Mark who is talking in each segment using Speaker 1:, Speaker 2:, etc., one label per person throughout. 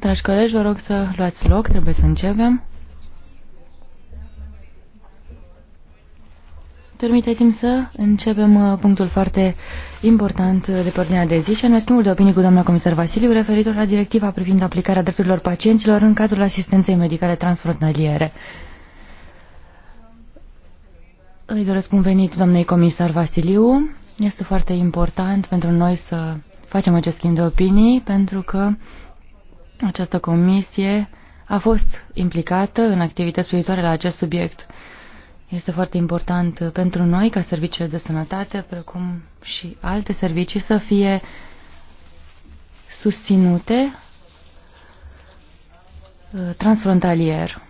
Speaker 1: Dragi colegi, vă rog să luați loc, trebuie să începem. Permiteți-mi să începem uh, punctul foarte important de pe ordinea de zi și anume schimbul de opinii cu doamna comisar Vasiliu referitor la directiva privind aplicarea drepturilor pacienților în cazul asistenței medicale transfrontaliere. Îi doresc bun venit doamnei comisar Vasiliu. Este foarte important pentru noi să facem acest schimb de opinii pentru că această comisie a fost implicată în activități privitoare la acest subiect. Este foarte important pentru noi, ca serviciile de sănătate, precum și alte servicii, să fie susținute uh, transfrontalier.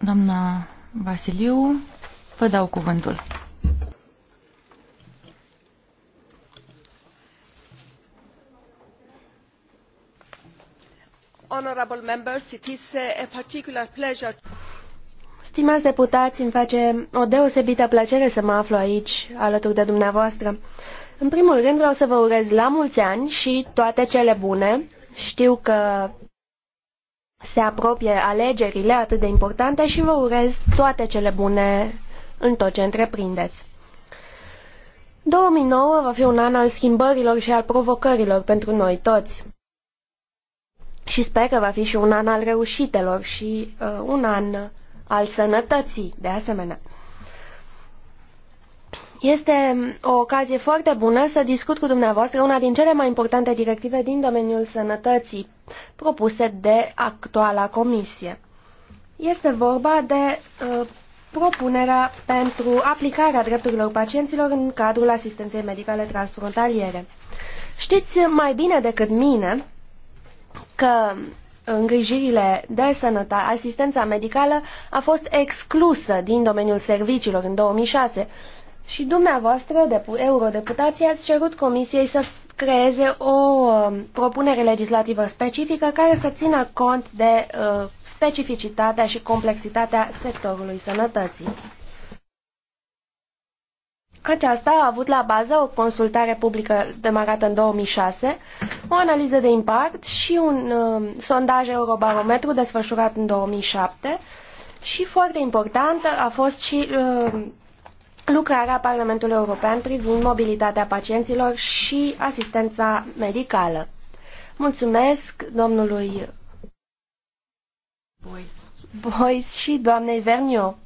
Speaker 1: Doamna Vasiliu, vă dau cuvântul.
Speaker 2: honourable members, it is uh, a particular
Speaker 3: pleasure.
Speaker 4: Stimați deputați, îmi face o deosebită plăcere să mă aflu aici, alături de dumneavoastră. În primul rând vreau să vă urez la mulți ani și toate cele bune. Știu că se apropie alegerile atât de importante și vă urez toate cele bune în tot ce întreprindeți. 2009 va fi un an al schimbărilor și al provocărilor pentru noi toți și sper că va fi și un an al reușitelor și uh, un an al sănătății, de asemenea. Este um, o ocazie foarte bună să discut cu dumneavoastră una din cele mai importante directive din domeniul sănătății propuse de actuala comisie. Este vorba de uh, propunerea pentru aplicarea drepturilor pacienților în cadrul asistenței medicale transfrontaliere. Știți mai bine decât mine că îngrijirile de sănătate, asistența medicală a fost exclusă din domeniul serviciilor în 2006 și dumneavoastră, eurodeputații, ați cerut Comisiei să creeze o um, propunere legislativă specifică care să țină cont de uh, specificitatea și complexitatea sectorului sănătății. Aceasta a avut la bază o consultare publică demarată în 2006, o analiză de impact și un uh, sondaj Eurobarometru desfășurat în 2007 și foarte important a fost și uh, lucrarea Parlamentului European privind mobilitatea pacienților și asistența medicală. Mulțumesc domnului Boys, Boys și doamnei Verniu.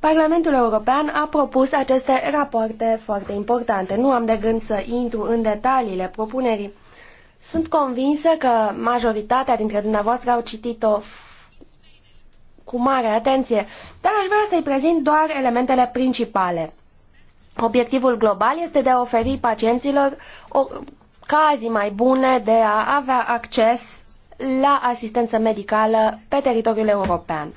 Speaker 4: Parlamentul European a propus aceste rapoarte foarte importante. Nu am de gând să intru în detaliile propunerii. Sunt convinsă că majoritatea dintre dumneavoastră au citit-o cu mare atenție, dar aș vrea să-i prezint doar elementele principale. Obiectivul global este de a oferi pacienților ocazii mai bune de a avea acces la asistență medicală pe teritoriul european.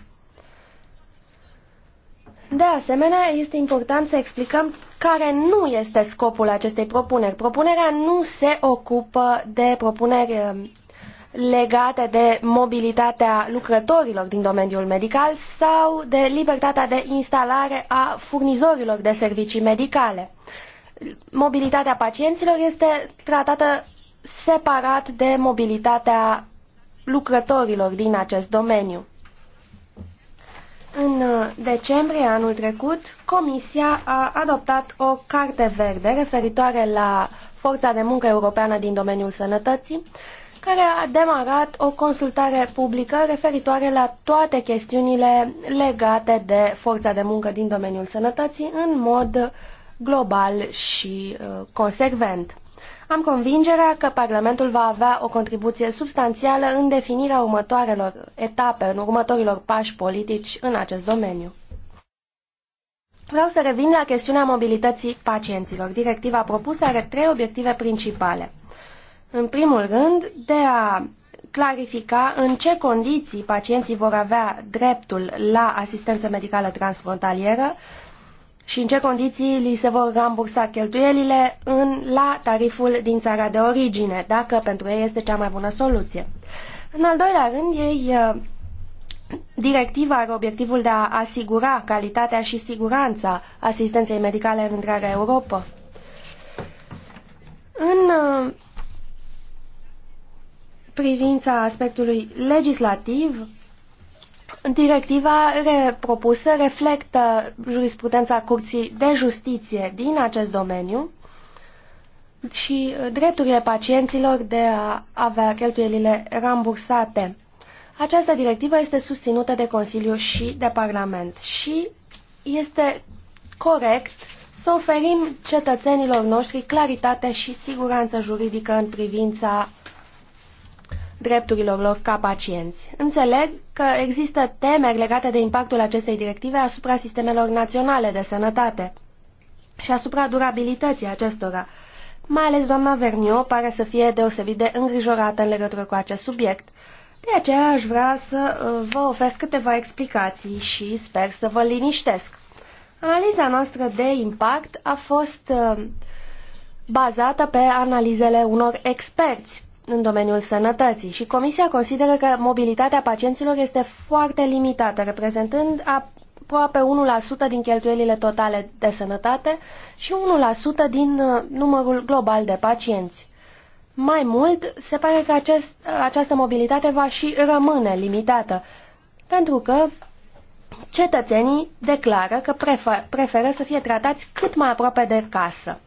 Speaker 4: De asemenea, este important să explicăm care nu este scopul acestei propuneri. Propunerea nu se ocupă de propuneri um, legate de mobilitatea lucrătorilor din domeniul medical sau de libertatea de instalare a furnizorilor de servicii medicale. Mobilitatea pacienților este tratată separat de mobilitatea lucrătorilor din acest domeniu. În uh, decembrie anul trecut, Comisia a adoptat o carte verde referitoare la forța de muncă europeană din domeniul sănătății, care a demarat o consultare publică referitoare la toate chestiunile legate de forța de muncă din domeniul sănătății în mod global și uh, consecvent. Am convingerea că Parlamentul va avea o contribuție substanțială în definirea următoarelor etape, în următorilor pași politici în acest domeniu. Vreau să revin la chestiunea mobilității pacienților. Directiva propusă are trei obiective principale. În primul rând, de a clarifica în ce condiții pacienții vor avea dreptul la asistență medicală transfrontalieră și în ce condiții li se vor rambursa cheltuielile în, la tariful din țara de origine, dacă pentru ei este cea mai bună soluție. În al doilea rând, ei, uh, directiva are obiectivul de a asigura calitatea și siguranța asistenței medicale în întreaga Europa. În uh, privința aspectului legislativ, Directiva propusă reflectă jurisprudența Curții de Justiție din acest domeniu și drepturile pacienților de a avea cheltuielile rambursate. Această directivă este susținută de Consiliu și de Parlament și este corect să oferim cetățenilor noștri claritate și siguranță juridică în privința drepturilor lor ca pacienți. Înțeleg că există temeri legate de impactul acestei directive asupra sistemelor naționale de sănătate și asupra durabilității acestora. Mai ales doamna Vernio pare să fie deosebit de îngrijorată în legătură cu acest subiect. De aceea aș vrea să uh, vă ofer câteva explicații și sper să vă liniștesc. Analiza noastră de impact a fost uh, bazată pe analizele unor experți în domeniul sănătății și Comisia consideră că mobilitatea pacienților este foarte limitată, reprezentând aproape 1% din cheltuielile totale de sănătate și 1% din uh, numărul global de pacienți. Mai mult, se pare că acest, uh, această mobilitate va și rămâne limitată, pentru că cetățenii declară că prefer, preferă să fie tratați cât mai aproape de casă.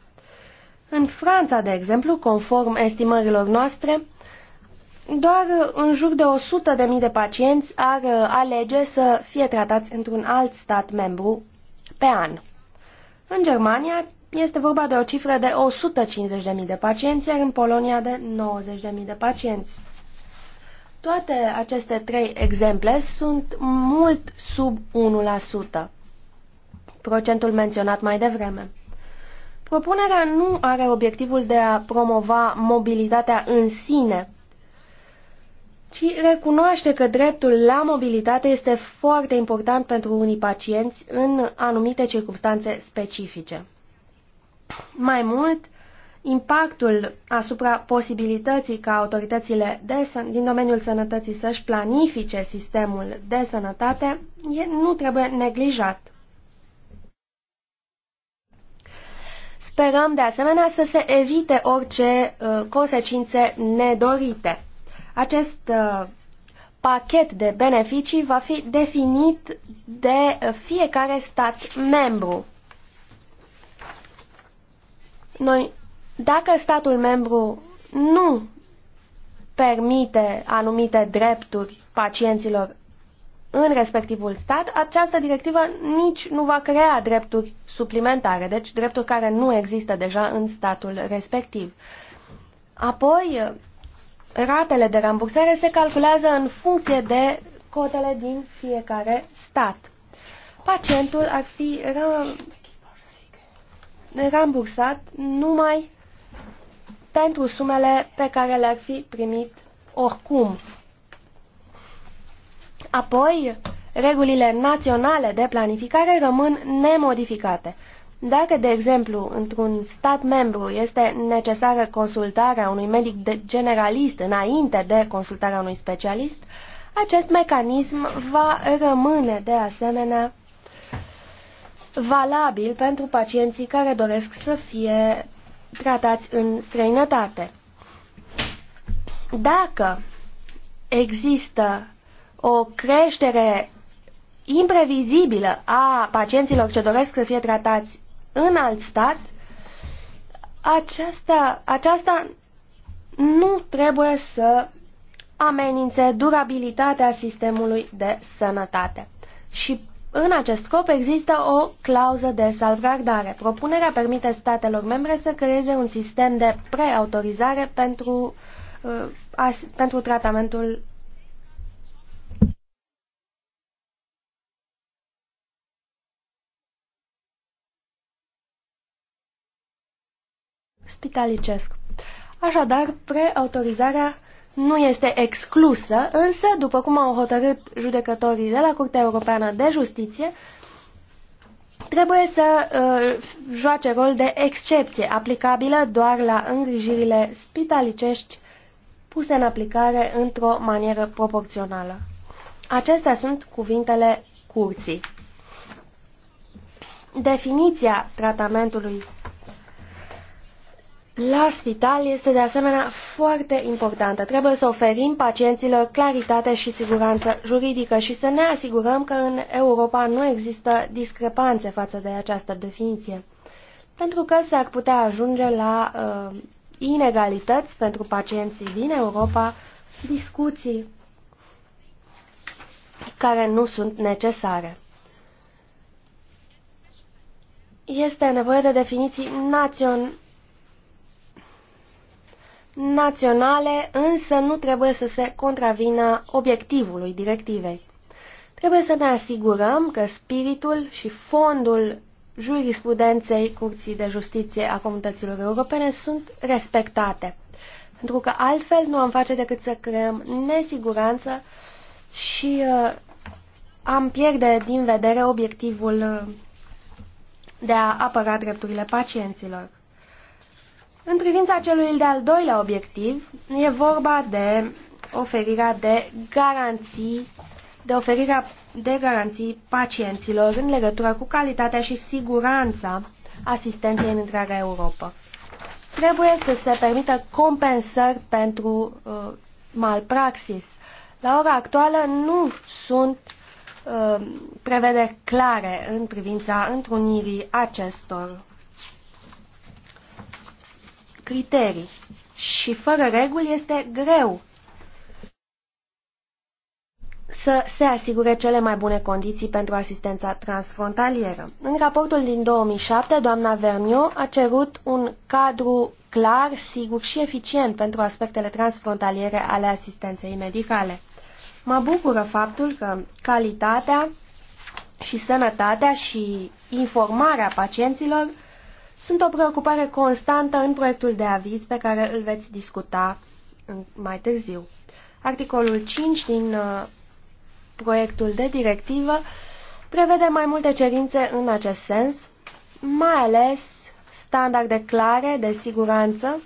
Speaker 4: În Franța, de exemplu, conform estimărilor noastre, doar în jur de 100.000 de, de pacienți ar alege să fie tratați într-un alt stat membru pe an. În Germania este vorba de o cifră de 150.000 de de pacienți, iar în Polonia de 90.000 de pacienți. Toate aceste trei exemple sunt mult sub 1%, procentul menționat mai devreme. Propunerea nu are obiectivul de a promova mobilitatea în sine, ci recunoaște că dreptul la mobilitate este foarte important pentru unii pacienți în anumite circunstanțe specifice. Mai mult, impactul asupra posibilității ca autoritățile de, din domeniul sănătății să-și planifice sistemul de sănătate nu trebuie neglijat. Sperăm de asemenea să se evite orice uh, consecințe nedorite. Acest uh, pachet de beneficii va fi definit de uh, fiecare stat membru. Noi, dacă statul membru nu permite anumite drepturi pacienților în respectivul stat, această directivă nici nu va crea drepturi suplimentare, deci drepturi care nu există deja în statul respectiv. Apoi, ratele de rambursare se calculează în funcție de cotele din fiecare stat. Pacientul ar fi rambursat numai pentru sumele pe care le-ar fi primit oricum Apoi, regulile naționale de planificare rămân nemodificate. Dacă, de exemplu, într-un stat membru este necesară consultarea unui medic generalist înainte de consultarea unui specialist, acest mecanism va rămâne, de asemenea, valabil pentru pacienții care doresc să fie tratați în străinătate. Dacă există o creștere imprevizibilă a pacienților ce doresc să fie tratați în alt stat, aceasta, aceasta nu trebuie să amenințe durabilitatea sistemului de sănătate. Și în acest scop există o clauză de salvgardare. Propunerea permite statelor membre să creeze un sistem de preautorizare pentru, uh, pentru tratamentul spitalicesc. Așadar, preautorizarea nu este exclusă, însă, după cum au hotărât judecătorii de la Curtea Europeană de Justiție, trebuie să uh, joace rol de excepție, aplicabilă doar la îngrijirile spitalicești puse în aplicare într-o manieră proporțională. Acestea sunt cuvintele curții. Definiția tratamentului la spital este de asemenea foarte importantă. Trebuie să oferim pacienților claritate și siguranță juridică și să ne asigurăm că în Europa nu există discrepanțe față de această definiție. Pentru că s-ar putea ajunge la uh, inegalități pentru pacienții din Europa, discuții care nu sunt necesare. Este nevoie de definiții naționale naționale, însă nu trebuie să se contravină obiectivului directivei. Trebuie să ne asigurăm că spiritul și fondul jurisprudenței Curții de Justiție a Comunităților Europene sunt respectate, pentru că altfel nu am face decât să creăm nesiguranță și uh, am pierde din vedere obiectivul uh, de a apăra drepturile pacienților. În privința celui de-al doilea obiectiv, e vorba de oferirea de garanții, de oferirea de garanții pacienților în legătură cu calitatea și siguranța asistenței în întreaga Europa. Trebuie să se permită compensări pentru uh, malpraxis. La ora actuală nu sunt uh, prevederi clare în privința întrunirii acestor criterii și fără reguli este greu să se asigure cele mai bune condiții pentru asistența transfrontalieră. În raportul din 2007, doamna Verniu a cerut un cadru clar, sigur și eficient pentru aspectele transfrontaliere ale asistenței medicale. Mă bucură faptul că calitatea și sănătatea și informarea pacienților sunt o preocupare constantă în proiectul de aviz pe care îl veți discuta mai târziu. Articolul 5 din uh, proiectul de directivă prevede mai multe cerințe în acest sens, mai ales standarde clare de siguranță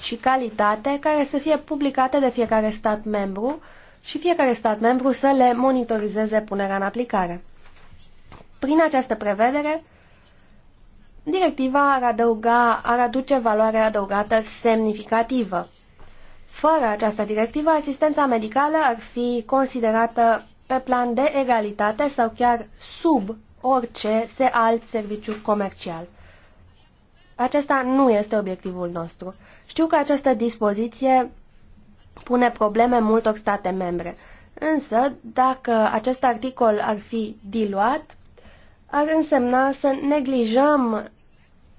Speaker 4: și calitate care să fie publicate de fiecare stat membru și fiecare stat membru să le monitorizeze punerea în aplicare. Prin această prevedere, directiva ar, adăuga, ar aduce valoare adăugată semnificativă. Fără această directivă, asistența medicală ar fi considerată pe plan de egalitate sau chiar sub orice se alt serviciu comercial. Acesta nu este obiectivul nostru. Știu că această dispoziție pune probleme multor state membre, însă dacă acest articol ar fi diluat, ar însemna să neglijăm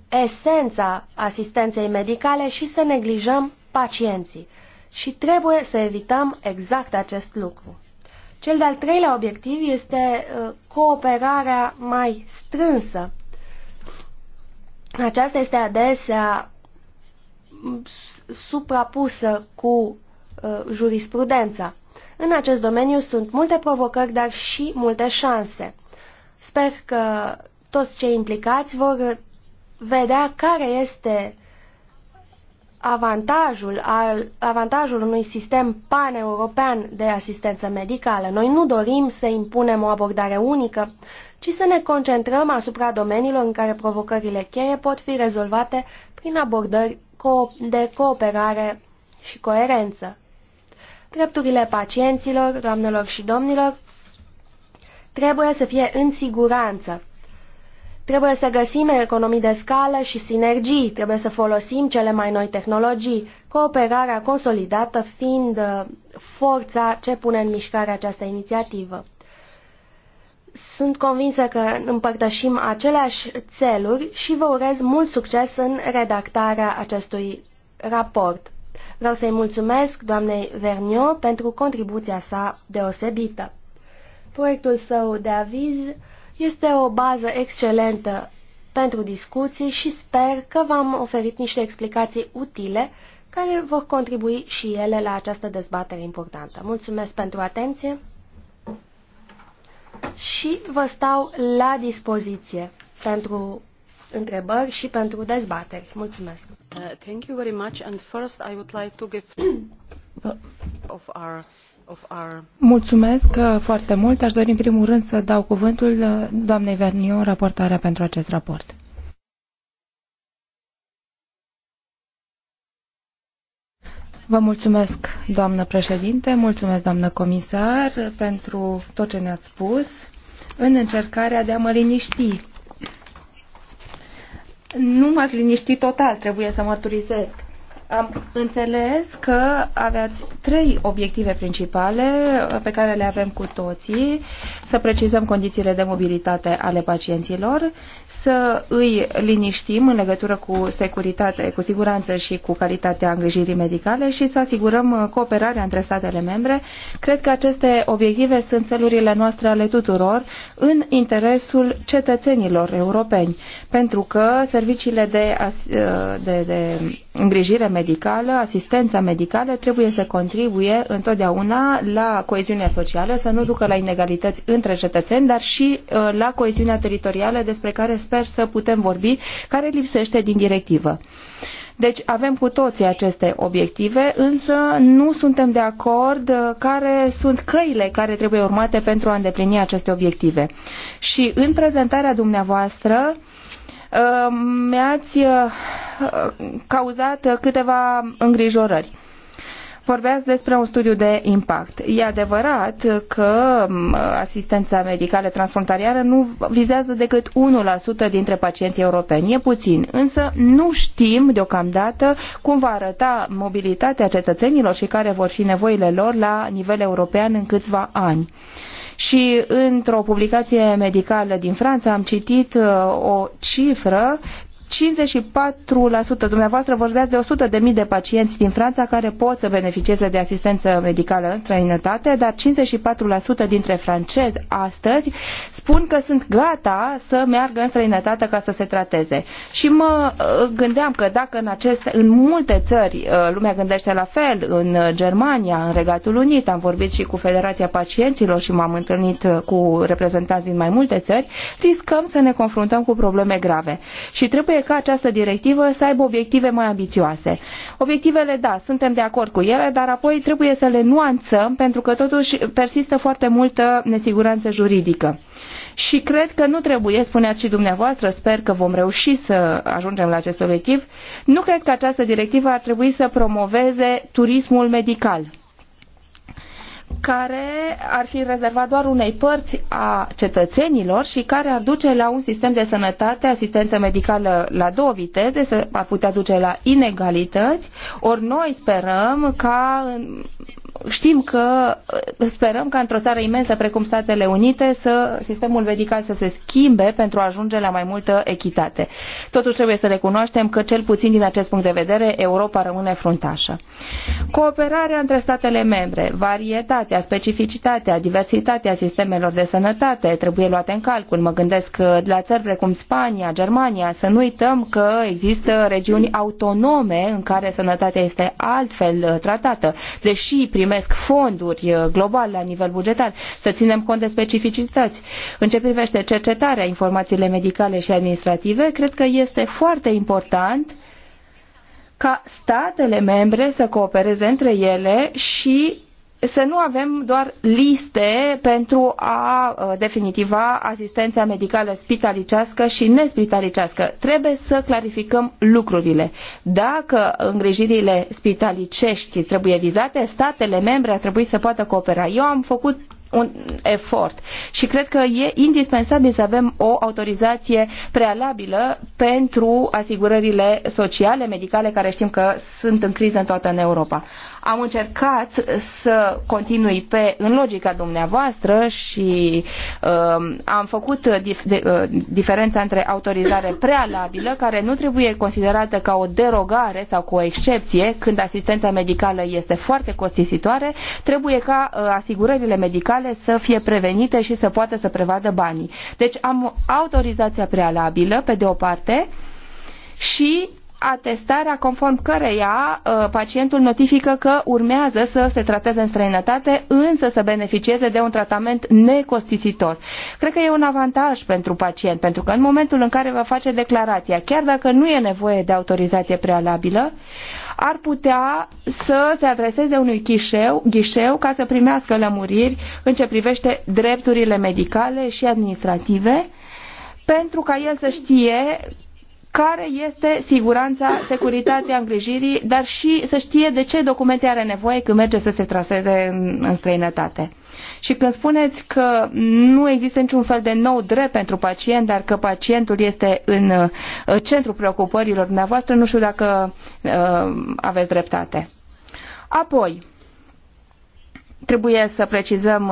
Speaker 4: esența asistenței medicale și să neglijăm pacienții. Și trebuie să evităm exact acest lucru. Cel de-al treilea obiectiv este uh, cooperarea mai strânsă. Aceasta este adesea suprapusă cu uh, jurisprudența. În acest domeniu sunt multe provocări, dar și multe șanse. Sper că toți cei implicați vor vedea care este avantajul, al, avantajul unui sistem paneuropean de asistență medicală. Noi nu dorim să impunem o abordare unică, ci să ne concentrăm asupra domeniilor în care provocările cheie pot fi rezolvate prin abordări de cooperare și coerență. Drepturile pacienților, doamnelor și domnilor, trebuie să fie în siguranță. Trebuie să găsim economii de scală și sinergii, trebuie să folosim cele mai noi tehnologii, cooperarea consolidată fiind uh, forța ce pune în mișcare această inițiativă. Sunt convinsă că împărtășim aceleași țeluri și vă urez mult succes în redactarea acestui raport. Vreau să-i mulțumesc doamnei Verniot pentru contribuția sa deosebită. Proiectul său de aviz este o bază excelentă pentru discuții și sper că v-am oferit niște explicații utile care vor contribui și ele la această dezbatere importantă. Mulțumesc pentru atenție și vă stau la dispoziție pentru întrebări și pentru dezbateri. Mulțumesc.
Speaker 3: Uh, thank you very much and first I would like to give of our
Speaker 2: Mulțumesc uh, foarte mult. Aș dori în primul rând să dau cuvântul uh, doamnei Verniu, raportarea pentru acest raport. Vă mulțumesc, doamnă președinte, mulțumesc, doamnă comisar, pentru tot ce ne-ați spus în încercarea de a mă liniști. Nu m-ați liniștit total, trebuie să mărturisesc. Am înțeles că aveați trei obiective principale uh, pe care le avem cu toții. Să precizăm condițiile de mobilitate ale pacienților, să îi liniștim în legătură cu securitate, cu siguranță și cu calitatea îngrijirii medicale și să asigurăm uh, cooperarea între statele membre. Cred că aceste obiective sunt țelurile noastre ale tuturor în interesul cetățenilor europeni, pentru că serviciile de, uh, de, de îngrijire medicală medicală, asistența medicală trebuie să contribuie întotdeauna la coeziunea socială, să nu ducă la inegalități între cetățeni, dar și uh, la coeziunea teritorială despre care sper să putem vorbi, care lipsește din directivă. Deci avem cu toții aceste obiective, însă nu suntem de acord uh, care sunt căile care trebuie urmate pentru a îndeplini aceste obiective. Și în prezentarea dumneavoastră Ehm, mi-ați eh, cauzat câteva îngrijorări. Vorbeați despre un studiu de impact. E adevărat că mm, asistența medicală transfrontalieră nu vizează decât 1% dintre pacienții europeni. E puțin, însă nu știm deocamdată cum va arăta mobilitatea cetățenilor și care vor fi nevoile lor la nivel european în câțiva ani. Uh, și într-o publicație medicală din Franța am citit uh, o cifră 54%, dumneavoastră vorbeați de 100.000 de, de pacienți din Franța care pot să beneficieze de asistență medicală în străinătate, dar 54% dintre francezi astăzi spun că sunt gata să meargă în străinătate ca să se trateze. Și mă uh, gândeam că dacă în, acest, în multe țări uh, lumea gândește la fel, în uh, Germania, în Regatul Unit, am vorbit și cu Federația Pacienților și m-am întâlnit cu reprezentanți din mai multe țări, riscăm să ne confruntăm cu probleme grave. Și trebuie cere ca această directivă să aibă obiective mai ambițioase. Obiectivele, da, suntem de acord cu ele, dar apoi trebuie să le nuanțăm pentru că totuși persistă foarte multă nesiguranță juridică. Și cred că nu trebuie, spuneați și dumneavoastră, sper că vom reuși să ajungem la acest obiectiv, nu cred că această directivă ar trebui să promoveze turismul medical care ar fi rezervat doar unei părți a cetățenilor și care ar duce la un sistem de sănătate, asistență medicală la două viteze, să ar putea duce la inegalități, ori noi sperăm ca știm că uh, sperăm ca într-o țară imensă precum Statele Unite să sistemul medical să se schimbe pentru a ajunge la mai multă echitate. Totuși trebuie să recunoaștem că cel puțin din acest punct de vedere Europa rămâne fruntașă. Cooperarea între statele membre, varietatea, specificitatea, diversitatea sistemelor de sănătate trebuie luate în calcul. Mă gândesc uh, la țări precum Spania, Germania, să nu uităm că există regiuni autonome în care sănătatea este altfel uh, tratată, deși primesc fonduri uh, globale la nivel bugetar, să ținem cont de specificități. În ce privește cercetarea, informațiile medicale și administrative, cred că este foarte important ca statele membre să coopereze între ele și să nu avem doar liste pentru a ă, definitiva asistența medicală spitalicească și nespitalicească. Trebuie să clarificăm lucrurile. Dacă îngrijirile spitalicești trebuie vizate, statele membre ar trebui să poată coopera. Eu am făcut un efort. Și cred că e indispensabil să avem o autorizație prealabilă pentru asigurările sociale, medicale, care știm că sunt în criză în toată în Europa. Am încercat să continui pe, în logica dumneavoastră și um, am făcut dif, de, uh, diferența între autorizare prealabilă, care nu trebuie considerată ca o derogare sau cu o excepție, când asistența medicală este foarte costisitoare, trebuie ca uh, asigurările medicale ilegale să fie prevenite și să poată să prevadă banii. Deci am autorizația prealabilă, pe de o parte, și atestarea conform căreia uh, pacientul notifică că urmează să se trateze în străinătate, însă să beneficieze de un tratament necostisitor. Cred că e un avantaj pentru pacient, pentru că în momentul în care va face declarația, chiar dacă nu e nevoie de autorizație prealabilă, ar putea să se adreseze unui ghișeu, ghișeu ca să primească lămuriri în ce privește drepturile medicale și administrative pentru ca el să știe care este siguranța, securitatea îngrijirii, dar și să știe de ce documente are nevoie când merge să se traseze în, în străinătate. Și când spuneți că nu există niciun fel de nou drept pentru pacient, dar că pacientul este în uh, centrul preocupărilor dumneavoastră, nu știu dacă uh, aveți dreptate. Apoi, Trebuie să precizăm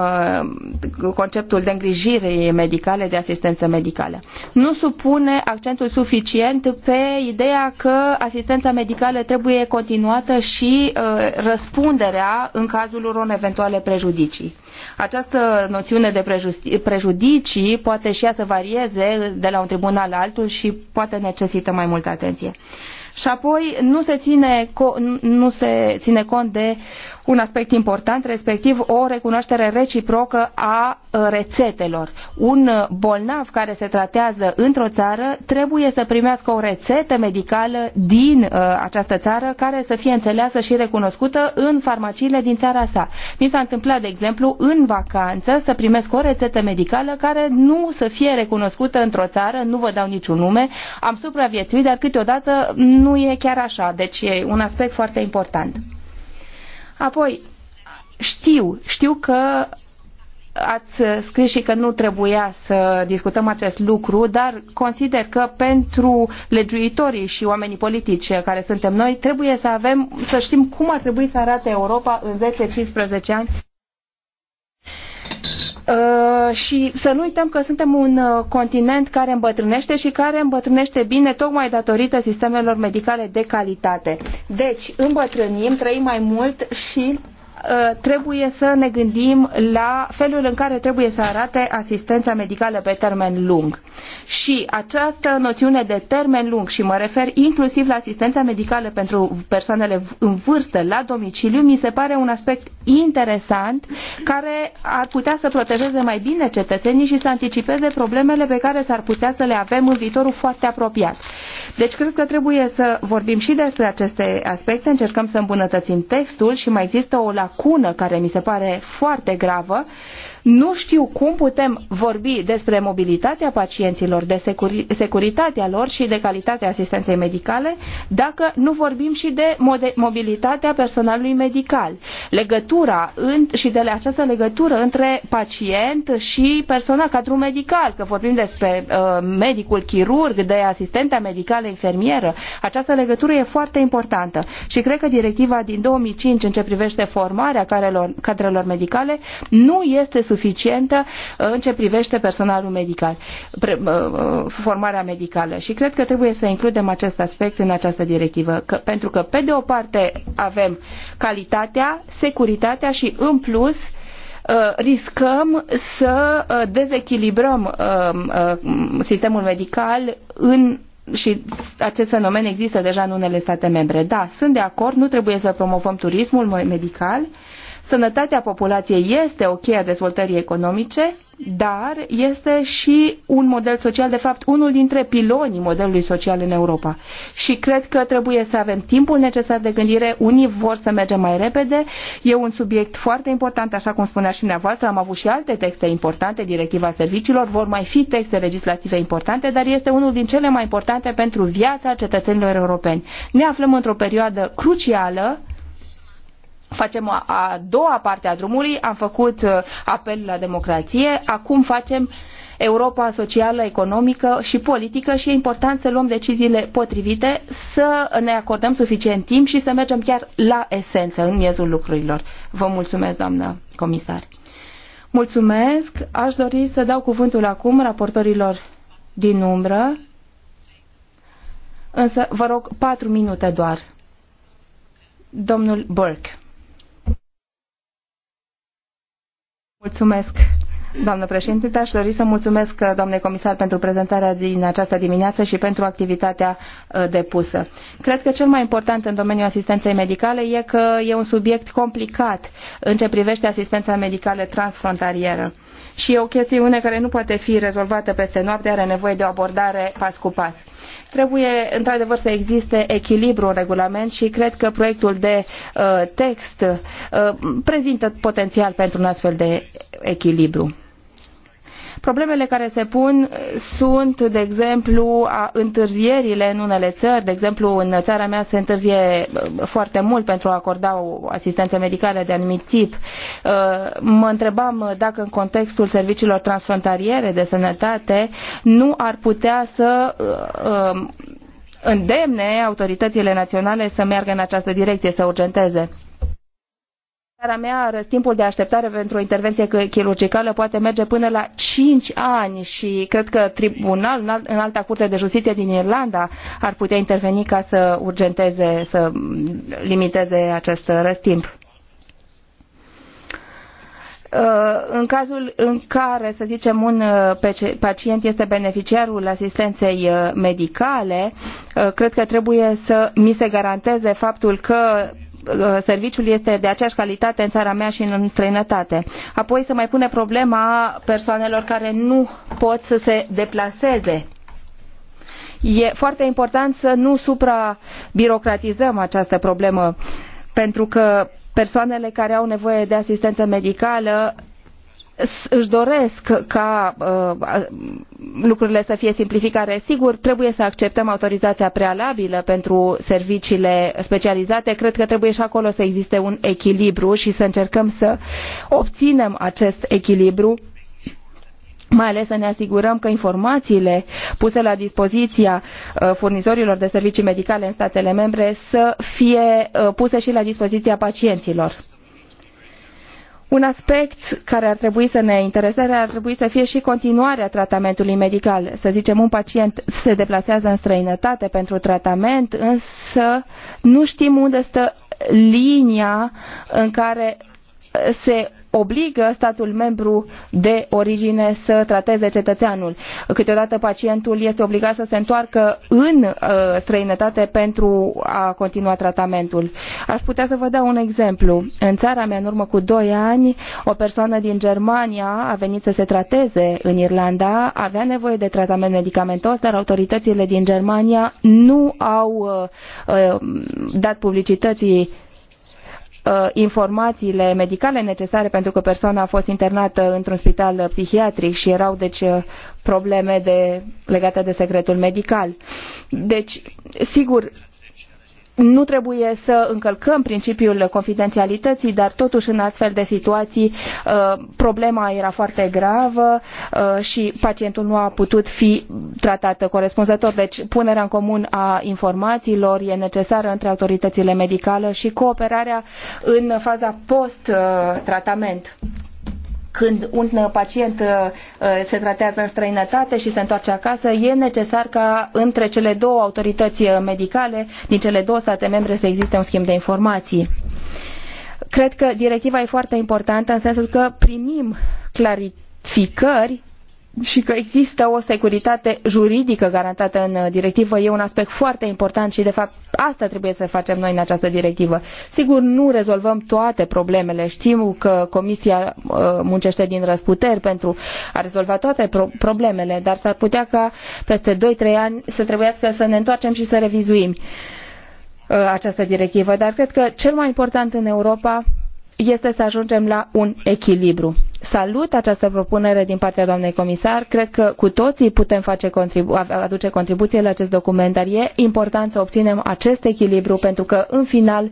Speaker 2: uh, conceptul de îngrijire medicale, de asistență medicală. Nu supune accentul suficient pe ideea că asistența medicală trebuie continuată și uh, răspunderea în cazul unor eventuale prejudicii. Această noțiune de prejudicii poate și ea să varieze de la un tribunal la altul și poate necesită mai multă atenție și apoi nu se ține, nu se ține cont de un aspect important, respectiv o recunoaștere reciprocă a uh, rețetelor. Un uh, bolnav care se tratează într-o țară trebuie să primească o rețetă medicală din uh, această țară care să fie înțeleasă și recunoscută în farmaciile din țara sa. Mi s-a întâmplat, de exemplu, în vacanță să primesc o rețetă medicală care nu să fie recunoscută într-o țară, nu vă dau niciun nume, am supraviețuit, dar câteodată nu nu e chiar așa, deci e un aspect foarte important. Apoi, știu, știu că ați scris și că nu trebuia să discutăm acest lucru, dar consider că pentru legiuitorii și oamenii politici care suntem noi, trebuie să avem, să știm cum ar trebui să arate Europa în 10-15 ani Uh, și să nu uităm că suntem un uh, continent care îmbătrânește și care îmbătrânește bine tocmai datorită sistemelor medicale de calitate. Deci, îmbătrânim, trăim mai mult și Uh, trebuie să ne gândim la felul în care trebuie să arate asistența medicală pe termen lung. Și această noțiune de termen lung, și mă refer inclusiv la asistența medicală pentru persoanele în vârstă la domiciliu, mi se pare un aspect interesant care ar putea să protejeze mai bine cetățenii și să anticipeze problemele pe care s-ar putea să le avem în viitorul foarte apropiat. Deci cred că trebuie să vorbim și despre aceste aspecte, încercăm să îmbunătățim textul și mai există o la lacună care mi se pare foarte gravă nu știu cum putem vorbi despre mobilitatea pacienților, de securi- securitatea lor și de calitatea asistenței medicale dacă nu vorbim și de mobilitatea personalului medical. Legătura în, și de această legătură între pacient și personal, cadru medical, că vorbim despre uh, medicul chirurg, de asistenta medicală, infermieră, această legătură e foarte importantă. Și cred că directiva din 2005 în ce privește formarea cadrelor, cadrelor medicale nu este suficientă uh, în ce privește personalul medical, pre, uh, uh, formarea medicală. Și cred că trebuie să includem acest aspect în această directivă, că, pentru că pe de o parte avem calitatea, securitatea și în plus riscăm să dezechilibrăm sistemul medical în și acest fenomen există deja în unele state membre. Da, sunt de acord, nu trebuie să promovăm turismul medical, Sănătatea populației este o cheie a dezvoltării economice, dar este și un model social, de fapt unul dintre pilonii modelului social în Europa. Și cred că trebuie să avem timpul necesar de gândire, unii vor să mergem mai repede, e un subiect foarte important, așa cum spunea și dumneavoastră, am avut și alte texte importante, directiva serviciilor, vor mai fi texte legislative importante, dar este unul din cele mai importante pentru viața cetățenilor europeni. Ne aflăm într-o perioadă crucială facem a doua parte a drumului, am făcut uh, apel la democrație, acum facem Europa socială, economică și politică și e important să luăm deciziile potrivite, să ne acordăm suficient timp și să mergem chiar la esență, în miezul lucrurilor. Vă mulțumesc, doamnă comisar. Mulțumesc. Aș dori să dau cuvântul acum raportorilor din umbră, însă vă rog patru minute doar. Domnul Burke. Mulțumesc, doamnă președinte. Aș dori să mulțumesc, doamne comisar, pentru prezentarea din această dimineață și pentru activitatea uh, depusă. Cred că cel mai important în domeniul asistenței medicale e că e un subiect complicat în ce privește asistența medicală transfrontalieră. Și e o chestiune care nu poate fi rezolvată peste noapte, are nevoie de o abordare pas cu pas trebuie într-adevăr să existe echilibru în regulament și cred că proiectul de uh, text uh, prezintă potențial pentru un astfel de echilibru. Problemele care se pun sunt, de exemplu, a întârzierile în unele țări. De exemplu, în țara mea se întârzie uh, foarte mult pentru a acorda o asistență medicală de anumit tip. Uh, mă întrebam dacă în contextul serviciilor transfrontaliere de sănătate nu ar putea să uh, um, îndemne autoritățile naționale să meargă în această direcție, să urgenteze. Țara mea, timpul de așteptare pentru o intervenție chirurgicală poate merge până la 5 ani și cred că tribunal, în alta curte de justiție din Irlanda ar putea interveni ca să urgenteze, să limiteze acest răstimp uh, în cazul în care, să zicem, un uh, pacient este beneficiarul asistenței uh, medicale, cred că trebuie să mi se garanteze faptul că Uh, serviciul este de aceeași calitate în țara mea și în străinătate. Apoi se mai pune problema persoanelor care nu pot să se deplaseze e foarte important să nu suprabirocratizăm această problemă pentru că persoanele care au nevoie de asistență medicală își doresc ca uh, lucrurile să fie simplificate. Sigur, trebuie să acceptăm autorizația prealabilă pentru serviciile specializate. Cred că trebuie și acolo să existe un echilibru și să încercăm să obținem acest echilibru mai ales să ne asigurăm că informațiile puse la dispoziția uh, furnizorilor de servicii medicale în statele membre să fie uh, puse și la dispoziția pacienților un aspect care ar trebui să ne intereseze ar trebui să fie și continuarea tratamentului medical. Să zicem, un pacient se deplasează în străinătate pentru tratament, însă nu știm unde stă linia în care se obligă statul membru de origine să trateze cetățeanul. Câteodată pacientul este obligat să se întoarcă în uh, străinătate pentru a continua tratamentul. Aș putea să vă dau un exemplu. În țara mea, în urmă cu 2 ani, o persoană din Germania a venit să se trateze în Irlanda, avea nevoie de tratament medicamentos, dar autoritățile din Germania nu au uh, uh, dat publicității Uh, informațiile medicale necesare pentru că persoana a fost internată într-un spital uh, psihiatric și erau deci uh, probleme de, legate de secretul medical. Deci, sigur, nu trebuie să încălcăm principiul confidențialității, dar totuși în astfel de situații uh, problema era foarte gravă uh, și pacientul nu a putut fi tratat corespunzător. Deci punerea în comun a informațiilor e necesară între autoritățile medicale și cooperarea în faza post-tratament uh, când un pacient uh, uh, se tratează în străinătate și se întoarce acasă, e necesar ca între cele două autorități uh, medicale din cele două state membre să existe un schimb de informații. Cred că directiva e foarte importantă în sensul că primim clarificări și că există o securitate juridică garantată în uh, directivă e un aspect foarte important și de fapt asta trebuie să facem noi în această directivă. Sigur, nu rezolvăm toate problemele. Știm că Comisia uh, muncește din răsputeri pentru a rezolva toate pro problemele, dar s-ar putea ca peste 2-3 ani să trebuiască să ne întoarcem și să revizuim uh, această directivă. Dar cred că cel mai important în Europa este să ajungem la un echilibru salut această propunere din partea doamnei comisar. Cred că cu toții putem face contribu- aduce contribuție la acest document, dar e important să obținem acest echilibru pentru că, în final,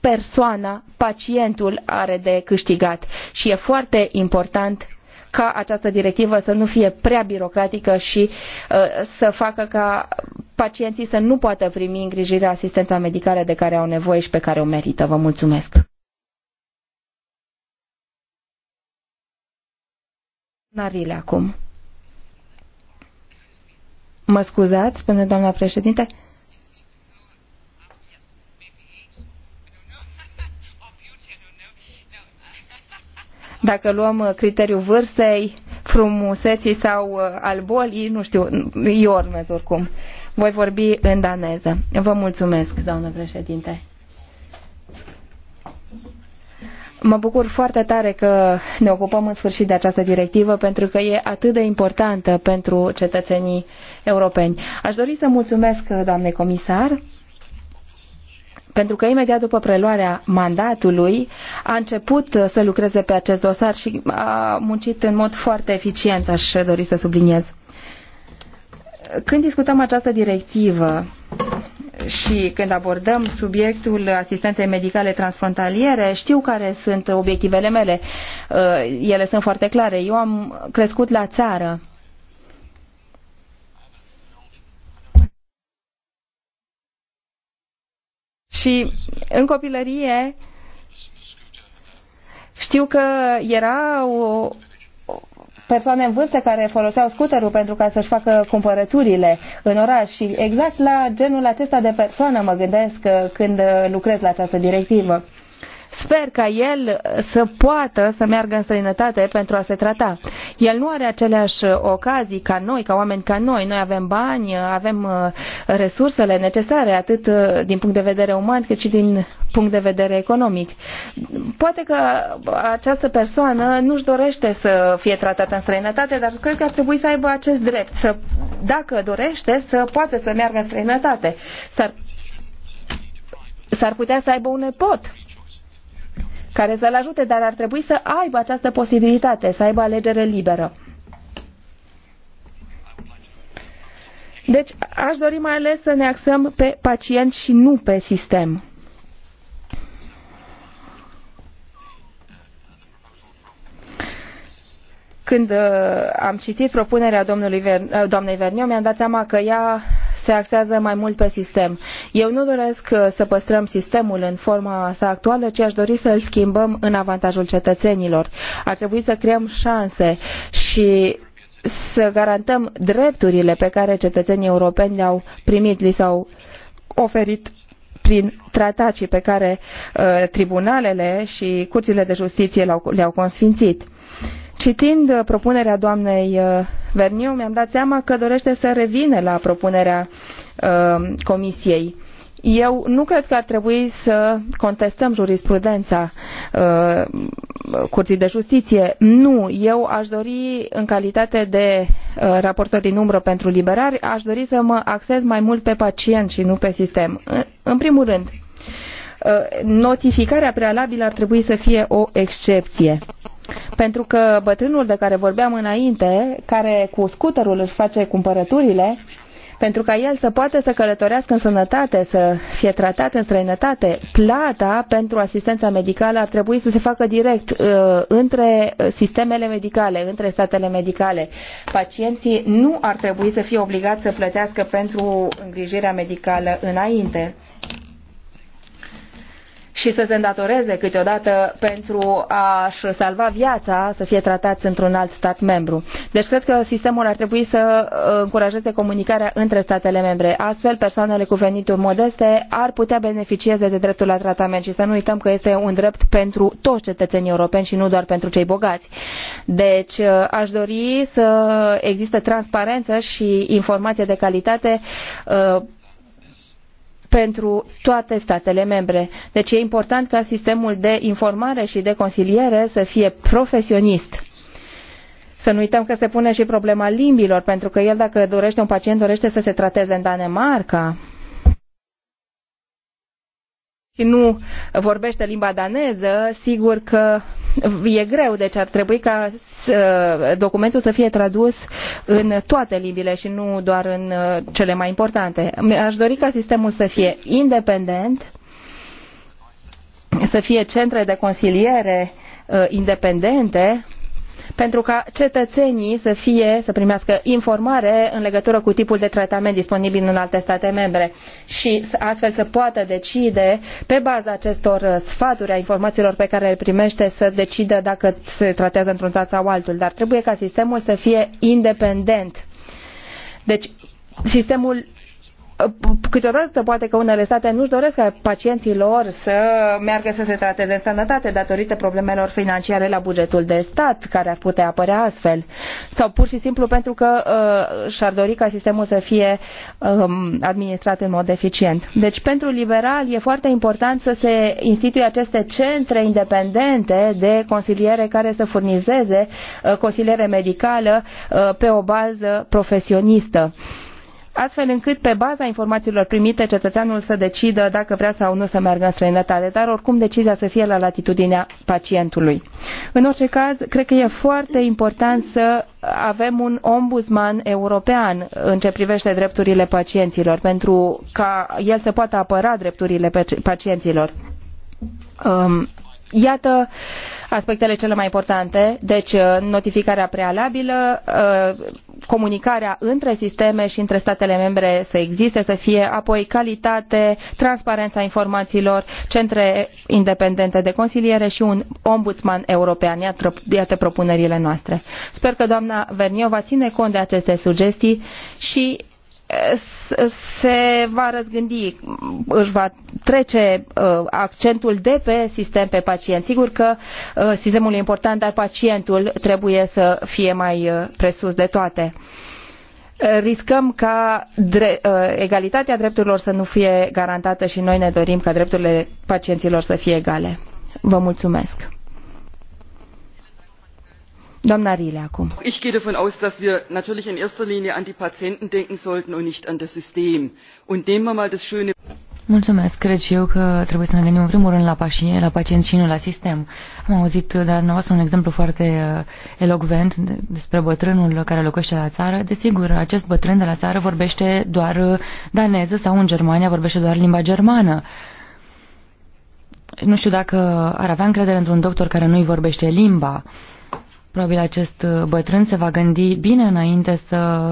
Speaker 2: persoana, pacientul are de câștigat și e foarte important ca această directivă să nu fie prea birocratică și uh, să facă ca pacienții să nu poată primi îngrijirea asistența medicală de care au nevoie și pe care o merită. Vă mulțumesc! Narile acum. Mă scuzați, spune doamna președinte. Dacă luăm criteriul vârstei, frumuseții sau uh, al bolii, nu știu, eu urmez oricum. Voi vorbi în daneză. Vă mulțumesc, doamnă
Speaker 1: președinte.
Speaker 2: Mă bucur foarte tare că ne ocupăm în sfârșit de această directivă pentru că e atât de importantă pentru cetățenii europeni. Aș dori să mulțumesc, doamne comisar, pentru că imediat după preluarea mandatului a început să lucreze pe acest dosar și a muncit în mod foarte eficient, aș dori să subliniez. Când discutăm această directivă și când abordăm subiectul asistenței medicale transfrontaliere, știu care sunt obiectivele mele. Uh, ele sunt foarte clare. Eu am crescut la țară. Și în copilărie știu că era o, persoane în vârstă care foloseau scuterul pentru ca să-și facă cumpărăturile în oraș și exact la genul acesta de persoană mă gândesc uh, când uh, lucrez la această directivă. Sper ca el să poată să meargă în străinătate pentru a se trata. El nu are aceleași uh, ocazii ca noi, ca oameni ca noi. Noi avem bani, avem resursele necesare, atât din punct de vedere uman, cât și din punct de vedere economic. Poate că această persoană nu-și dorește să fie tratată în străinătate, dar cred că ar trebui să aibă acest drept, să, dacă dorește, să poată să meargă în străinătate. S-ar, s-ar putea să aibă un nepot care să-l ajute, dar ar trebui să aibă această posibilitate, să aibă alegere liberă. Deci aș dori mai ales să ne axăm pe pacient și nu pe sistem. Când uh, am citit propunerea domnului Ver, uh, doamnei Verniu, mi-am dat seama că ea se axează mai mult pe sistem. Eu nu doresc uh, să păstrăm sistemul în forma sa actuală, ci aș dori să îl schimbăm în avantajul cetățenilor. Ar trebui să creăm șanse și să garantăm drepturile pe care cetățenii europeni le-au primit, li s-au oferit prin tratat pe care uh, tribunalele și curțile de justiție le-au, le-au consfințit. Citind uh, propunerea doamnei uh, Verniu, mi-am dat seama că dorește să revină la propunerea uh, Comisiei. Eu nu cred că ar trebui să contestăm jurisprudența uh, Curții de Justiție. Nu, eu aș dori, în calitate de uh, raportor din umbră pentru liberari, aș dori să mă axez mai mult pe pacient și nu pe sistem. În, în primul rând, uh, notificarea prealabilă ar trebui să fie o excepție. Pentru că bătrânul de care vorbeam înainte, care cu scuterul își face cumpărăturile, pentru ca el să poată să călătorească în sănătate, să fie tratat în străinătate, plata pentru asistența medicală ar trebui să se facă direct uh, între sistemele medicale, între statele medicale. Pacienții nu ar trebui să fie obligați să plătească pentru îngrijirea medicală înainte și să se îndatoreze câteodată pentru a-și salva viața, să fie tratați într-un alt stat membru. Deci cred că sistemul ar trebui să uh, încurajeze comunicarea între statele membre. Astfel, persoanele cu venituri modeste ar putea beneficieze de dreptul la tratament și să nu uităm că este un drept pentru toți cetățenii europeni și nu doar pentru cei bogați. Deci uh, aș dori să existe transparență și informație de calitate uh, pentru toate statele membre. Deci e important ca sistemul de informare și de consiliere să fie profesionist. Să nu uităm că se pune și problema limbilor, pentru că el, dacă dorește, un pacient dorește să se trateze în Danemarca, și nu vorbește limba daneză, sigur că e greu, deci ar trebui ca documentul să fie tradus în toate limbile și nu doar în uh, cele mai importante. Aș dori ca sistemul să fie independent, să fie centre de consiliere uh, independente, pentru ca cetățenii să fie, să primească informare în legătură cu tipul de tratament disponibil în alte state membre și astfel să poată decide pe baza acestor uh, sfaturi a informațiilor pe care le primește să decidă dacă se tratează într-un stat sau altul, dar trebuie ca sistemul să fie independent. Deci sistemul câteodată poate că unele state nu-și doresc ca pacienții lor să meargă să se trateze în sănătate datorită problemelor financiare la bugetul de stat care ar putea apărea astfel sau pur și simplu pentru că uh, și-ar dori ca sistemul să fie um, administrat în mod eficient. Deci pentru liberal e foarte important să se instituie aceste centre independente de consiliere care să furnizeze uh, consiliere medicală uh, pe o bază profesionistă. Uh, astfel încât pe baza informațiilor primite cetățeanul să decidă dacă vrea sau nu să meargă în străinătate, dar oricum decizia să fie la latitudinea pacientului. În orice caz, cred că e foarte important să avem un ombudsman european în ce privește drepturile pacienților, pentru ca el să poată apăra drepturile pacienților. Um, iată, uh, aspectele cele mai importante, deci uh, notificarea prealabilă, uh, comunicarea între sisteme și între statele membre să existe, să fie apoi calitate, transparența informațiilor, centre independente de consiliere și un ombudsman european. Iată, propunerile noastre. Sper că doamna Verniova ține cont de aceste sugestii și se va răzgândi, își va trece uh, accentul de pe sistem pe pacient. Sigur că uh, sistemul e important, dar pacientul trebuie să fie mai uh, presus de toate riscăm ca dre egalitatea drepturilor să nu fie garantată și noi ne dorim ca drepturile pacienților să fie egale. Vă mulțumesc!
Speaker 1: Doamna Rile acum.
Speaker 3: Ich gehe davon aus, dass wir natürlich in erster Linie an die Patienten denken sollten und nicht an das System. Und nehmen wir mal das schöne
Speaker 1: Mulțumesc. Cred și eu că trebuie să ne gândim în primul rând la, pași, la pacienți și nu la sistem. Am auzit uh, de la un exemplu foarte uh, elocvent despre bătrânul care locuiește la țară. Desigur, acest bătrân de la țară vorbește doar uh, daneză sau în Germania vorbește doar limba germană. Nu știu dacă ar avea încredere într-un doctor care nu-i vorbește limba. Uh, Probabil acest uh, bătrân se va gândi bine înainte să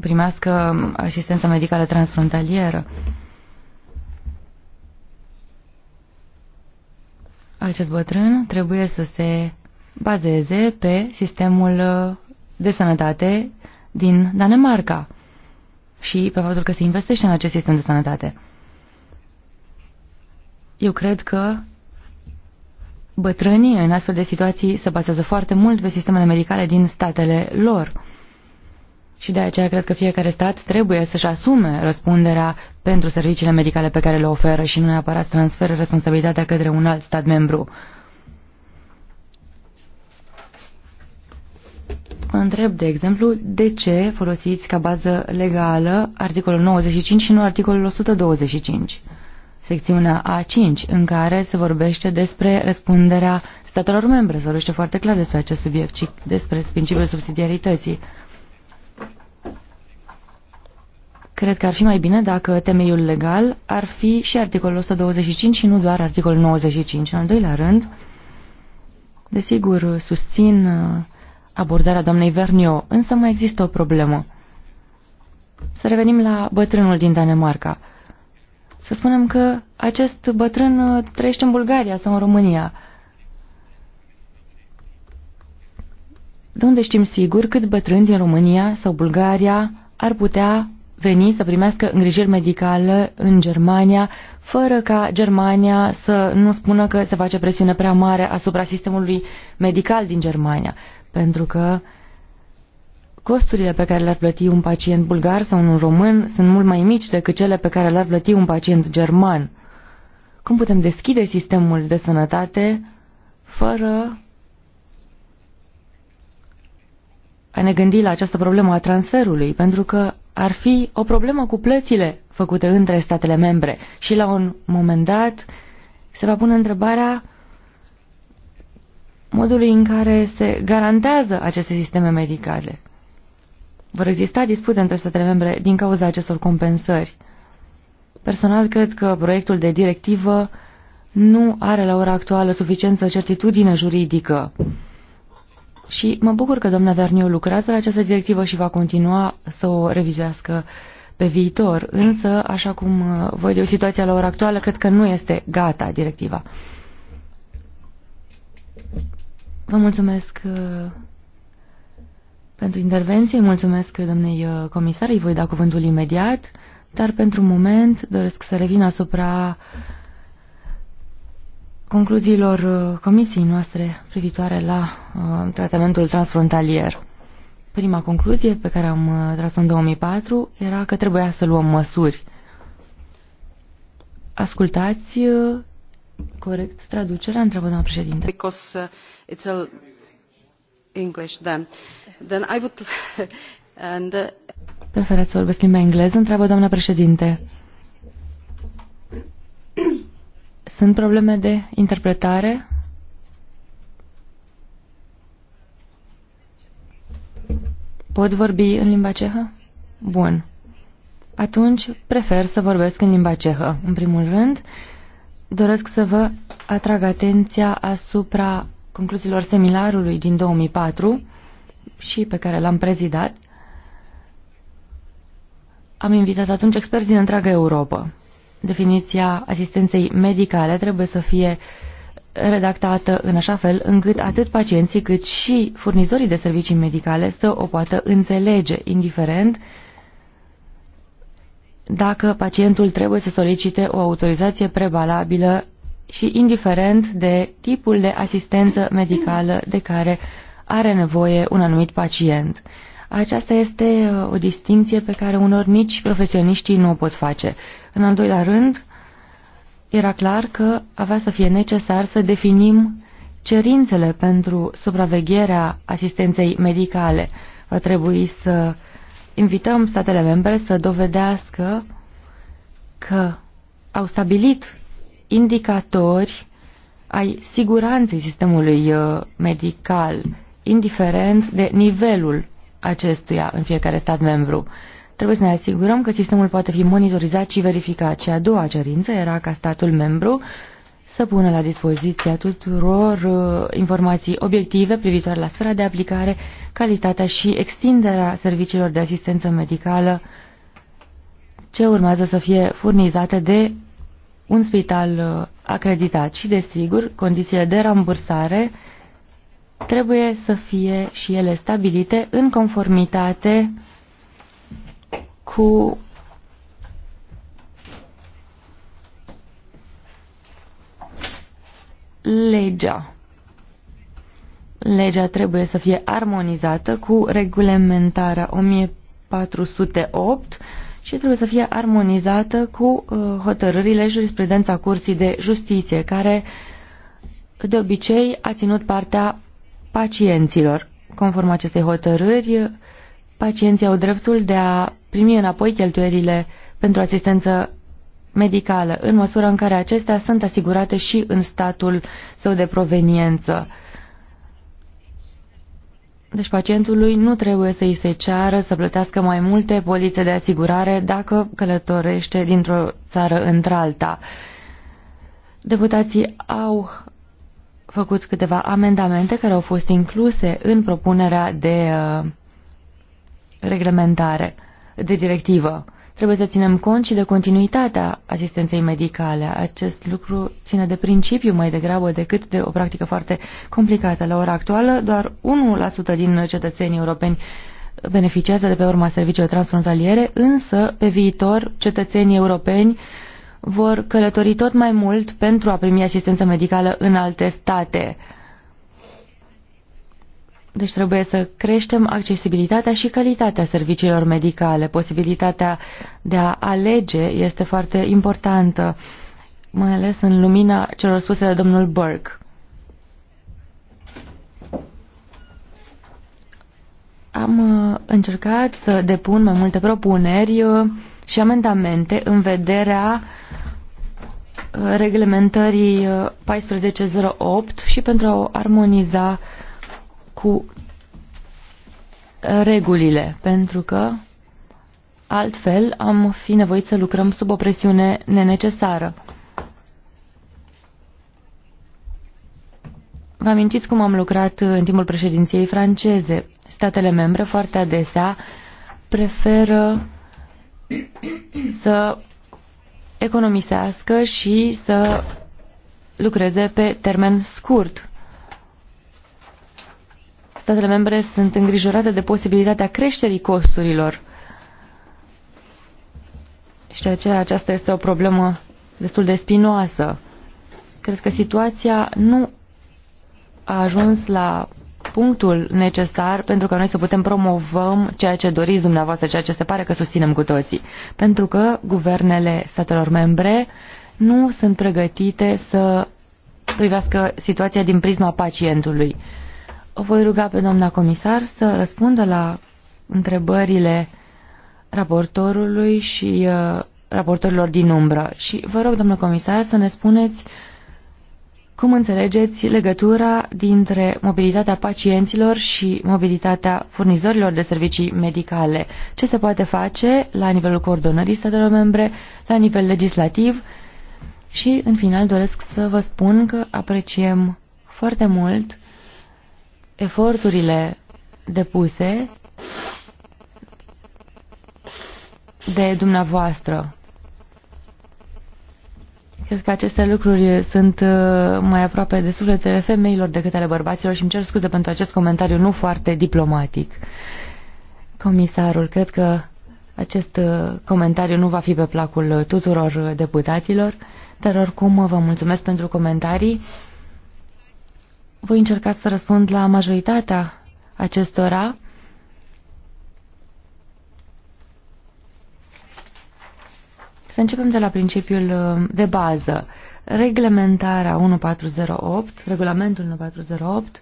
Speaker 1: primească asistența medicală transfrontalieră. Acest bătrân trebuie să se bazeze pe sistemul uh, de sănătate din Danemarca și pe faptul că se investește în acest sistem de sănătate. Eu cred că bătrânii în astfel de situații se bazează foarte mult pe sistemele medicale din statele lor. Și de aceea cred că fiecare stat trebuie să-și asume răspunderea pentru serviciile medicale pe care le oferă și nu neapărat să transferă responsabilitatea către un alt stat membru. Mă întreb, de exemplu, de ce folosiți ca bază legală articolul 95 și nu articolul 125? secțiunea A5, în care se vorbește despre răspunderea statelor membre. Se vorbește foarte clar despre acest subiect și despre principiul subsidiarității. Cred că ar fi mai bine dacă temeiul legal ar fi și articolul 125 și nu doar articolul 95. În al doilea rând, desigur, susțin uh, abordarea doamnei Vernio, însă mai există o problemă. Să revenim la bătrânul din Danemarca. Să spunem că acest bătrân uh, trăiește în Bulgaria sau în România. De unde știm sigur câți bătrâni din România sau Bulgaria ar putea veni să primească îngrijiri medicale în Germania, fără ca Germania să nu spună că se face presiune prea mare asupra sistemului medical din Germania, pentru că uh, Costurile pe care le-ar plăti un pacient bulgar sau un român sunt mult mai mici decât cele pe care le-ar plăti un pacient german. Cum putem deschide sistemul de sănătate fără a ne gândi la această problemă a transferului, pentru că ar fi o problemă cu plățile făcute între statele membre și la un moment dat se va pune întrebarea modului în care se garantează aceste sisteme medicale vor exista dispute între statele membre din cauza acestor compensări. Personal, cred că proiectul de directivă nu are la ora actuală suficientă certitudine juridică. Și mă bucur că doamna Verniu lucrează la această directivă și va continua să o revizuiască pe viitor. Însă, așa cum uh, voi de situația la ora actuală, cred că nu este gata directiva. Vă mulțumesc uh, pentru intervenție. Mulțumesc domnei uh, comisar, îi voi da cuvântul imediat, dar pentru moment doresc să revin asupra concluziilor uh, comisiei noastre privitoare la uh, tratamentul transfrontalier. Prima concluzie pe care am uh, tras-o în 2004 era că trebuia să luăm măsuri. Ascultați corect traducerea, întreabă doamna președinte. Because
Speaker 3: uh, it's a English then. Uh, then I would... and, uh,
Speaker 1: Preferați să vorbesc limba engleză? Întreabă doamna președinte. Sunt probleme de interpretare? Pot vorbi în limba cehă? Bun. Atunci prefer să vorbesc în limba cehă. În primul rând, doresc să vă atrag atenția asupra concluziilor seminarului din 2004 și pe care l-am prezidat, am invitat atunci experți din întreaga Europa. Definiția asistenței medicale trebuie să fie redactată în așa fel încât atât pacienții cât și furnizorii de servicii medicale să o poată înțelege, indiferent dacă pacientul trebuie să solicite o autorizație prevalabilă și indiferent de tipul de asistență medicală de care are nevoie un anumit pacient. Aceasta este uh, o distinție pe care unor nici profesioniștii nu o pot face. În al doilea rând, era clar că avea să fie necesar să definim cerințele pentru supravegherea asistenței medicale. Va trebui să invităm statele membre să dovedească că au stabilit indicatori ai siguranței sistemului uh, medical indiferent de nivelul acestuia în fiecare stat membru. Trebuie să ne asigurăm că sistemul poate fi monitorizat și verificat. Și a doua cerință era ca statul membru să pună la dispoziția tuturor uh, informații obiective privitoare la sfera de aplicare, calitatea și extinderea serviciilor de asistență medicală ce urmează să fie furnizate de un spital uh, acreditat și, desigur, condițiile de rambursare trebuie să fie și ele stabilite în conformitate cu legea. Legea trebuie să fie armonizată cu regulamentarea 1408 și trebuie să fie armonizată cu uh, hotărârile jurisprudența Curții de Justiție, care de obicei a ținut partea pacienților. Conform acestei hotărâri, pacienții au dreptul de a primi înapoi cheltuielile pentru asistență medicală, în măsura în care acestea sunt asigurate și în statul său de proveniență. Deci pacientului nu trebuie să îi se ceară să plătească mai multe polițe de asigurare dacă călătorește dintr-o țară într-alta. Deputații au făcut câteva amendamente care au fost incluse în propunerea de uh, reglementare, de directivă. Trebuie să ținem cont și de continuitatea asistenței medicale. Acest lucru ține de principiu mai degrabă decât de o practică foarte complicată. La ora actuală, doar 1% din cetățenii europeni beneficiază de pe urma serviciilor transfrontaliere, însă pe viitor cetățenii europeni uh, vor călători tot mai mult pentru a primi asistență medicală în alte state. Deci trebuie să creștem accesibilitatea și calitatea serviciilor medicale. Posibilitatea de a alege este foarte importantă, mai ales în lumina celor spuse de domnul Burke. Am uh, încercat să depun mai multe propuneri uh, și amendamente în vederea uh, reglementării 1408 uh, și pentru a o armoniza cu regulile, pentru că altfel am fi nevoit să lucrăm sub o presiune nenecesară. Vă amintiți cum am lucrat în timpul președinției franceze? Statele membre foarte adesea preferă să economisească și să lucreze pe termen scurt. Statele membre sunt îngrijorate de posibilitatea creșterii costurilor și de aceea aceasta este o problemă destul de spinoasă. Cred că situația nu a ajuns la punctul necesar pentru ca noi să putem promovăm ceea ce doriți dumneavoastră, ceea ce se pare că susținem cu toții. Pentru că guvernele statelor membre nu sunt pregătite să privească situația din prisma pacientului. O voi ruga pe doamna comisar să răspundă la întrebările raportorului și uh, raportorilor din umbră. Și vă rog, doamnă comisar, să ne spuneți uh, cum înțelegeți legătura dintre mobilitatea pacienților și mobilitatea furnizorilor de servicii medicale? Ce se poate face la nivelul coordonării statelor membre, la nivel legislativ? Și, în final, doresc să vă spun că apreciem foarte mult eforturile depuse de dumneavoastră Cred că aceste lucruri sunt uh, mai aproape de sufletele femeilor decât ale bărbaților și îmi cer scuze pentru acest comentariu nu foarte diplomatic. Comisarul, cred că acest uh, comentariu nu va fi pe placul tuturor deputaților, dar oricum vă mulțumesc pentru comentarii. Voi încerca să răspund la majoritatea acestora Să începem de la principiul uh, de bază. Reglementarea 1408, regulamentul 1408,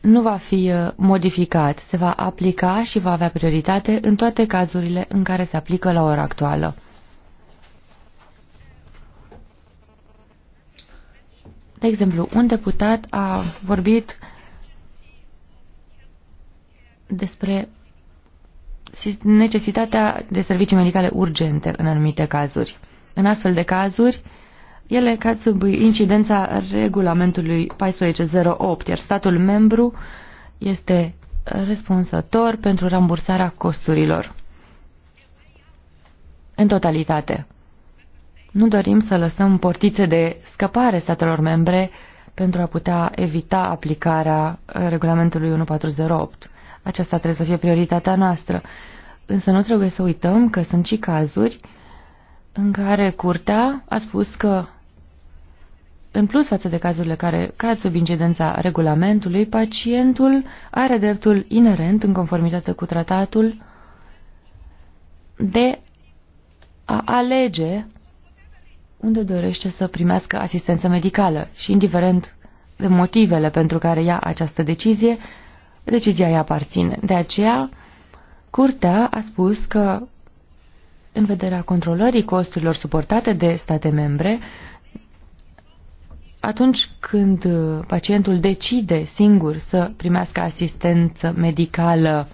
Speaker 1: nu va fi uh, modificat, se va aplica și va avea prioritate în toate cazurile în care se aplică la ora actuală. De exemplu, un deputat a vorbit despre necesitatea de servicii medicale urgente în anumite cazuri. În astfel de cazuri, ele cad sub incidența regulamentului 1408, iar statul membru este răspunsător pentru rambursarea costurilor. În totalitate, nu dorim să lăsăm portițe de scăpare statelor membre pentru a putea evita aplicarea regulamentului 1408. Aceasta trebuie să fie prioritatea noastră. Însă nu trebuie să uităm că sunt și cazuri în care curtea a spus că, în plus față de cazurile care cad sub incidența regulamentului, pacientul are dreptul inerent, în conformitate cu tratatul, de a alege unde dorește să primească asistență medicală și, indiferent de motivele pentru care ia această decizie, decizia îi aparține. De aceea, Curtea a spus că, în vederea controlării costurilor suportate de state membre, atunci când pacientul decide singur să primească asistență medicală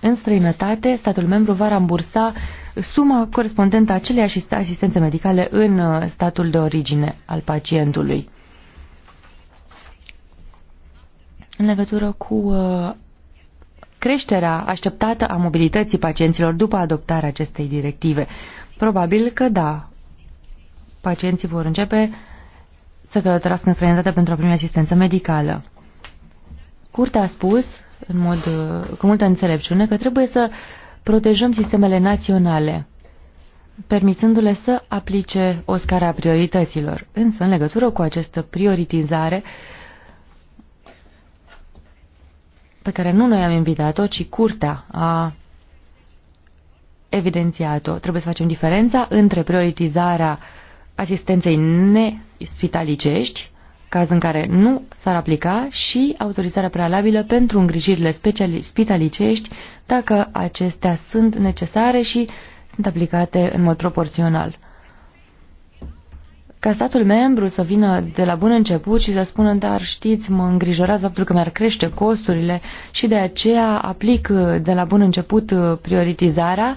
Speaker 1: în străinătate, statul membru va rambursa suma corespondentă aceleiași asistențe medicale în statul de origine al pacientului. în legătură cu uh, creșterea așteptată a mobilității pacienților după adoptarea acestei directive. Probabil că da, pacienții vor începe să călătorească în străinătate pentru a primi asistență medicală. Curtea a spus, în mod, uh, cu multă înțelepciune, că trebuie să protejăm sistemele naționale, permițându-le să aplice o scară a priorităților. Însă, în legătură cu această prioritizare, uh, pe care nu noi am invitat-o, ci curtea a evidențiat-o. Trebuie să facem diferența între prioritizarea asistenței nespitalicești, caz în care nu s-ar aplica, și autorizarea prealabilă pentru îngrijirile spitalicești, dacă acestea sunt necesare și sunt aplicate în mod proporțional ca statul membru să vină de la bun început și să spună, dar știți, mă îngrijorați faptul că mi-ar crește costurile și de aceea aplic uh, de la bun început uh, prioritizarea,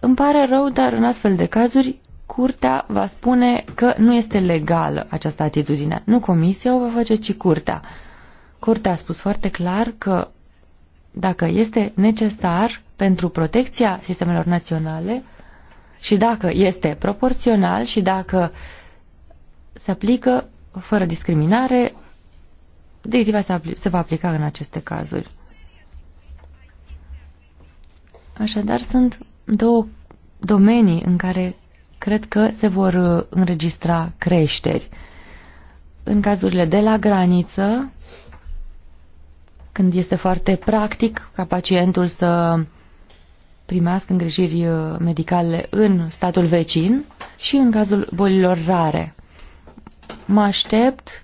Speaker 1: îmi pare rău, dar în astfel de cazuri curtea va spune că nu este legală această atitudine. Nu comisia o va face, ci curtea. Curtea a spus foarte clar că dacă este necesar pentru protecția sistemelor naționale, și dacă este proporțional și dacă se aplică fără discriminare, directiva se, se va aplica în aceste cazuri. Așadar, sunt două domenii în care cred că se vor uh, înregistra creșteri. În cazurile de la graniță, când este foarte practic ca pacientul să primească îngrijiri uh, medicale în statul vecin și în cazul bolilor rare. Mă aștept,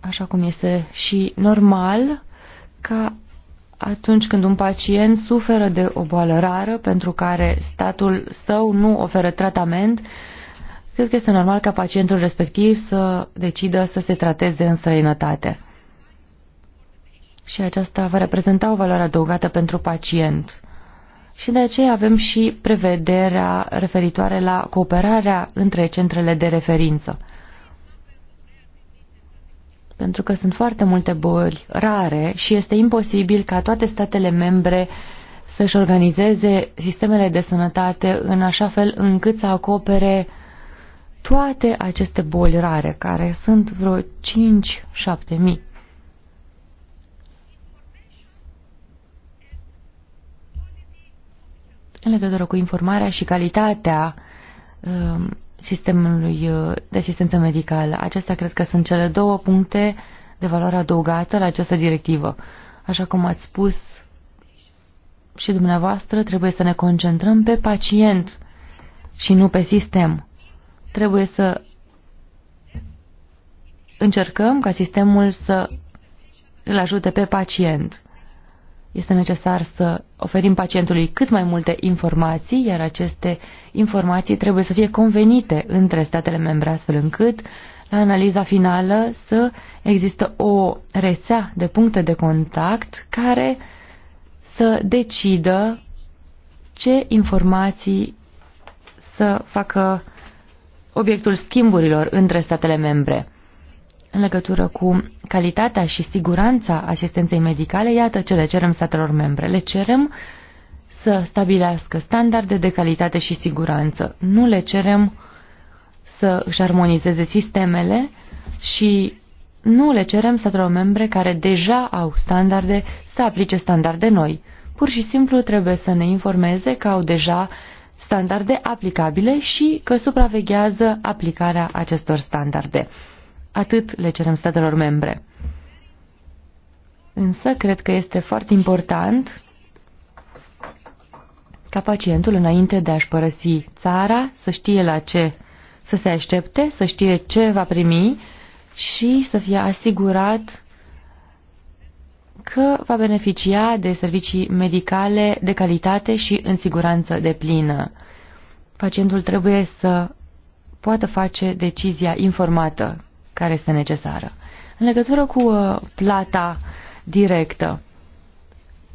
Speaker 1: așa cum este și normal, ca atunci când un pacient suferă de o boală rară pentru care statul său nu oferă tratament, cred că este normal ca pacientul respectiv să decidă să se trateze în străinătate și aceasta va reprezenta o valoare adăugată pentru pacient. Și de aceea avem și prevederea referitoare la cooperarea între centrele de referință. Pentru că sunt foarte multe boli rare și este imposibil ca toate statele membre să-și organizeze sistemele de sănătate în așa fel încât să acopere toate aceste boli rare, care sunt vreo 5-7 mii. în legătură cu informarea și calitatea um, sistemului uh, de asistență medicală. Acestea cred că sunt cele două puncte de valoare adăugată la această directivă. Așa cum ați spus și dumneavoastră, trebuie să ne concentrăm pe pacient și nu pe sistem. Trebuie să încercăm ca sistemul să îl ajute pe pacient este necesar să oferim pacientului cât mai multe informații, iar aceste informații trebuie să fie convenite între statele membre, astfel încât la analiza finală să există o rețea de puncte de contact care să decidă ce informații să facă obiectul schimburilor între statele membre în legătură cu calitatea și siguranța asistenței medicale, iată ce le cerem statelor membre. Le cerem să stabilească standarde de calitate și siguranță. Nu le cerem să își armonizeze sistemele și nu le cerem statelor membre care deja au standarde să aplice standarde noi. Pur și simplu trebuie să ne informeze că au deja standarde aplicabile și că supraveghează aplicarea acestor standarde atât le cerem statelor membre. Însă, cred că este foarte important ca pacientul, înainte de a-și părăsi țara, să știe la ce să se aștepte, să știe ce va primi și să fie asigurat că va beneficia de servicii medicale de calitate și în siguranță de plină. Pacientul trebuie să poată face decizia informată care este necesară. În legătură cu uh, plata directă,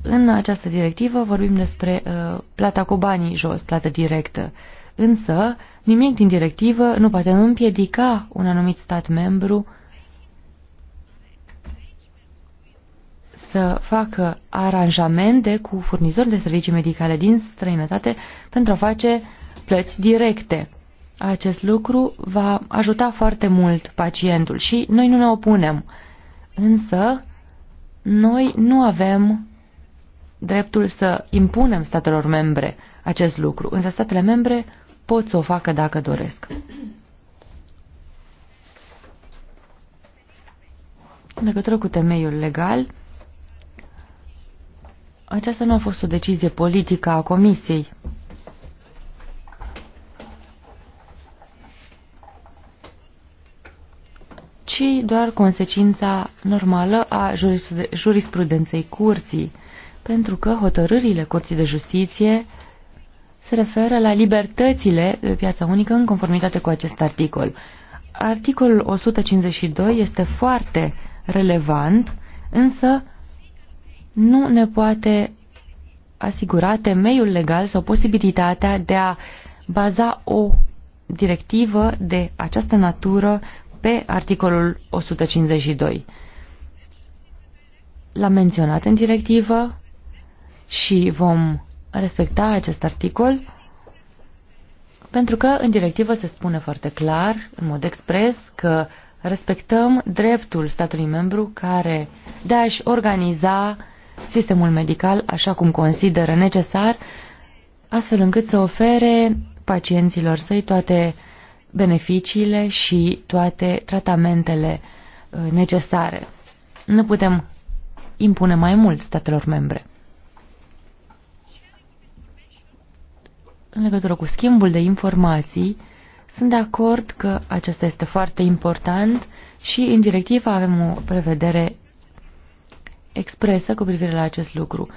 Speaker 1: în această directivă vorbim despre uh, plata cu banii jos, plată directă. Însă, nimic din directivă nu poate împiedica un anumit stat membru să facă aranjamente cu furnizori de servicii medicale din străinătate pentru a face plăți directe. Acest lucru va ajuta foarte mult pacientul și noi nu ne opunem. Însă, noi nu avem dreptul să impunem statelor membre acest lucru, însă statele membre pot să o facă dacă doresc. În legătură cu temeiul legal, aceasta nu a fost o decizie politică a Comisiei. ci doar consecința normală a jurisprudenței curții, pentru că hotărârile curții de justiție se referă la libertățile de piața unică în conformitate cu acest articol. Articolul 152 este foarte relevant, însă nu ne poate asigura temeiul legal sau posibilitatea de a baza o directivă de această natură pe articolul 152. L-am menționat în directivă și vom respecta acest articol pentru că în directivă se spune foarte clar, în mod expres, că respectăm dreptul statului membru care de a-și organiza sistemul medical așa cum consideră necesar, astfel încât să ofere pacienților săi toate beneficiile și toate tratamentele uh, necesare. Nu putem impune mai mult statelor membre. În legătură cu schimbul de informații, sunt de acord că acesta este foarte important și în directivă avem o prevedere expresă cu privire la acest lucru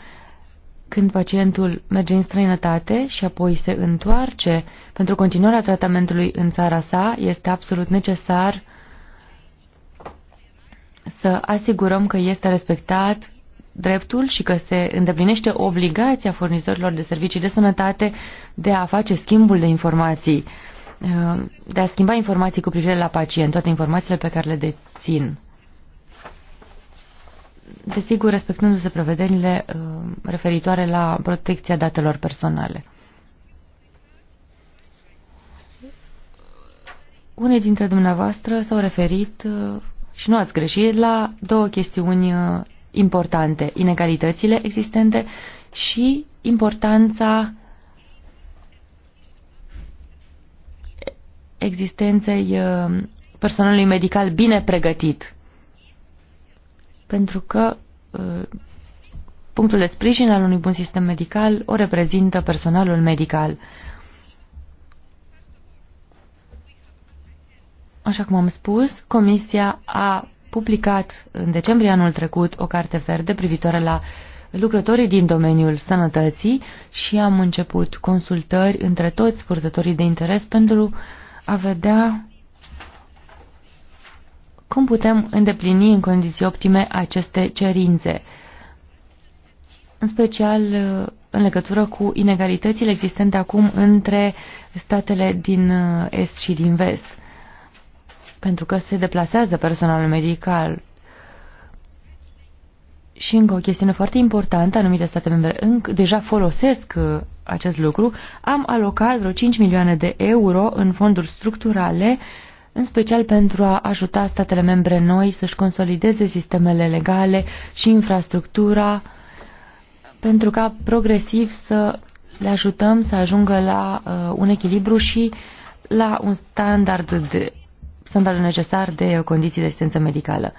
Speaker 1: când pacientul merge în străinătate și apoi se întoarce pentru continuarea tratamentului în țara sa, este absolut necesar să asigurăm că este respectat dreptul și că se îndeplinește obligația furnizorilor de servicii de sănătate de a face schimbul de informații, eh, de a schimba informații cu privire la pacient, toate informațiile pe care le dețin desigur respectându-se prevederile uh, referitoare la protecția datelor personale. Unii dintre dumneavoastră s-au referit uh, și nu ați greșit la două chestiuni uh, importante, inegalitățile existente și importanța existenței personalului medical bine pregătit pentru că uh, punctul de sprijin al unui bun sistem medical o reprezintă personalul medical. Așa cum am spus, Comisia a publicat în decembrie anul trecut o carte verde privitoare la lucrătorii din domeniul sănătății și am început consultări între toți purtătorii de interes pentru a vedea cum putem îndeplini în condiții optime aceste cerințe? În special uh, în legătură cu inegalitățile existente acum între statele din uh, Est și din Vest. Pentru că se deplasează personalul medical. Și încă o chestiune foarte importantă, anumite state membre înc- deja folosesc uh, acest lucru. Am alocat vreo 5 milioane de euro în fonduri structurale uh, în special pentru a ajuta statele membre noi să-și consolideze sistemele legale și infrastructura, pentru ca progresiv să le ajutăm să ajungă la uh, un echilibru și la un standard, de, standard necesar de condiții de asistență medicală.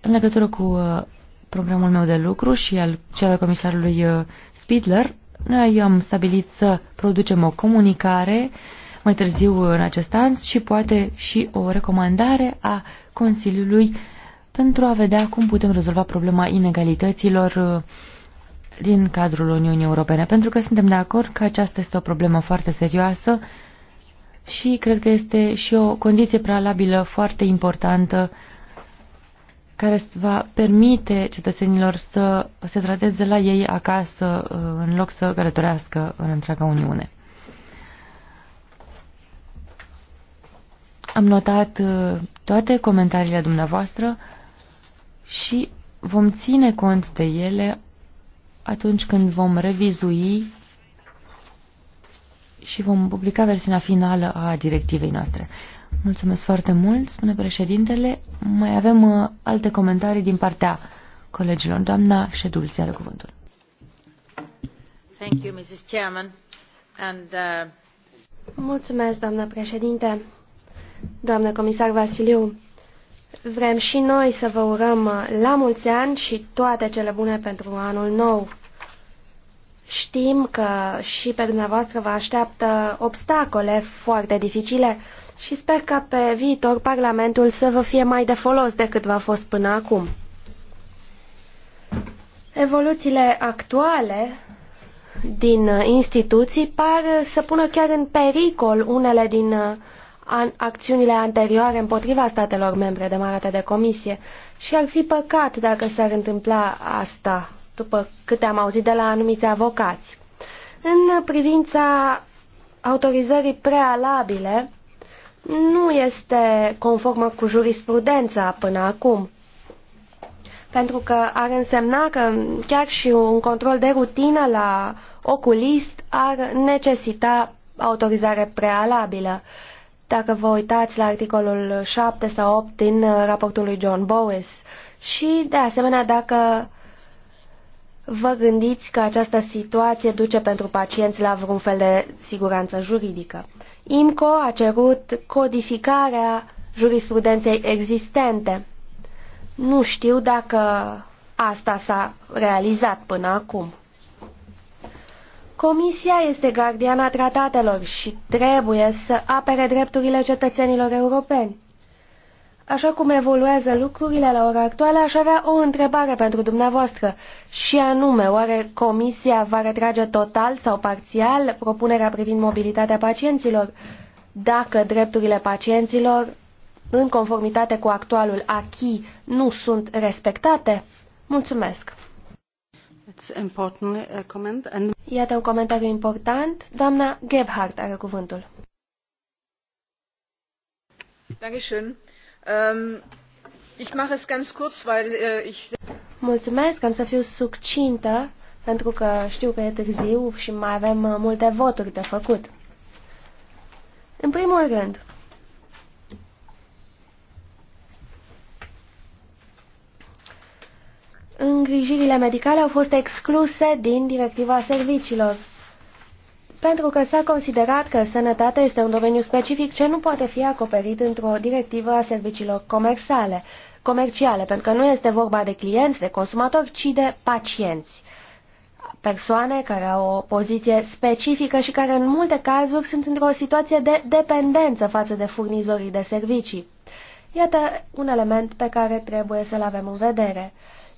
Speaker 1: În legătură cu uh, programul meu de lucru și al, celor comisarului uh, Spidler, noi am stabilit să producem o comunicare uh, mai târziu în acest an și poate și o recomandare a Consiliului pentru a vedea cum putem rezolva problema inegalităților uh, din cadrul Uniunii Europene, pentru că suntem de acord că aceasta este o problemă foarte serioasă și cred că este și o condiție prealabilă foarte importantă care va permite cetățenilor să se trateze la ei acasă uh, în loc să călătorească în întreaga Uniune. Am notat uh, toate comentariile dumneavoastră și vom ține cont de ele atunci când vom revizui și vom publica versiunea finală a directivei noastre. Mulțumesc foarte mult, spune președintele. Mai avem uh, alte comentarii din partea colegilor. Doamna Ședul, se are cuvântul.
Speaker 3: Thank you, Mrs. Chairman. And, uh...
Speaker 4: Mulțumesc, doamna președinte doamnă comisar Vasiliu. Vrem și noi să vă urăm uh, la mulți ani și toate cele bune pentru anul nou. Știm că și pe dumneavoastră vă așteaptă obstacole foarte dificile și sper ca pe viitor Parlamentul să vă fie mai de folos decât v-a fost până acum. Evoluțiile actuale din uh, instituții par uh, să pună chiar în pericol unele din an acțiunile anterioare împotriva statelor membre demarate de comisie și ar fi păcat dacă s-ar întâmpla asta, după câte am auzit de la anumiți avocați. În privința autorizării prealabile, nu este conformă cu jurisprudența până acum, pentru că ar însemna că chiar și un control de rutină la oculist ar necesita autorizare prealabilă dacă vă uitați la articolul 7 sau 8 din uh, raportul lui John Bowes și, de asemenea, dacă vă gândiți că această situație duce pentru pacienți la vreun fel de siguranță juridică. IMCO a cerut codificarea jurisprudenței existente. Nu știu dacă asta s-a realizat până acum. Comisia este gardiana tratatelor și trebuie să apere drepturile cetățenilor europeni. Așa cum evoluează lucrurile la ora actuală, aș avea o întrebare pentru dumneavoastră, și anume, oare Comisia va retrage total sau parțial propunerea privind mobilitatea pacienților, dacă drepturile pacienților, în conformitate cu actualul acquis, nu sunt respectate? Mulțumesc!
Speaker 3: Uh,
Speaker 4: Iată un comentariu important. Doamna Gebhardt are cuvântul.
Speaker 3: Ähm, äh,
Speaker 4: Mulțumesc, am să fiu succintă, pentru că știu că e târziu și mai avem uh, multe voturi de făcut. În primul rând, îngrijirile medicale au fost excluse din directiva serviciilor, pentru că s-a considerat că sănătatea este un domeniu specific ce nu poate fi acoperit într-o directivă a serviciilor comerciale, comerciale, pentru că nu este vorba de clienți, de consumatori, ci de pacienți. Persoane care au o poziție specifică și care în multe cazuri sunt într-o situație de dependență față de furnizorii de servicii. Iată un element pe care trebuie să-l avem în vedere.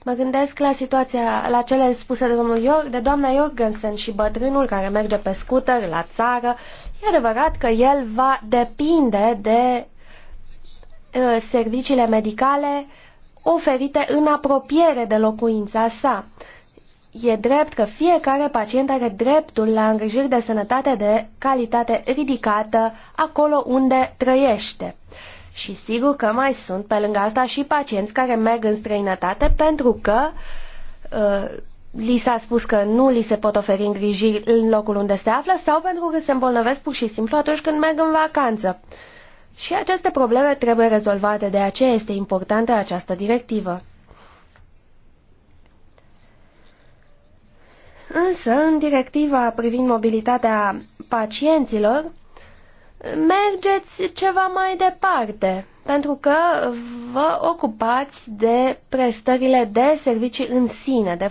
Speaker 4: Mă gândesc la situația, la cele spuse de, domnul Ior, de doamna Jorgensen și bătrânul care merge pe scooter la țară. E adevărat că el va depinde de uh, serviciile medicale oferite în apropiere de locuința sa. E drept că fiecare pacient are dreptul la îngrijiri de sănătate de calitate ridicată acolo unde trăiește. Și sigur că mai sunt pe lângă asta și pacienți care merg în străinătate pentru că uh, li s-a spus că nu li se pot oferi îngrijiri în locul unde se află sau pentru că se îmbolnăvesc pur și simplu atunci când merg în vacanță. Și aceste probleme trebuie rezolvate, de aceea este importantă această directivă. Însă, în directiva privind mobilitatea pacienților, mergeți ceva mai departe, pentru că vă ocupați de prestările de servicii în sine, de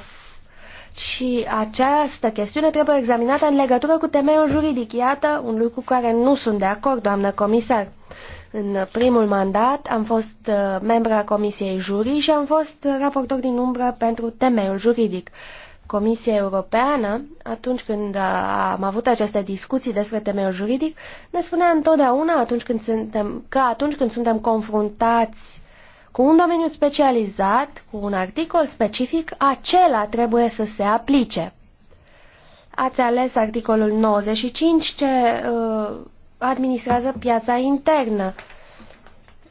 Speaker 4: și această chestiune trebuie examinată în legătură cu temeiul juridic. Iată un lucru cu care nu sunt de acord, doamnă comisar. În primul mandat am fost uh, membra Comisiei Jurii și am fost raportor din umbră pentru temeiul juridic. Comisia Europeană, atunci când uh, am avut aceste discuții despre temeiul juridic, ne spunea întotdeauna atunci când suntem, că atunci când suntem confruntați cu un domeniu specializat, cu un articol specific, acela trebuie să se aplice. Ați ales articolul 95 ce uh, administrează piața internă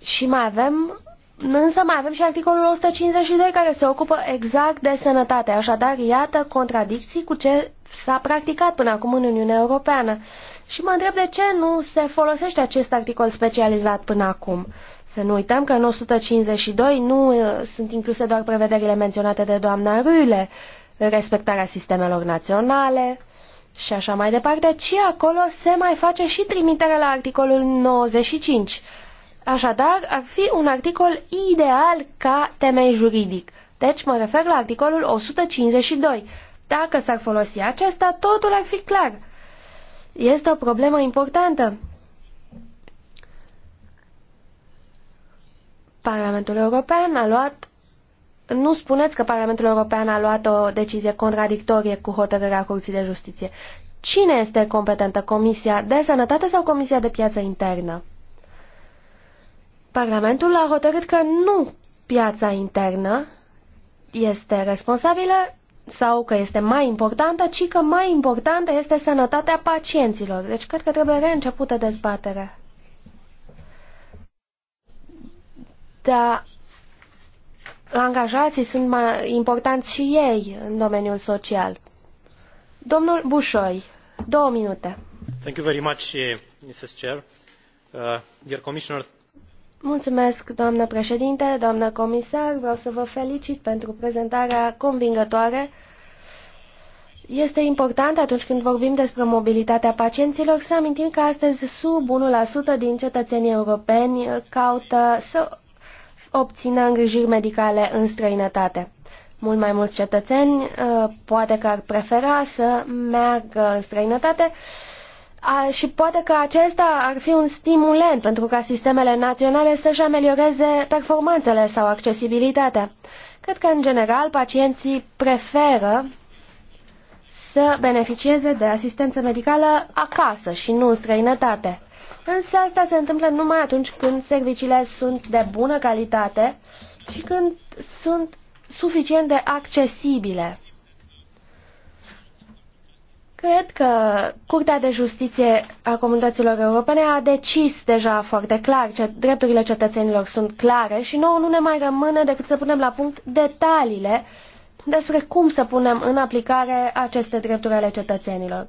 Speaker 4: și mai avem Însă mai avem și articolul 152 care se ocupă exact de sănătate. Așadar, iată contradicții cu ce s-a practicat până acum în Uniunea Europeană. Și mă întreb de ce nu se folosește acest articol specializat până acum. Să nu uităm că în 152 nu uh, sunt incluse doar prevederile menționate de doamna Rüle, respectarea sistemelor naționale și așa mai departe, ci acolo se mai face și trimitere la articolul 95 Așadar, ar fi un articol ideal ca temei juridic. Deci mă refer la articolul 152. Dacă s-ar folosi acesta, totul ar fi clar. Este o problemă importantă. Parlamentul European a luat... Nu spuneți că Parlamentul European a luat o decizie contradictorie cu hotărârea Curții de Justiție. Cine este competentă? Comisia de Sănătate sau Comisia de Piață Internă? Parlamentul a hotărât că nu piața internă este responsabilă sau că este mai importantă, ci că mai importantă este sănătatea pacienților. Deci cred că trebuie reîncepută dezbaterea. Da, angajații sunt mai importanți și ei în domeniul social. Domnul Bușoi, două minute.
Speaker 3: Thank you very much, eh, Mrs. Chair. Uh, dear Commissioner,
Speaker 4: Mulțumesc, doamnă președinte, doamnă comisar, vreau să vă felicit pentru prezentarea convingătoare. Este important atunci când vorbim despre mobilitatea pacienților să amintim că astăzi sub 1% din cetățenii europeni caută să obțină îngrijiri medicale în străinătate. Mult mai mulți cetățeni uh, poate că ar prefera să meargă în străinătate, a, și poate că acesta ar fi un stimulent pentru ca sistemele naționale să-și amelioreze performanțele sau accesibilitatea. Cred că, în general, pacienții preferă să beneficieze de asistență medicală acasă și nu în străinătate. Însă asta se întâmplă numai atunci când serviciile sunt de bună calitate și când sunt suficient de accesibile. Cred că Curtea de Justiție a Comunităților Europene a decis deja foarte clar că drepturile cetățenilor sunt clare și nouă nu ne mai rămâne decât să punem la punct detaliile despre cum să punem în aplicare aceste drepturi ale cetățenilor.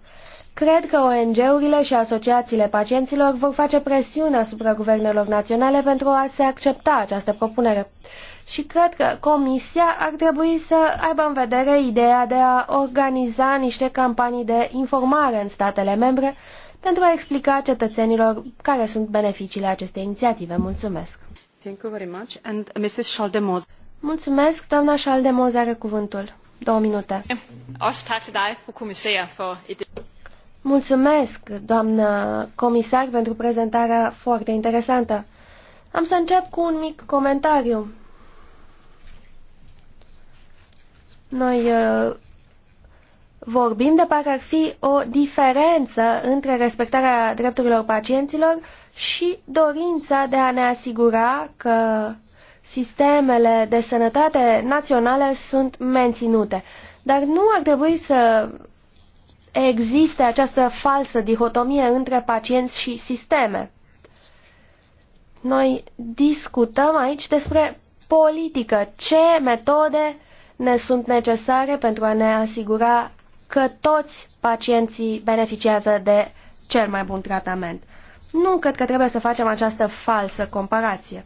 Speaker 4: Cred că ONG-urile și asociațiile pacienților vor face presiune asupra guvernelor naționale pentru a se accepta această propunere și cred că Comisia ar trebui să aibă în vedere ideea de a organiza niște campanii de informare în statele membre pentru a explica cetățenilor care sunt beneficiile acestei inițiative. Mulțumesc!
Speaker 3: Thank you very much. And uh, Mrs. Schaldemose.
Speaker 4: Mulțumesc, doamna Schaldemose are cuvântul. Două minute. Mulțumesc, doamnă comisar, pentru prezentarea foarte interesantă. Am să încep cu un mic comentariu. Noi uh, vorbim de parcă ar fi o diferență între respectarea drepturilor pacienților și dorința de a ne asigura că sistemele de sănătate naționale sunt menținute. Dar nu ar trebui să existe această falsă dihotomie între pacienți și sisteme. Noi discutăm aici despre politică, ce metode uh, ne sunt necesare pentru a ne asigura că toți pacienții beneficiază de cel mai bun tratament. Nu cred că trebuie să facem această falsă comparație.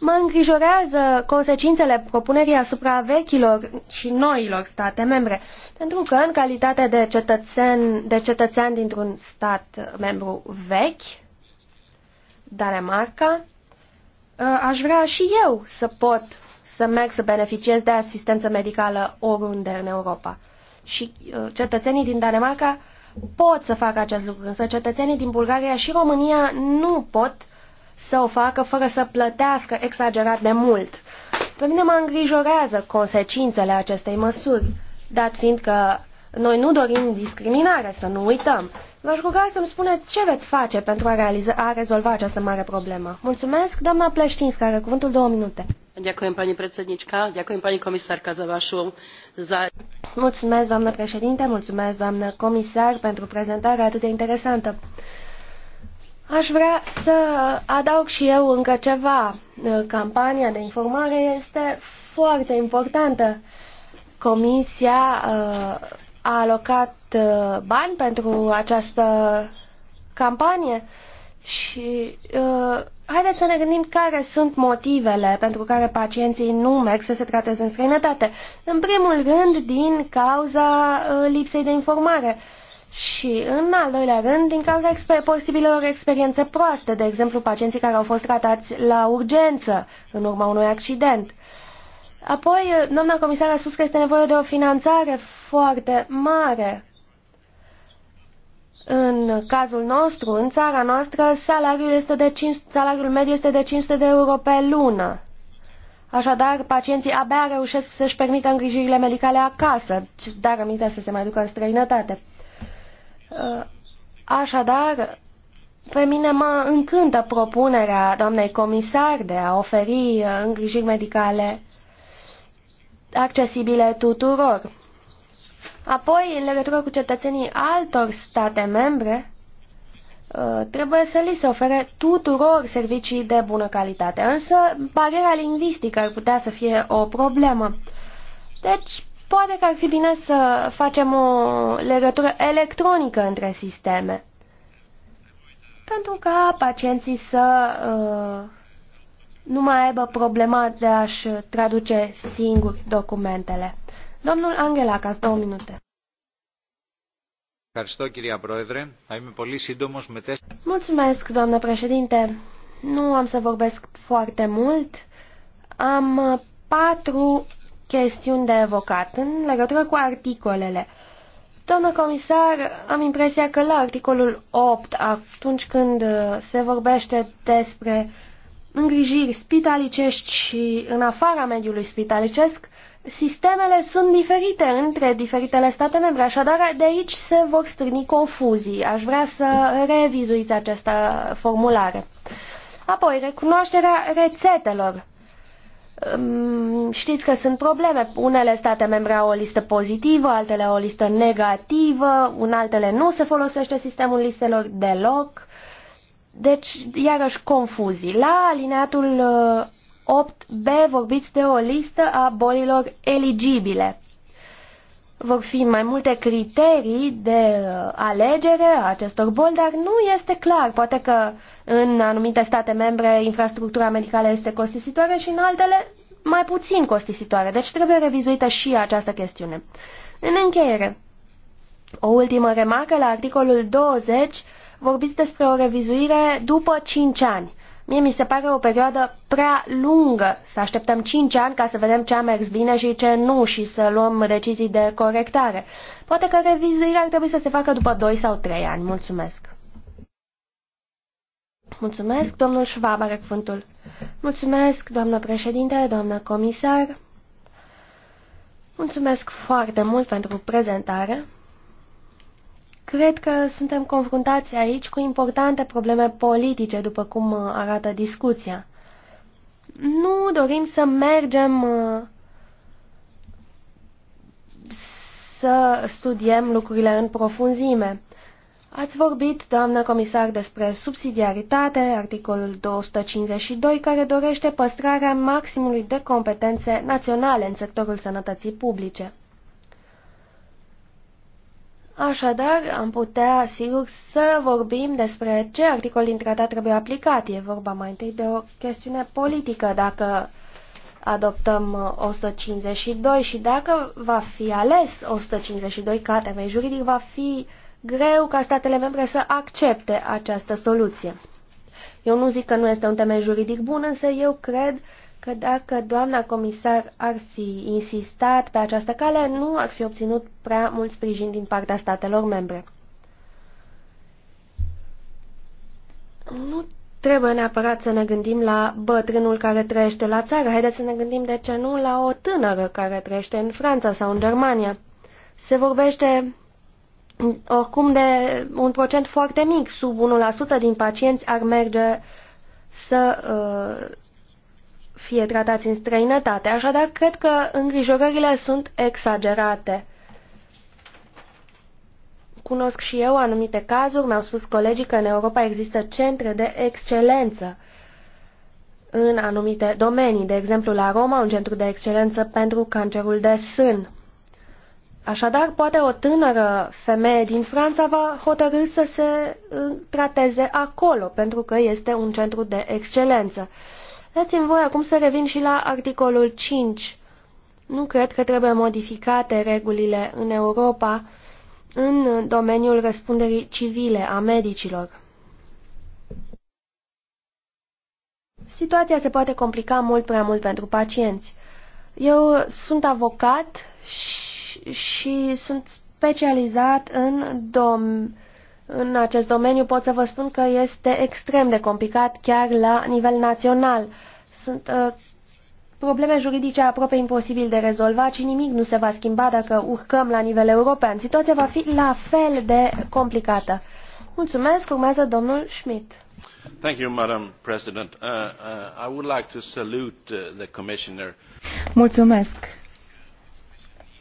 Speaker 4: Mă îngrijorează consecințele propunerii asupra vechilor și noilor state membre, pentru că în calitate de cetățen de cetățean dintr-un stat membru vechi, Danemarca, Uh, aș vrea și eu să pot să merg să beneficiez de asistență medicală oriunde în Europa. Și uh, cetățenii din Danemarca pot să facă acest lucru, însă cetățenii din Bulgaria și România nu pot să o facă fără să plătească exagerat de mult. Pe mine mă îngrijorează consecințele acestei măsuri, dat fiind că noi nu dorim discriminare, să nu uităm. V-aș ruga să-mi spuneți ce veți face pentru a, realiza, a rezolva această mare problemă. Mulțumesc, doamna Pleștinska, are cuvântul două minute.
Speaker 3: Ďakujem, pani predsednička, ďakujem, pani za Za...
Speaker 4: Mulțumesc, doamnă președinte, mulțumesc, doamnă comisar, pentru prezentarea atât de interesantă. Aș vrea să adaug și eu încă ceva. Campania de informare este foarte importantă. Comisia uh, a alocat uh, bani pentru această campanie și uh, haideți să ne gândim care sunt motivele pentru care pacienții nu merg să se trateze în străinătate. În primul rând, din cauza uh, lipsei de informare și, în al doilea rând, din cauza exper posibilelor experiențe proaste, de exemplu, pacienții care au fost tratați la urgență în urma unui accident. Apoi, eh, doamna comisar a spus că este nevoie de o finanțare foarte mare. În cazul nostru, în țara noastră, salariul, este de 5, salariul mediu este de 500 de euro pe lună. Așadar, pacienții abia reușesc să-și permită îngrijirile medicale acasă, dar aminte să se mai ducă în străinătate. Eh, așadar, pe mine mă încântă propunerea doamnei comisar de a oferi eh, îngrijiri medicale accesibile tuturor. Apoi, în legătură cu cetățenii altor state membre, uh, trebuie să li se ofere tuturor servicii de bună calitate. Însă, bariera lingvistică ar putea să fie o problemă. Deci, poate că ar fi bine să facem o legătură electronică între sisteme. Pentru ca pacienții să uh, nu mai aibă problema de a-și traduce singuri documentele. Domnul Angelacas, două minute. Mulțumesc, doamnă președinte. Nu am să vorbesc foarte mult. Am uh, patru chestiuni de evocat în legătură cu articolele. Doamnă comisar, am impresia că la articolul 8, atunci când uh, se vorbește despre îngrijiri spitalicești și în afara mediului spitalicesc, sistemele sunt diferite între diferitele state membre, așadar de aici se vor strâni confuzii. Aș vrea să revizuiți această formulare. Apoi, recunoașterea rețetelor. Știți că sunt probleme. Unele state membre au o listă pozitivă, altele au o listă negativă, în altele nu se folosește sistemul listelor deloc. Deci, iarăși, confuzii. La alineatul 8b uh, vorbiți de o listă a bolilor eligibile. Vor fi mai multe criterii de uh, alegere a acestor boli, dar nu este clar. Poate că în anumite state membre infrastructura medicală este costisitoare și în altele mai puțin costisitoare. Deci trebuie revizuită și această chestiune. În încheiere, o ultimă remarcă la articolul 20 vorbiți despre o revizuire după 5 ani. Mie mi se pare o perioadă prea lungă să așteptăm 5 ani ca să vedem ce a mers bine și ce nu și să luăm decizii de corectare. Poate că revizuirea ar trebui să se facă după 2 sau 3 ani. Mulțumesc! Mulțumesc, domnul Schwab are cuvântul. Mulțumesc, doamnă președinte, doamnă comisar. Mulțumesc foarte mult pentru prezentare. Cred că suntem confruntați aici cu importante probleme politice, după cum uh, arată discuția. Nu dorim să mergem uh, să studiem lucrurile în profunzime. Ați vorbit, doamnă comisar, despre subsidiaritate, articolul 252, care dorește păstrarea maximului de competențe naționale în sectorul sănătății publice. Așadar, am putea, sigur, să vorbim despre ce articol din tratat trebuie aplicat. E vorba mai întâi de o chestiune politică, dacă adoptăm 152 uh, și dacă va fi ales 152 ca temei juridic, va fi greu ca statele membre să accepte această soluție. Eu nu zic că nu este un temei juridic bun, însă eu cred că dacă doamna comisar ar fi insistat pe această cale, nu ar fi obținut prea mult sprijin din partea statelor membre. Nu trebuie neapărat să ne gândim la bătrânul care trăiește la țară. Haideți să ne gândim, de ce nu, la o tânără care trăiește în Franța sau în Germania. Se vorbește oricum de un procent foarte mic, sub 1% din pacienți ar merge să uh, fie tratați în străinătate. Așadar, cred că îngrijorările sunt exagerate. Cunosc și eu anumite cazuri, mi-au spus colegii că în Europa există centre de excelență în anumite domenii, de exemplu la Roma, un centru de excelență pentru cancerul de sân. Așadar, poate o tânără femeie din Franța va hotărâ să se uh, trateze acolo, pentru că este un centru de excelență. Dați-mi voi acum să revin și la articolul 5. Nu cred că trebuie modificate regulile în Europa în domeniul răspunderii civile a medicilor. Situația se poate complica mult prea mult pentru pacienți. Eu sunt avocat și, și sunt specializat în dom în acest domeniu pot să vă spun că este extrem de complicat chiar la nivel național. Sunt uh, probleme juridice aproape imposibil de rezolvat și nimic nu se va schimba dacă urcăm la nivel european. Situația va fi la fel de complicată. Mulțumesc, urmează domnul Schmidt.
Speaker 3: Thank you, Madam President. Uh, uh, I would like to salute uh, the Commissioner.
Speaker 4: Mulțumesc.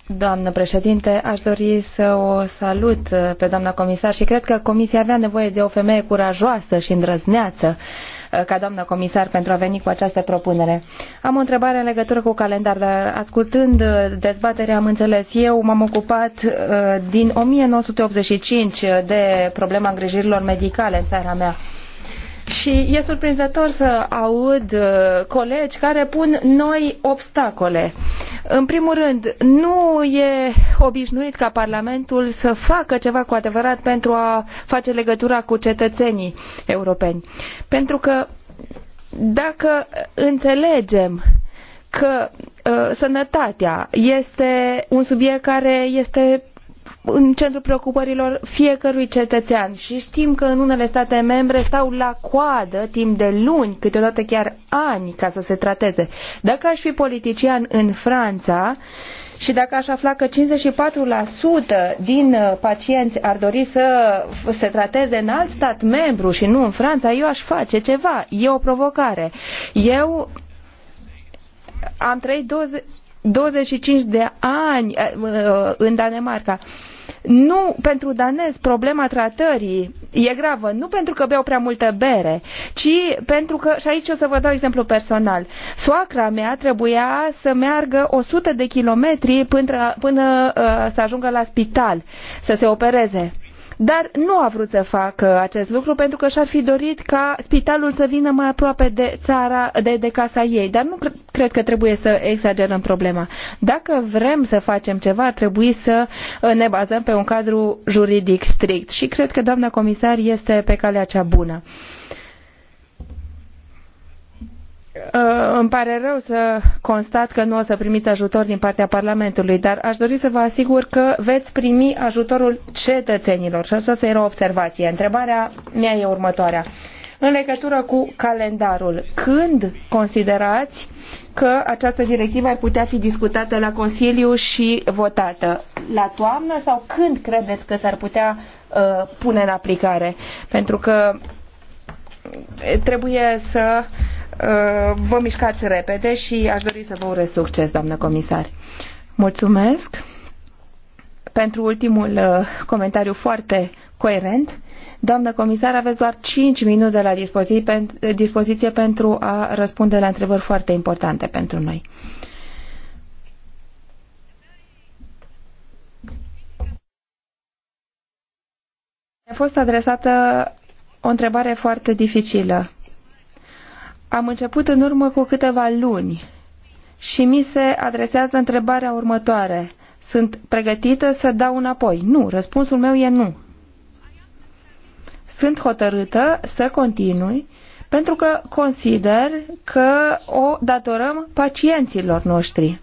Speaker 2: Doamnă președinte, aș dori să o salut uh, pe doamna comisar și cred că comisia avea nevoie de o femeie curajoasă și îndrăzneață uh, ca doamnă comisar pentru a veni cu această propunere. Am o întrebare în legătură cu calendar, dar ascultând uh, dezbaterea am înțeles eu, m-am ocupat din 1985 de problema îngrijirilor medicale în țara mea. Și e surprinzător să aud uh, colegi care pun noi obstacole. În primul rând, nu e obișnuit ca Parlamentul să facă ceva cu adevărat pentru a face legătura cu cetățenii europeni. Pentru că dacă înțelegem că uh, sănătatea este un subiect care este în centrul preocupărilor fiecărui cetățean și știm că în unele state membre stau la coadă timp de luni, câteodată chiar ani, ca să se trateze. Dacă aș fi politician în Franța, și dacă aș afla că 54% din uh, pacienți ar dori să se trateze în alt stat membru și nu în Franța, eu aș face ceva. E o provocare. Eu am trăit 20, 25 de ani uh, uh, în Danemarca. Nu pentru danez problema tratării e gravă, nu pentru că beau prea multă bere, ci pentru că, și aici o să vă dau exemplu personal, soacra mea trebuia să meargă 100 de kilometri până, până uh, să ajungă la spital, să se opereze dar nu a vrut să facă acest lucru pentru că și-ar fi dorit ca spitalul să vină mai aproape de țara, de, de casa ei. Dar nu cred că trebuie să exagerăm problema. Dacă vrem să facem ceva, ar trebui să uh, ne bazăm pe un cadru juridic strict și cred că doamna comisar este pe calea cea bună. Uh, Uh, îmi pare rău să constat că nu o să primiți ajutor din partea Parlamentului, dar aș dori să vă asigur că veți primi ajutorul cetățenilor. Și aceasta era o observație. Întrebarea mea e următoarea. În legătură cu calendarul, când considerați că această directivă ar putea fi discutată la Consiliu și votată? La toamnă sau când credeți că s-ar putea uh, pune în aplicare? Pentru că trebuie să Uh, vă mișcați repede și aș dori să vă urez succes, doamnă comisar. Mulțumesc pentru ultimul uh, comentariu foarte coerent. Doamnă comisar, aveți doar 5 minute la dispoziție pentru a răspunde la întrebări foarte importante pentru noi. A fost adresată o întrebare foarte dificilă am început în urmă cu câteva luni și mi se adresează întrebarea următoare. Sunt pregătită să dau înapoi? Nu, răspunsul meu e nu. Sunt hotărâtă să continui pentru că consider că o datorăm pacienților noștri.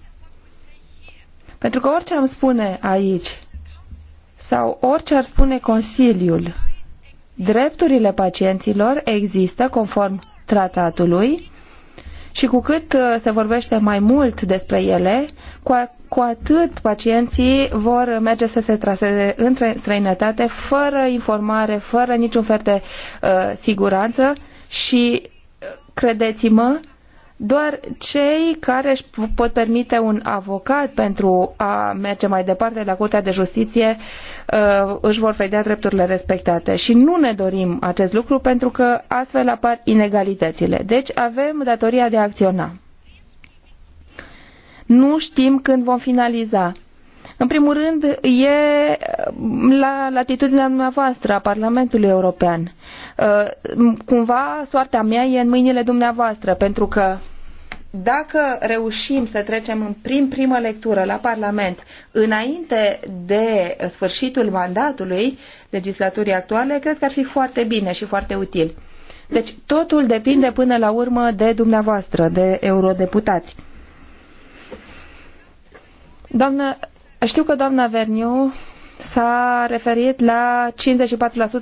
Speaker 2: Pentru că orice am spune aici sau orice ar spune Consiliul, drepturile pacienților există conform tratatului și cu cât uh, se vorbește mai mult despre ele, cu, a, cu atât pacienții vor merge să se traseze în străinătate fără informare, fără niciun fel de uh, siguranță și uh, credeți-mă, doar cei care își pot permite un avocat pentru a merge mai departe la Curtea de Justiție uh, își vor vedea drepturile respectate. Și nu ne dorim acest lucru pentru că astfel apar inegalitățile. Deci avem datoria de a acționa. Nu știm când vom finaliza. În primul rând, e uh, la latitudinea dumneavoastră a Parlamentului European. Uh, cumva, soarta mea e în mâinile dumneavoastră, pentru că dacă reușim să trecem în prim primă lectură la Parlament înainte de sfârșitul mandatului legislaturii actuale, cred că ar fi foarte bine și foarte util. Deci totul depinde până la urmă de dumneavoastră, de eurodeputați. Doamnă, știu că doamna Verniu s-a referit la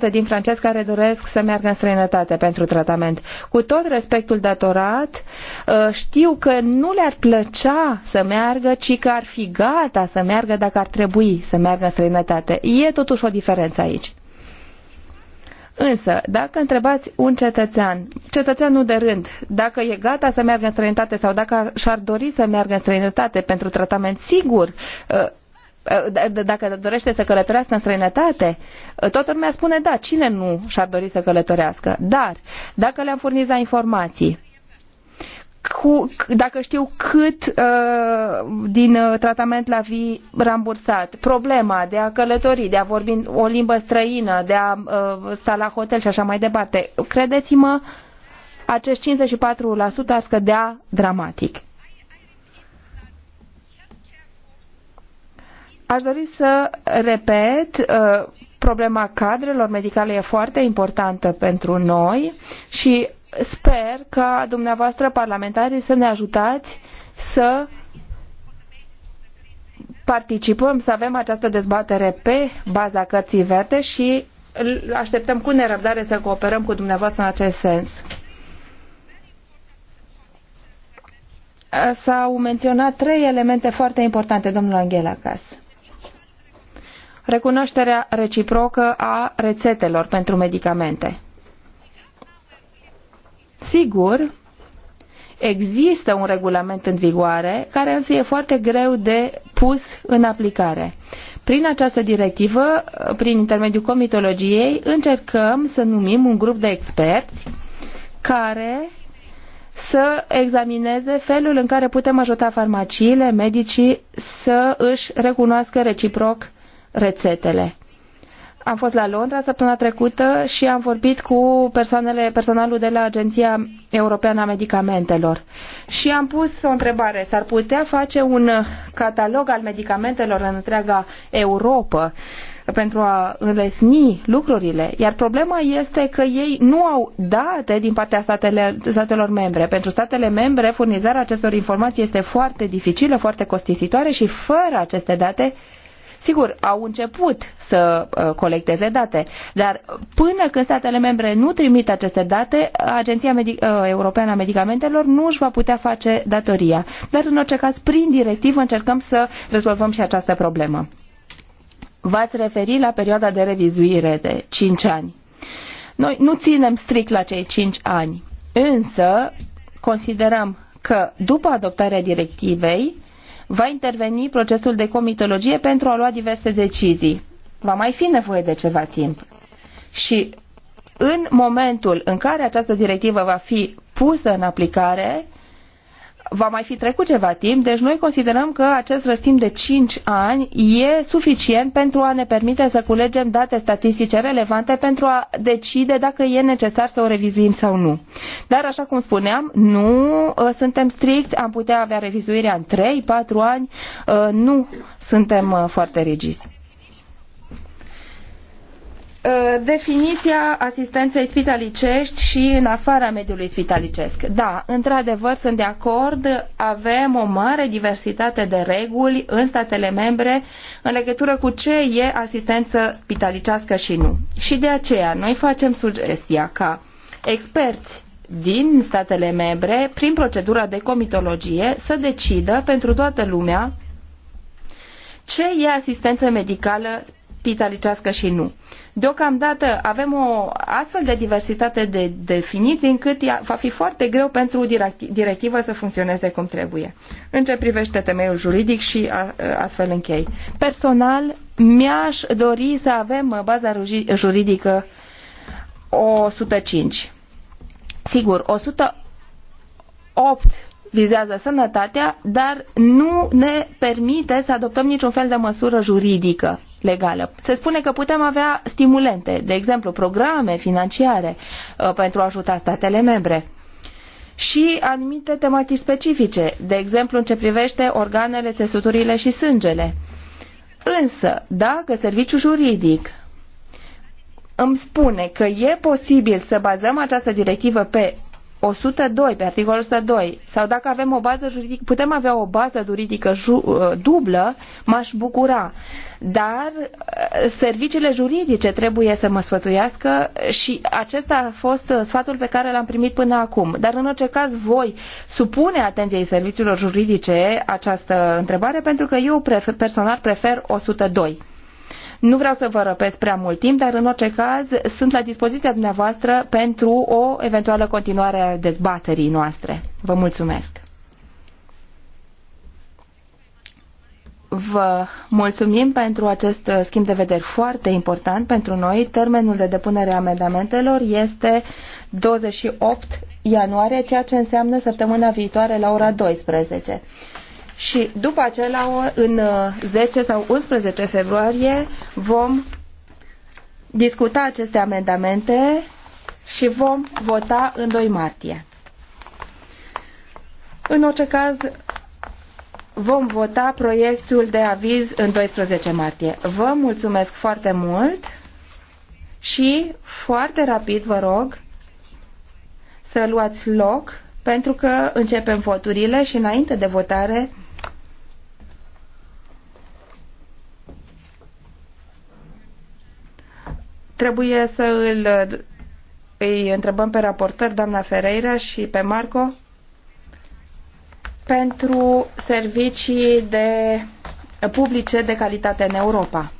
Speaker 2: 54% din francezi care doresc să meargă în străinătate pentru tratament. Cu tot respectul datorat, ă, știu că nu le-ar plăcea să meargă, ci că ar fi gata să meargă dacă ar trebui să meargă în străinătate. E totuși o diferență aici. Însă, dacă întrebați un cetățean, cetățeanul de rând, dacă e gata să meargă în străinătate sau dacă și-ar dori să meargă în străinătate pentru tratament sigur, ă, dacă dorește să călătorească în străinătate, toată lumea spune da, cine nu și-ar dori să călătorească. Dar, dacă le-am furnizat informații, cu, dacă știu cât uh, din uh, tratament la fi rambursat, problema de a călători, de a vorbi o limbă străină, de a uh, sta la hotel și așa mai departe, credeți-mă, acești 54% a scădea dramatic. Aș dori să repet, uh, problema cadrelor medicale e foarte importantă pentru noi și sper ca dumneavoastră parlamentarii să ne ajutați să participăm, să avem această dezbatere pe baza cărții verde și așteptăm cu nerăbdare să cooperăm cu dumneavoastră în acest sens. S-au menționat trei elemente foarte importante, domnul Angela Cas recunoașterea reciprocă a rețetelor pentru medicamente. Sigur, există un regulament în vigoare, care însă e foarte greu de pus în aplicare. Prin această directivă, prin intermediul comitologiei, încercăm să numim un grup de experți care să examineze felul în care putem ajuta farmaciile, medicii să își recunoască reciproc rețetele. Am fost la Londra săptămâna trecută și am vorbit cu persoanele, personalul de la Agenția Europeană a Medicamentelor. Și am pus o întrebare. S-ar putea face un catalog al medicamentelor în întreaga Europa? pentru a înlesni lucrurile. Iar problema este că ei nu au date din partea statele, statelor membre. Pentru statele membre, furnizarea acestor informații este foarte dificilă, foarte costisitoare și fără aceste date Sigur, au început să uh, colecteze date, dar până când statele membre nu trimit aceste date, Agenția Medi- uh, Europeană a Medicamentelor nu își va putea face datoria. Dar, în orice caz, prin directivă încercăm să rezolvăm și această problemă. V-ați referit la perioada de revizuire de 5 ani. Noi nu ținem strict la cei 5 ani, însă considerăm că după adoptarea directivei, va interveni procesul de comitologie pentru a lua diverse decizii. Va mai fi nevoie de ceva timp. Și în momentul în care această directivă va fi pusă în aplicare, va mai fi trecut ceva timp, deci noi considerăm că acest răstimp de 5 ani e suficient pentru a ne permite să culegem date statistice relevante pentru a decide dacă e necesar să o revizuim sau nu. Dar, așa cum spuneam, nu ă, suntem stricți, am putea avea revizuirea în 3-4 ani, ă, nu suntem ă, foarte rigizi. Uh, definiția asistenței spitalicești și în afara mediului spitalicesc. Da, într-adevăr sunt de acord, avem o mare diversitate de reguli în statele membre în legătură cu ce e asistență spitalicească și nu. Și de aceea noi facem sugestia ca experți din statele membre, prin procedura de comitologie, să decidă pentru toată lumea ce e asistență medicală spitalicească și nu Deocamdată avem o astfel de diversitate de definiții încât va fi foarte greu pentru directivă să funcționeze cum trebuie. În ce privește temeiul juridic și astfel închei. Personal, mi-aș dori să avem uh, baza juridică 105. Sigur, 108 vizează sănătatea, dar nu ne permite să adoptăm niciun fel de măsură juridică legală. Se spune că putem avea stimulente, de exemplu programe financiare uh, pentru a ajuta statele membre și anumite tematici specifice, de exemplu în ce privește organele, țesuturile și sângele. Însă, dacă serviciul juridic îmi spune că e posibil să bazăm această directivă pe 102, pe articolul 102, sau dacă avem o bază juridică, putem avea o bază juridică ju, uh, dublă, m-aș bucura. Dar uh, serviciile juridice trebuie să mă sfătuiască și acesta a fost uh, sfatul pe care l-am primit până acum. Dar în orice caz voi supune atenției serviciilor juridice această întrebare pentru că eu prefer, personal prefer 102. Nu vreau să vă răpesc prea mult timp, dar în orice caz sunt la dispoziția dumneavoastră pentru o eventuală continuare a dezbaterii noastre. Vă mulțumesc! Vă mulțumim pentru acest uh, schimb de vederi foarte important pentru noi. Termenul de depunere a amendamentelor este 28 ianuarie, ceea ce înseamnă săptămâna viitoare la ora 12 și după acela, în 10 uh, sau 11 februarie, vom discuta aceste amendamente și vom vota în 2 martie. În orice caz, vom vota proiectul de aviz în 12 martie. Vă mulțumesc foarte mult și foarte rapid vă rog să luați loc pentru că începem voturile și înainte de votare Trebuie să îl, îi întrebăm pe raportări, doamna Ferreira și pe Marco, pentru servicii de publice de calitate în Europa.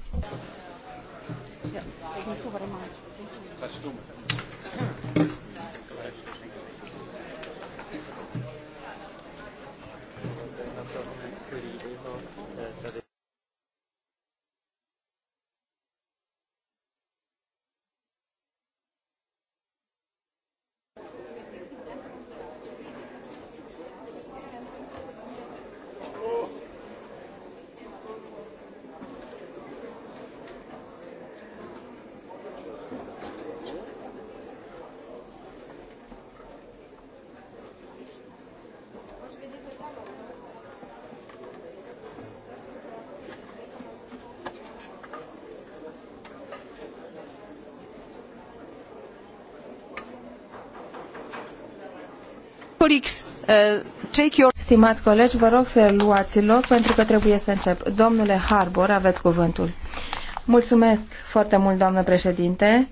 Speaker 3: Uh,
Speaker 2: Stimați colegi, vă rog să luați loc pentru că trebuie să încep. Domnule Harbor, aveți cuvântul. Mulțumesc foarte mult, doamnă președinte.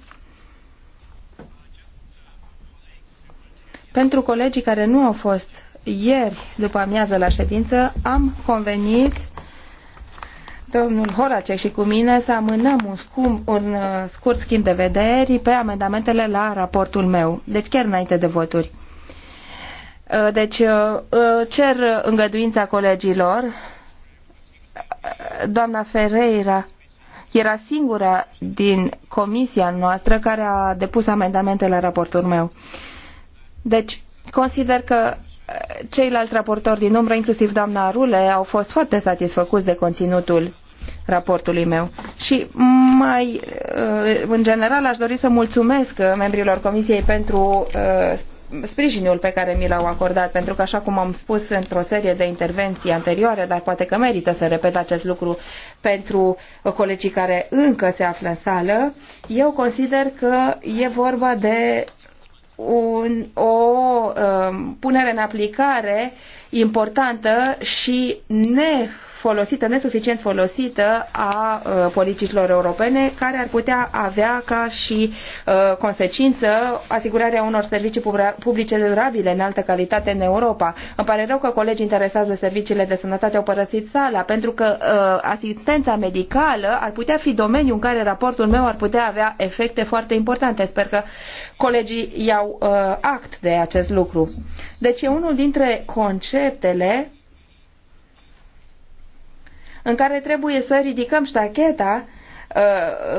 Speaker 2: Pentru colegii care nu au fost ieri după amiază la ședință, am convenit domnul Horacek și cu mine să amânăm un, scum, un uh, scurt schimb de vederi pe amendamentele la raportul meu, deci chiar înainte de voturi. Uh, deci uh, uh, cer îngăduința colegilor. Doamna Ferreira era singura din comisia noastră care a depus amendamente la raportul meu. Deci consider că ceilalți raportori din umbră, inclusiv doamna Rule, au fost foarte satisfăcuți de conținutul raportului meu. Și mai, în general, aș dori să mulțumesc membrilor Comisiei pentru sprijinul pe care mi l-au acordat, pentru că, așa cum am spus într-o serie de intervenții anterioare, dar poate că merită să repet acest lucru pentru colegii care încă se află în sală, eu consider că e vorba de un, o um, punere în aplicare importantă și ne folosită, nesuficient folosită a uh, politicilor europene, care ar putea avea ca și uh, consecință asigurarea unor servicii publice durabile în altă calitate în Europa. Îmi pare rău că colegii interesați de serviciile de sănătate au părăsit sala, pentru că uh, asistența medicală ar putea fi domeniul în care raportul meu ar putea avea efecte foarte importante. Sper că colegii iau act de acest lucru. Deci e unul dintre conceptele în care trebuie să ridicăm ștacheta uh,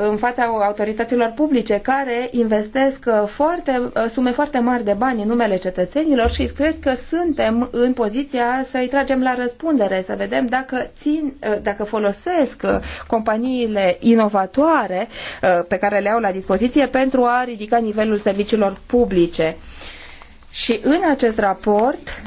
Speaker 2: în fața autorităților publice care investesc uh, foarte, uh, sume foarte mari de bani în numele cetățenilor și cred că suntem în poziția să îi tragem la răspundere, să vedem dacă, țin, dacă folosesc companiile inovatoare pe care le au la dispoziție pentru a ridica nivelul serviciilor publice. Și în acest raport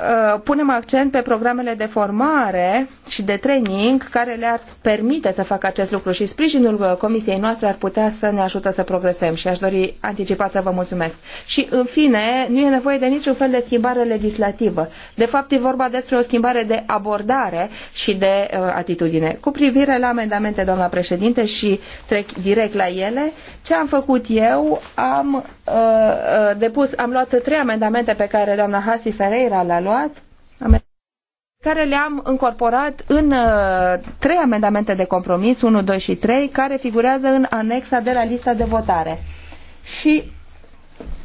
Speaker 2: Uh, punem accent pe programele de formare și de training care le-ar permite să facă acest lucru și sprijinul uh, comisiei noastre ar putea să ne ajute să progresăm și aș dori anticipat să vă mulțumesc. Și în fine, nu e nevoie de niciun fel de schimbare legislativă. De fapt, e vorba despre o schimbare de abordare și de uh, atitudine. Cu privire la amendamente, doamna președinte, și trec direct la ele, ce am făcut eu, am uh, uh depus, am luat trei amendamente pe care doamna Hasi Ferreira le-a luat care le-am încorporat în uh, trei amendamente de compromis, 1, 2 și 3, care figurează în anexa de la lista de votare. Și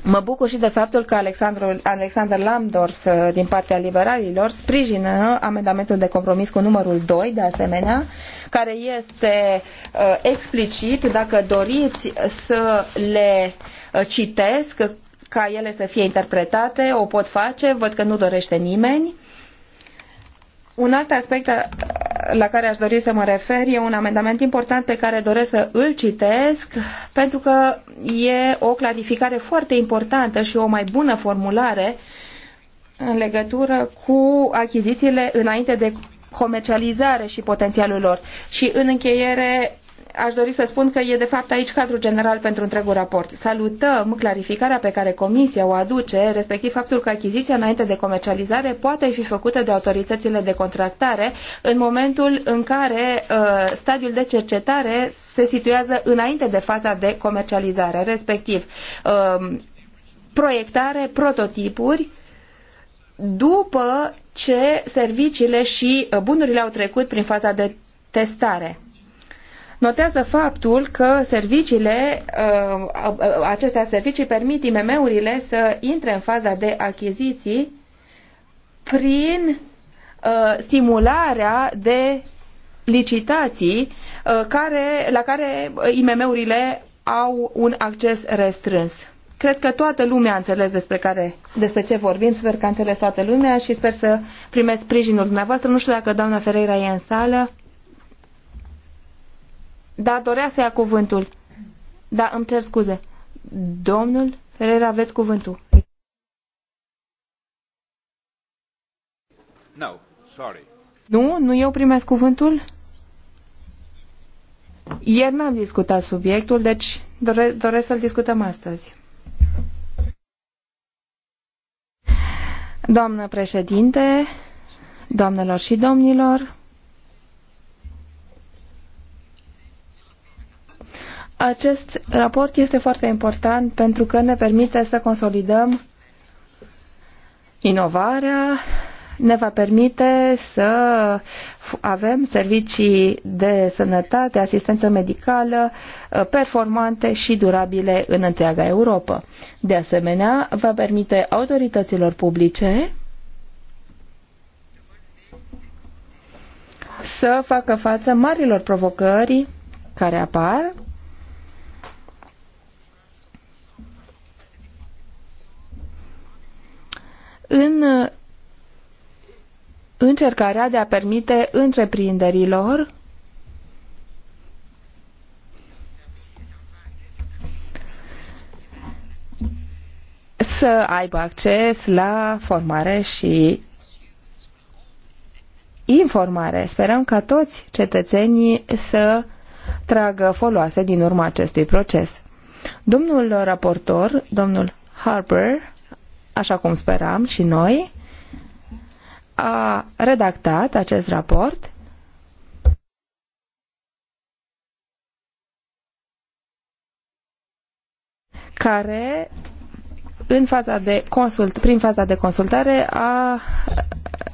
Speaker 2: mă bucur și de faptul că Alexandru, Alexander Lambdors uh, din partea liberalilor sprijină amendamentul de compromis cu numărul 2, de asemenea, care este uh, explicit, dacă doriți să le citesc, ca ele să fie interpretate, o pot face, văd că nu dorește nimeni. Un alt aspect la care aș dori să mă refer e un amendament important pe care doresc să îl citesc pentru că e o clarificare foarte importantă și o mai bună formulare în legătură cu achizițiile înainte de comercializare și potențialul lor. Și în încheiere aș dori să spun că e de fapt aici cadrul general pentru întregul raport. Salutăm clarificarea pe care Comisia o aduce, respectiv faptul că achiziția înainte de comercializare poate fi făcută de autoritățile de contractare în momentul în care uh, stadiul de cercetare se situează înainte de faza de comercializare, respectiv uh, proiectare, prototipuri, după ce serviciile și uh, bunurile au trecut prin faza de testare notează faptul că serviciile, uh, acestea servicii permit IMM-urile să intre în faza de achiziții prin uh, stimularea de licitații uh, care, la care IMM-urile au un acces restrâns. Cred că toată lumea a înțeles despre, care, despre ce vorbim, sper că a înțeles toată lumea și sper să primesc sprijinul dumneavoastră. Nu știu dacă doamna Ferreira e în sală. Da, dorea să ia cuvântul. Da, îmi cer scuze. Domnul Ferrer, aveți cuvântul.
Speaker 3: No, sorry.
Speaker 2: Nu, nu eu primesc cuvântul? Ieri n-am discutat subiectul, deci dore, doresc să-l discutăm astăzi. Doamnă președinte, doamnelor și domnilor, Acest raport este foarte important pentru că ne permite să consolidăm inovarea, ne va permite să avem servicii de sănătate, asistență medicală uh, performante și durabile în întreaga Europa. De asemenea, va permite autorităților publice să facă față marilor provocări care apar în încercarea de a permite întreprinderilor să aibă acces la formare și informare. Sperăm ca toți cetățenii să tragă foloase din urma acestui proces. Domnul raportor, domnul Harper, așa cum speram și noi, a redactat acest raport care în faza de consult, prin faza de consultare a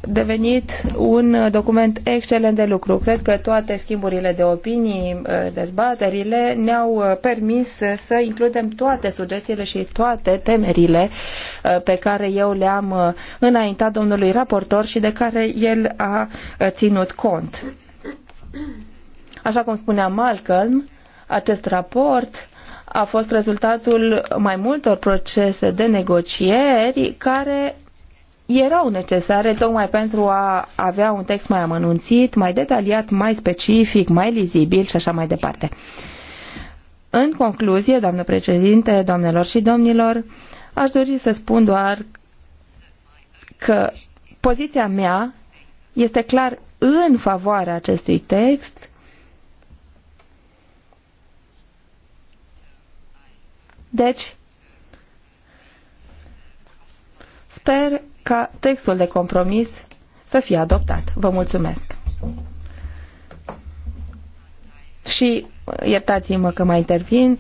Speaker 2: devenit un document excelent de lucru. Cred că toate schimburile de opinii, ă, dezbaterile ne-au ă, permis să includem toate sugestiile și toate temerile ă, pe care eu le-am înaintat domnului raportor și de care el a ținut cont. Așa cum spunea Malcolm, acest raport a fost rezultatul mai multor procese de negocieri care erau necesare tocmai pentru a avea un text mai amănunțit, mai detaliat, mai specific, mai lizibil și așa mai departe. În concluzie, doamnă președinte, doamnelor și domnilor, aș dori să spun doar că poziția mea este clar în favoarea acestui text Deci, sper ca textul de compromis să fie adoptat. Vă mulțumesc! Și, iertați-mă că mai intervin,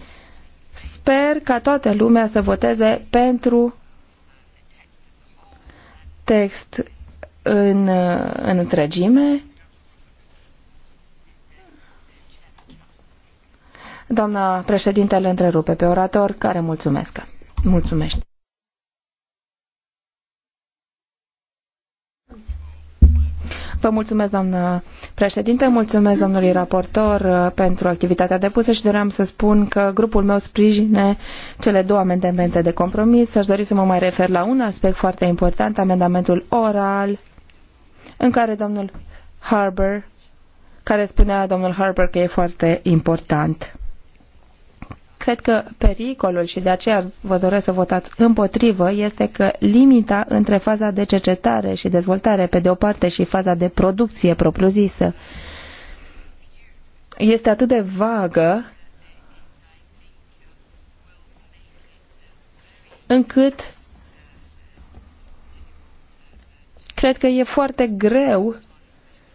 Speaker 2: sper ca toată lumea să voteze pentru text în, în întregime Doamna președinte îl întrerupe pe orator care mulțumesc. Mulțumesc. Vă mulțumesc, doamnă președinte, mulțumesc domnului raportor uh, pentru activitatea depusă și doream să spun că grupul meu sprijine cele două amendamente de compromis. Aș dori să mă mai refer la un aspect foarte important, amendamentul oral, în care domnul Harbour, care spunea domnul Harbour că e foarte important Cred că pericolul, și de aceea vă doresc să votați împotrivă, este că limita între faza de cercetare și dezvoltare pe de o parte și faza de producție propriu-zisă este atât de vagă încât cred că e foarte greu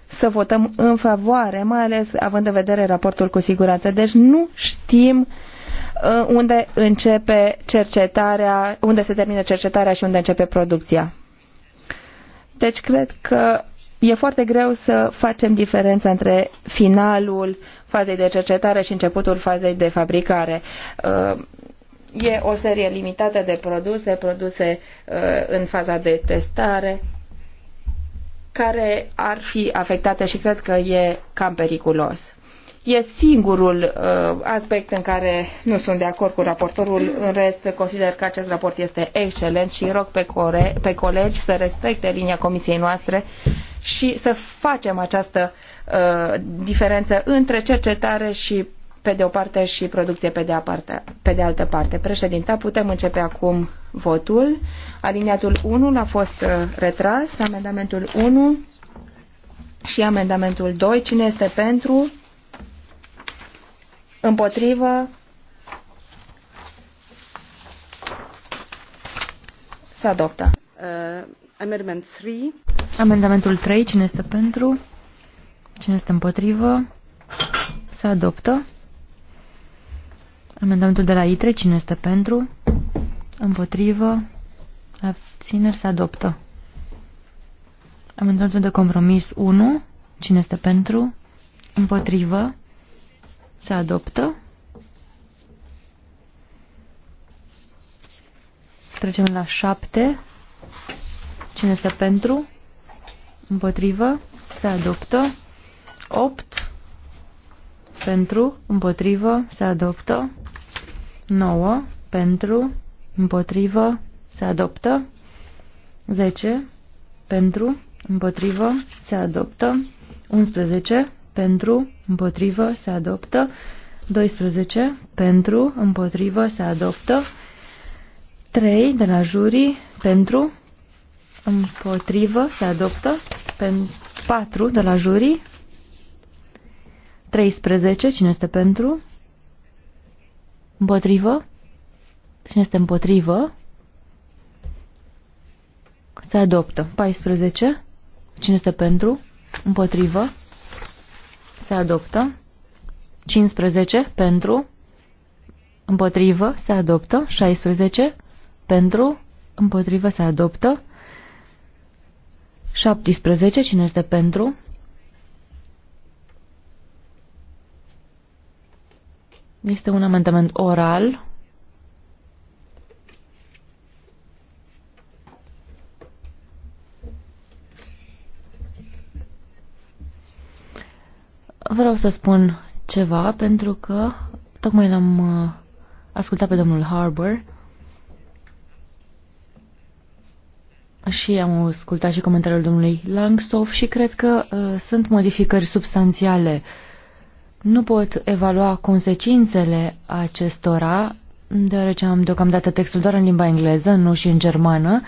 Speaker 2: să votăm în favoare, mai ales având în vedere raportul cu siguranță. Deci nu știm uh, Uh, unde începe cercetarea, unde se termină cercetarea și unde începe producția. Deci cred că e foarte greu să facem diferența între finalul fazei de cercetare și începutul fazei de fabricare. Uh, e o serie limitată de produse, produse uh, în faza de testare, care ar fi afectate și cred că e cam periculos. E singurul uh, aspect în care nu sunt de acord cu raportorul. În rest, consider că acest raport este excelent și rog pe, core, pe colegi să respecte linia comisiei noastre și să facem această uh, diferență între cercetare și pe de o parte și producție pe de, aparte, pe de altă parte. Președinta, putem începe acum votul. Aliniatul 1 a fost uh, retras, amendamentul 1 și amendamentul 2. Cine este pentru? Împotrivă.
Speaker 3: Se adoptă. Uh, amendment 3.
Speaker 1: Amendamentul 3. Cine este pentru? Cine este împotrivă? Se adoptă. Amendamentul de la ITRE. Cine este pentru? Împotrivă. Abțineri se adoptă. Amendamentul de compromis 1. Cine este pentru? Împotrivă. Se adoptă. Trecem la 7. Cine este pentru? Împotrivă. Se adoptă. 8. Pentru. Împotrivă. Se adoptă. 9. Pentru. Împotrivă. Se adoptă. 10. Pentru. Împotrivă. Se adoptă. 11. Pentru împotrivă, se adoptă. 12 pentru, împotrivă, se adoptă. 3 de la jurii, pentru, împotrivă, se adoptă. 4 de la jurii, 13, cine este pentru? Împotrivă? Cine este împotrivă? Se adoptă. 14. Cine este pentru? Împotrivă? se adoptă. 15 pentru, împotrivă, se adoptă. 16 pentru, împotrivă, se adoptă. 17, cine este pentru? Este un amendament oral Vreau să spun ceva pentru că tocmai l-am uh, ascultat pe domnul Harbour și am ascultat și comentariul domnului Langstoff și cred că uh, sunt modificări substanțiale. Nu pot evalua consecințele acestora, deoarece am deocamdată textul doar în limba engleză, nu și în germană.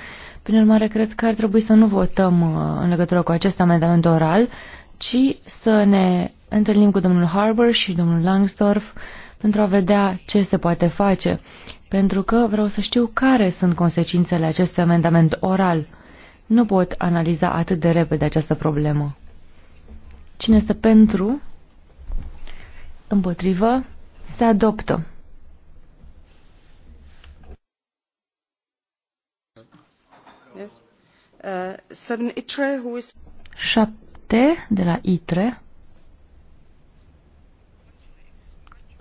Speaker 1: Prin urmare, cred că ar trebui să nu votăm uh, în legătură cu acest amendament oral, ci să ne întâlnim cu domnul Harbour și domnul Langsdorff pentru a vedea ce se poate face, pentru că vreau să știu care sunt consecințele acestui amendament oral. Nu pot analiza atât de repede această problemă. Cine este pentru, împotrivă, se adoptă.
Speaker 3: Yes. Uh,
Speaker 1: 7 de la ITRE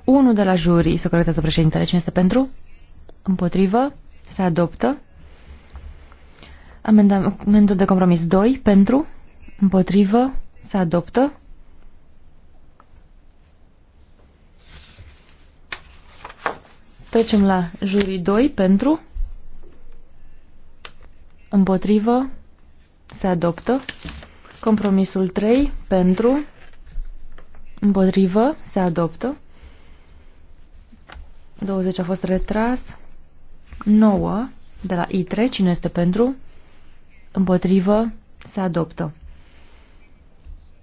Speaker 1: 1 de la jurii, se corectează președintele. Cine este pentru? Împotrivă? Se adoptă. Amendamentul de compromis 2 pentru? Împotrivă? Se adoptă. Trecem la jurii 2 pentru? Împotrivă? Se adoptă. Compromisul 3 pentru? Împotrivă? Se adoptă. 20 a fost retras. 9 de la I3. Cine este pentru? Împotrivă. Se adoptă.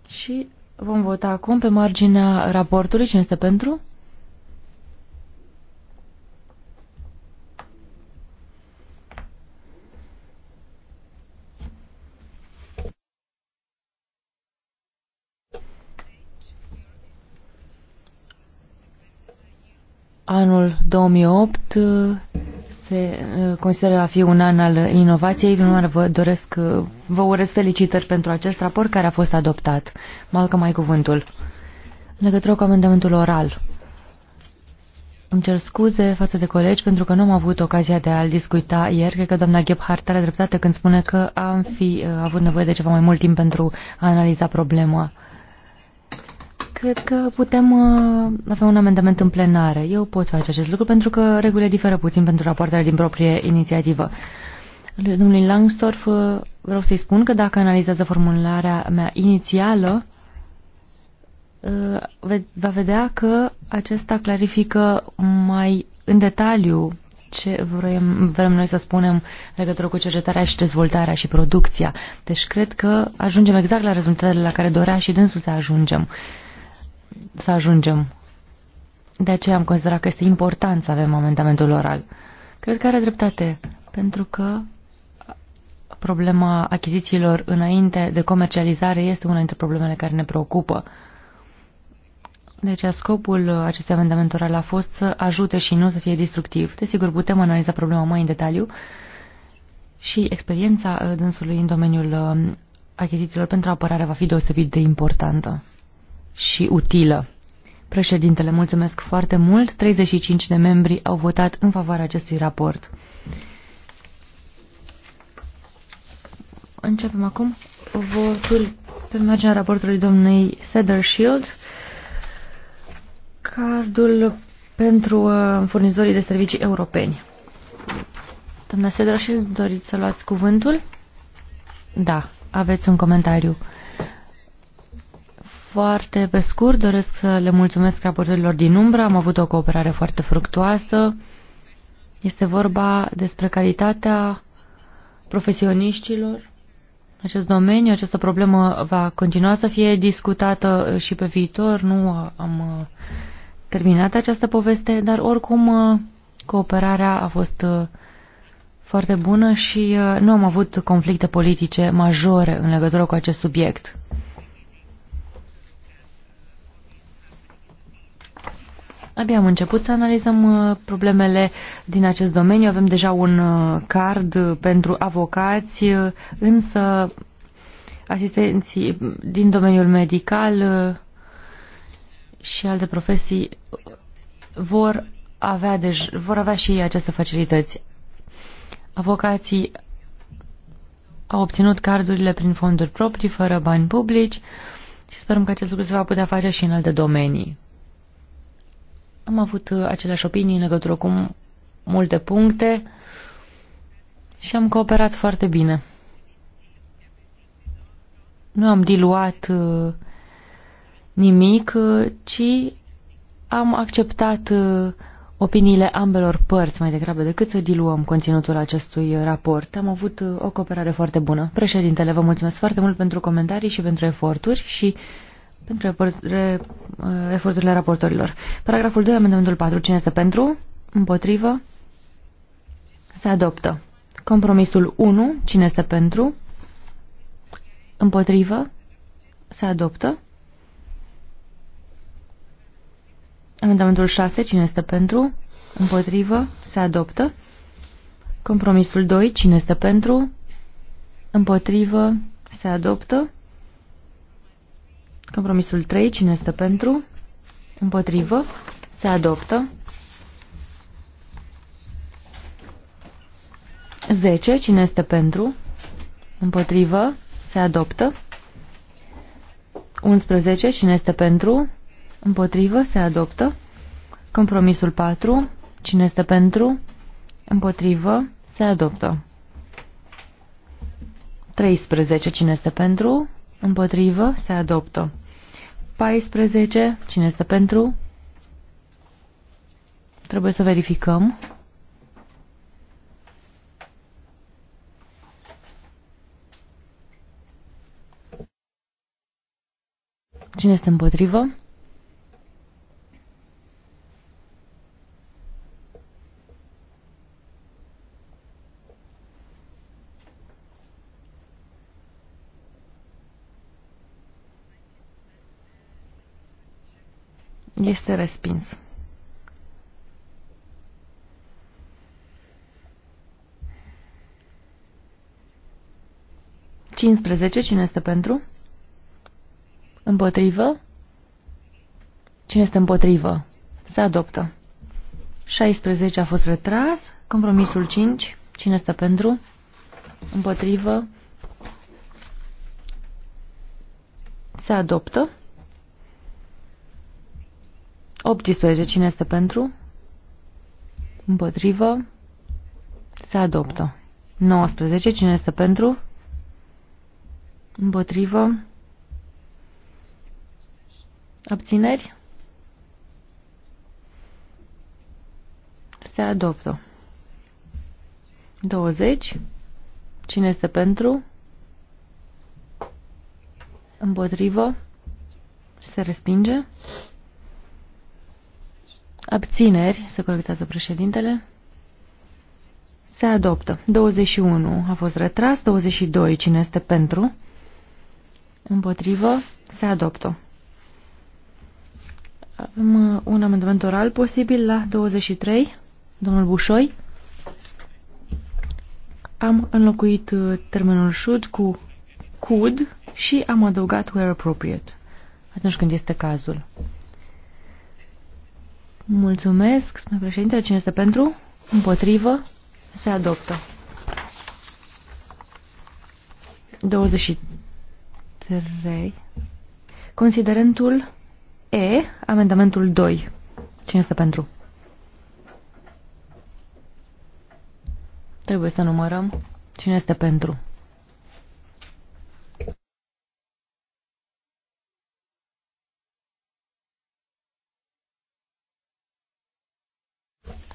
Speaker 1: Și vom vota acum pe marginea raportului. Cine este pentru? anul 2008 uh, se uh, consideră a fi un an al inovației. vă doresc, uh, vă urez felicitări pentru acest raport care a fost adoptat. Malcă mai cuvântul. În legătură cu amendamentul oral, îmi cer scuze față de colegi pentru că nu am avut ocazia de a-l discuta ieri. Cred că doamna Gebhardt are dreptate când spune că am fi avut nevoie de ceva mai mult timp pentru a analiza problema Cred că putem uh, avea un amendament în plenară. Eu pot face acest lucru pentru că regulile diferă puțin pentru rapoartele din proprie inițiativă. domnului Langstorf, uh, vreau să-i spun că dacă analizează formularea mea inițială, uh, va vedea că acesta clarifică mai în detaliu ce vrem, vrem noi să spunem legătură cu cercetarea și dezvoltarea și producția. Deci cred că ajungem exact la rezultatele la care dorea și dânsul să ajungem. Uh, să ajungem. De aceea am considerat că este important să avem amendamentul oral. Cred că are dreptate, pentru că problema achizițiilor înainte de comercializare este una dintre problemele care ne preocupă. Deci scopul acestui amendament oral a fost să ajute și nu să fie destructiv. Desigur, putem analiza problema mai în detaliu și experiența uh, dânsului în domeniul uh, achizițiilor pentru apărare va fi deosebit de importantă și utilă. Președintele, mulțumesc foarte mult. 35 de membri au votat în favoarea acestui raport. Începem acum votul pe marginea raportului domnului Sedershield. Cardul pentru uh, furnizorii de servicii europeni. Doamna Sedrașil, doriți să luați cuvântul? Da, aveți un comentariu. Foarte pe scurt, doresc să le mulțumesc raportorilor din umbră. Am avut o cooperare foarte fructuoasă. Este vorba despre calitatea profesioniștilor în acest domeniu. Această problemă va continua să fie discutată și pe viitor. Nu am uh, terminat această poveste, dar oricum uh, cooperarea a fost uh, foarte bună și nu am avut conflicte politice majore în legătură cu acest subiect. Abia am început să analizăm uh, problemele din acest domeniu. Avem deja un uh, card uh, pentru avocați, însă asistenții din domeniul medical și alte profesii vor avea, dej- vor avea și ei aceste facilități. Avocații au obținut cardurile prin fonduri proprii, fără bani publici și sperăm că acest lucru se va putea face și în alte domenii. Am avut uh, aceleași opinii în legătură cu multe puncte și am cooperat foarte bine. Nu am diluat uh, nimic, uh, ci am acceptat opiniile ambelor părți mai degrabă decât să diluăm conținutul acestui raport. Am avut o cooperare foarte bună. Președintele, vă mulțumesc foarte mult pentru comentarii și pentru eforturi și pentru uh, eforturile raportorilor. Paragraful 2, amendamentul 4. Cine este pentru? Împotrivă? Se adoptă. Compromisul 1. Cine este pentru? Împotrivă? Se adoptă. Amendamentul 6. Cine este pentru? Împotrivă? Se adoptă. Compromisul 2. Cine este pentru? Împotrivă? Se adoptă. Compromisul 3. Cine este pentru? Împotrivă. Se adoptă. 10. Cine este pentru? Împotrivă. Se adoptă. 11. Cine este pentru? Împotrivă. Se adoptă. Compromisul 4. Cine este pentru? Împotrivă. Se adoptă. 13. Cine este pentru? Împotrivă. Se adoptă. 14. Cine este pentru? Trebuie să verificăm. Cine este împotrivă? Este respins. Cincisprezece. Cine este pentru? Împotrivă? Cine este împotrivă? Se adoptă. 16 a fost retras. Compromisul 5. Cine este pentru? Împotrivă? Se adoptă. 18. Cine este pentru? Împotrivă. Se adoptă. 19. Cine este pentru? Împotrivă. Abțineri? Se adoptă. 20. Cine este pentru? Împotrivă? Se respinge? Abțineri, se corectează președintele. Se adoptă. 21 a fost retras, 22 cine este pentru, împotrivă, se adoptă. Avem uh, un amendament oral posibil la 23, domnul Bușoi. Am înlocuit uh, termenul should cu could și am adăugat where appropriate, atunci când este cazul. Mulțumesc, domnule președinte. Cine este pentru? Împotrivă? Se adoptă. 23. Considerentul E, amendamentul 2. Cine este pentru? Trebuie să numărăm. Cine este pentru?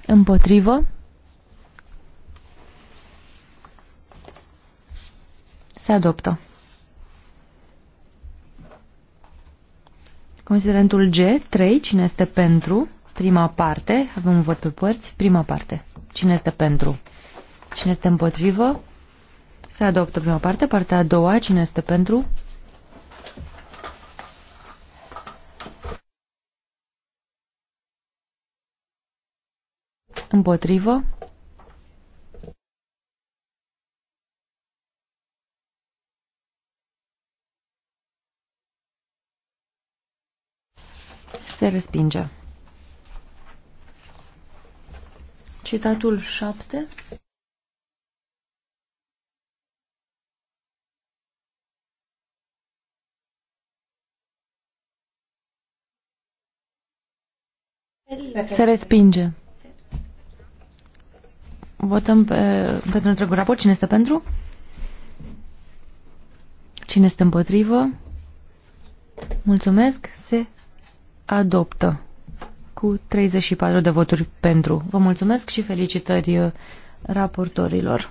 Speaker 1: Împotrivă. Se adoptă. Considerentul G, 3, cine este pentru? Prima parte, avem un vot pe părți, prima parte. Cine este pentru? Cine este împotrivă? Se adoptă prima parte, partea a doua, cine este pentru? Împotrivă? Se respinge. Citatul 7.
Speaker 3: Se respinge.
Speaker 1: Votăm pe, pentru întregul raport. Cine este pentru? Cine este împotrivă? Mulțumesc. Se adoptă cu 34 de voturi pentru. Vă mulțumesc și felicitări uh, raportorilor.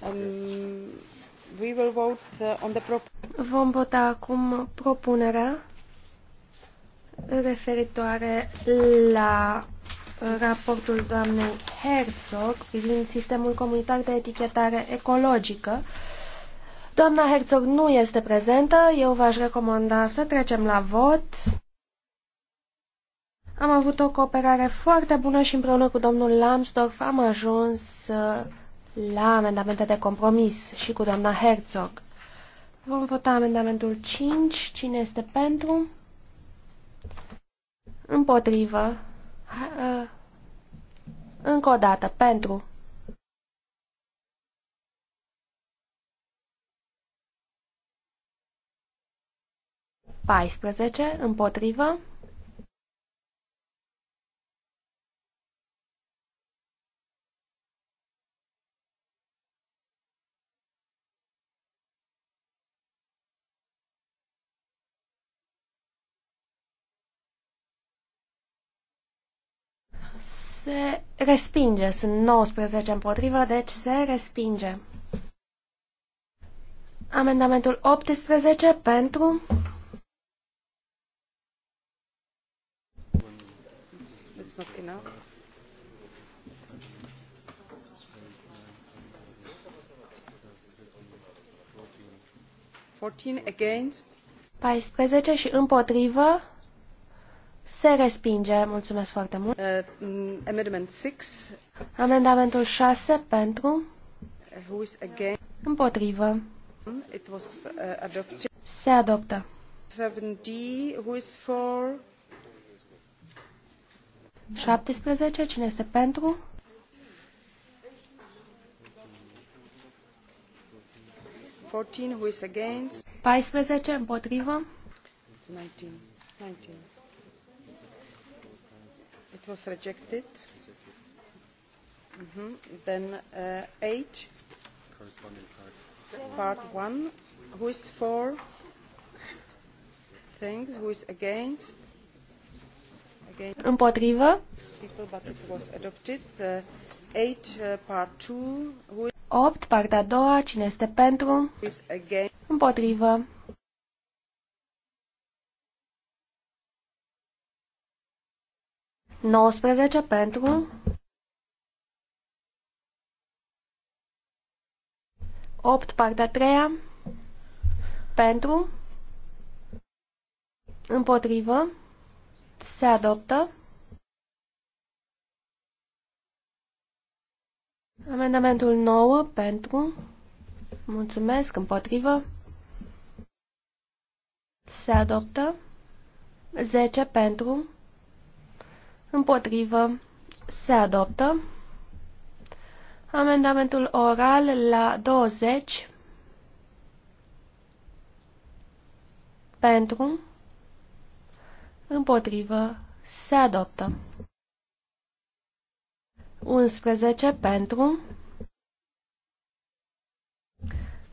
Speaker 3: Um, uh, Vom vota
Speaker 4: acum propunerea referitoare la raportul doamnei Herzog privind sistemul comunitar de etichetare ecologică. Doamna Herzog nu este prezentă, eu v-aș recomanda să trecem la vot. Am avut o cooperare foarte bună și împreună cu domnul Lambsdorff am ajuns uh, la amendamente de compromis și cu doamna Herzog. Vom vota amendamentul 5. Cine este pentru? Împotrivă. Încă o dată. Pentru. Paisprezece. Împotrivă. se respinge. Sunt 19 împotrivă, deci se respinge. Amendamentul 18
Speaker 3: pentru... 14 against.
Speaker 4: 14 și împotrivă se respinge. Mulțumesc foarte
Speaker 3: mult. Uh, mm, amendment 6.
Speaker 4: Amendamentul 6 pentru.
Speaker 3: Who is again?
Speaker 4: Împotrivă.
Speaker 3: It was, uh, Se adoptă. 7D, who is for?
Speaker 4: 17. Cine este pentru?
Speaker 3: Fourteen, who is against?
Speaker 4: 14. Împotrivă.
Speaker 3: It's 19. 19 it was rejected mm -hmm. then uh, eight corresponding part part one who is for things who is against against împotrivă people but it was adopted uh, eight uh, part two who is
Speaker 4: 8, partea a doua, cine este pentru? Împotrivă. 19 pentru. 8 partea 3 Pentru. Împotrivă. Se adoptă. Amendamentul 9 pentru. Mulțumesc. Împotrivă. Se adoptă. 10 pentru. Împotrivă. Se adoptă. Amendamentul oral la 20. Pentru. Împotrivă. Se adoptă. 11 pentru.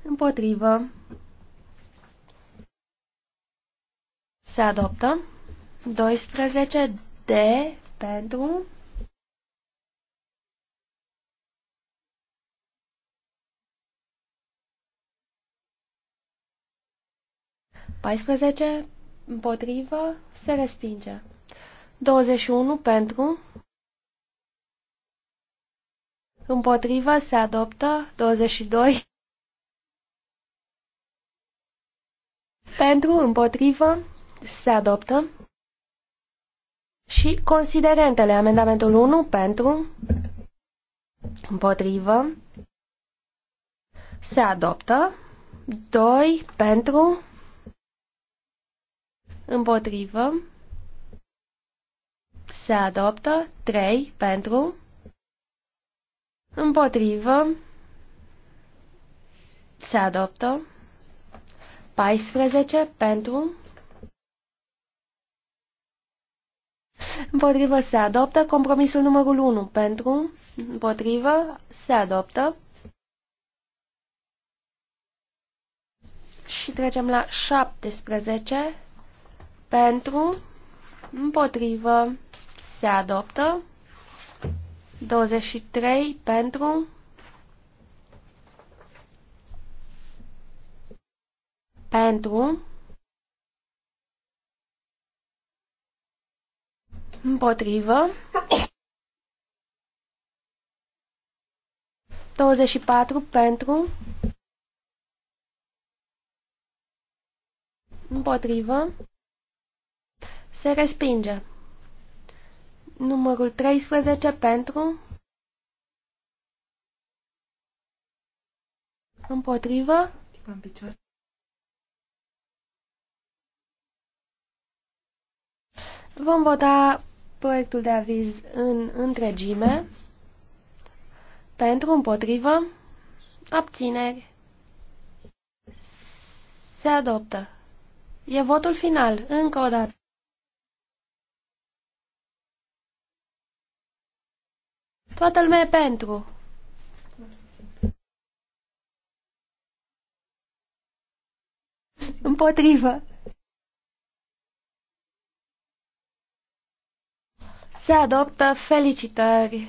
Speaker 4: Împotrivă. Se adoptă. 12 de pentru, paisprezece, împotrivă, se respinge. unu pentru, împotrivă, se adoptă, doi pentru, împotrivă, se adoptă. Și considerentele, amendamentul 1 pentru, împotrivă, se adoptă, 2 pentru, împotrivă, se adoptă, 3 pentru, împotrivă, se adoptă, 14 pentru, Împotrivă se adoptă. Compromisul numărul 1 pentru. Împotrivă se adoptă. Și trecem la 17. Pentru. Împotrivă se adoptă. 23 pentru. Pentru. Împotrivă. 24 pentru. Împotrivă. Se respinge. Numărul 13 pentru. Împotrivă.
Speaker 3: În picioare.
Speaker 4: Vom vota proiectul de aviz în întregime. Pentru, împotrivă, abțineri. Se adoptă. E votul final, încă o dată. Toată lumea e pentru. Împotrivă. Se adoptă felicitări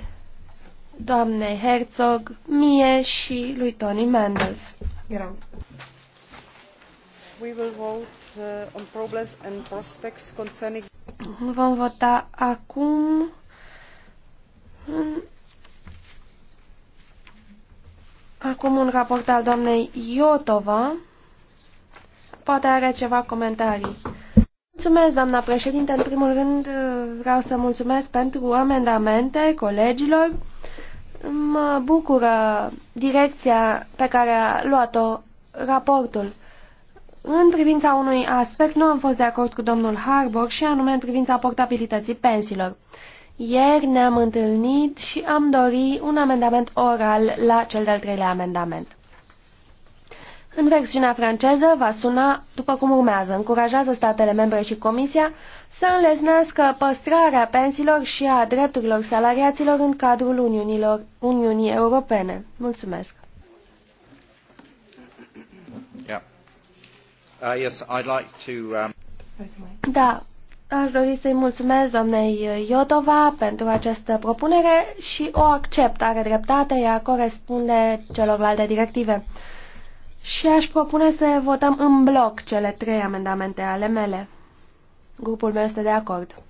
Speaker 4: doamnei Herzog, mie și lui Tony Mendels. Grau.
Speaker 3: We will vote uh, on progress and prospects concerning...
Speaker 4: Vom vota acum Acum un raport al doamnei Iotova. Poate are ceva comentarii. Mulțumesc, doamna președinte. În primul rând uh, vreau să mulțumesc pentru amendamente colegilor. Mă bucură direcția pe care a luat-o raportul. În privința unui aspect nu am fost de acord cu domnul Harbour și anume în privința portabilității pensiilor. Ieri ne-am întâlnit și am dorit un amendament oral la cel de-al treilea amendament. În versiunea franceză va suna după cum urmează. Încurajează statele membre și Comisia să înlesnească păstrarea pensiilor și a drepturilor salariaților în cadrul Uniunilor, Uniunii Europene. Mulțumesc.
Speaker 1: Yeah. Uh, yes, I'd like to, um...
Speaker 4: Da, aș dori să-i mulțumesc doamnei Iotova pentru această propunere și o accept, are dreptate, ea corespunde celorlalte directive. Și aș propune să votăm în bloc cele trei amendamente ale mele. Grupul meu este de acord.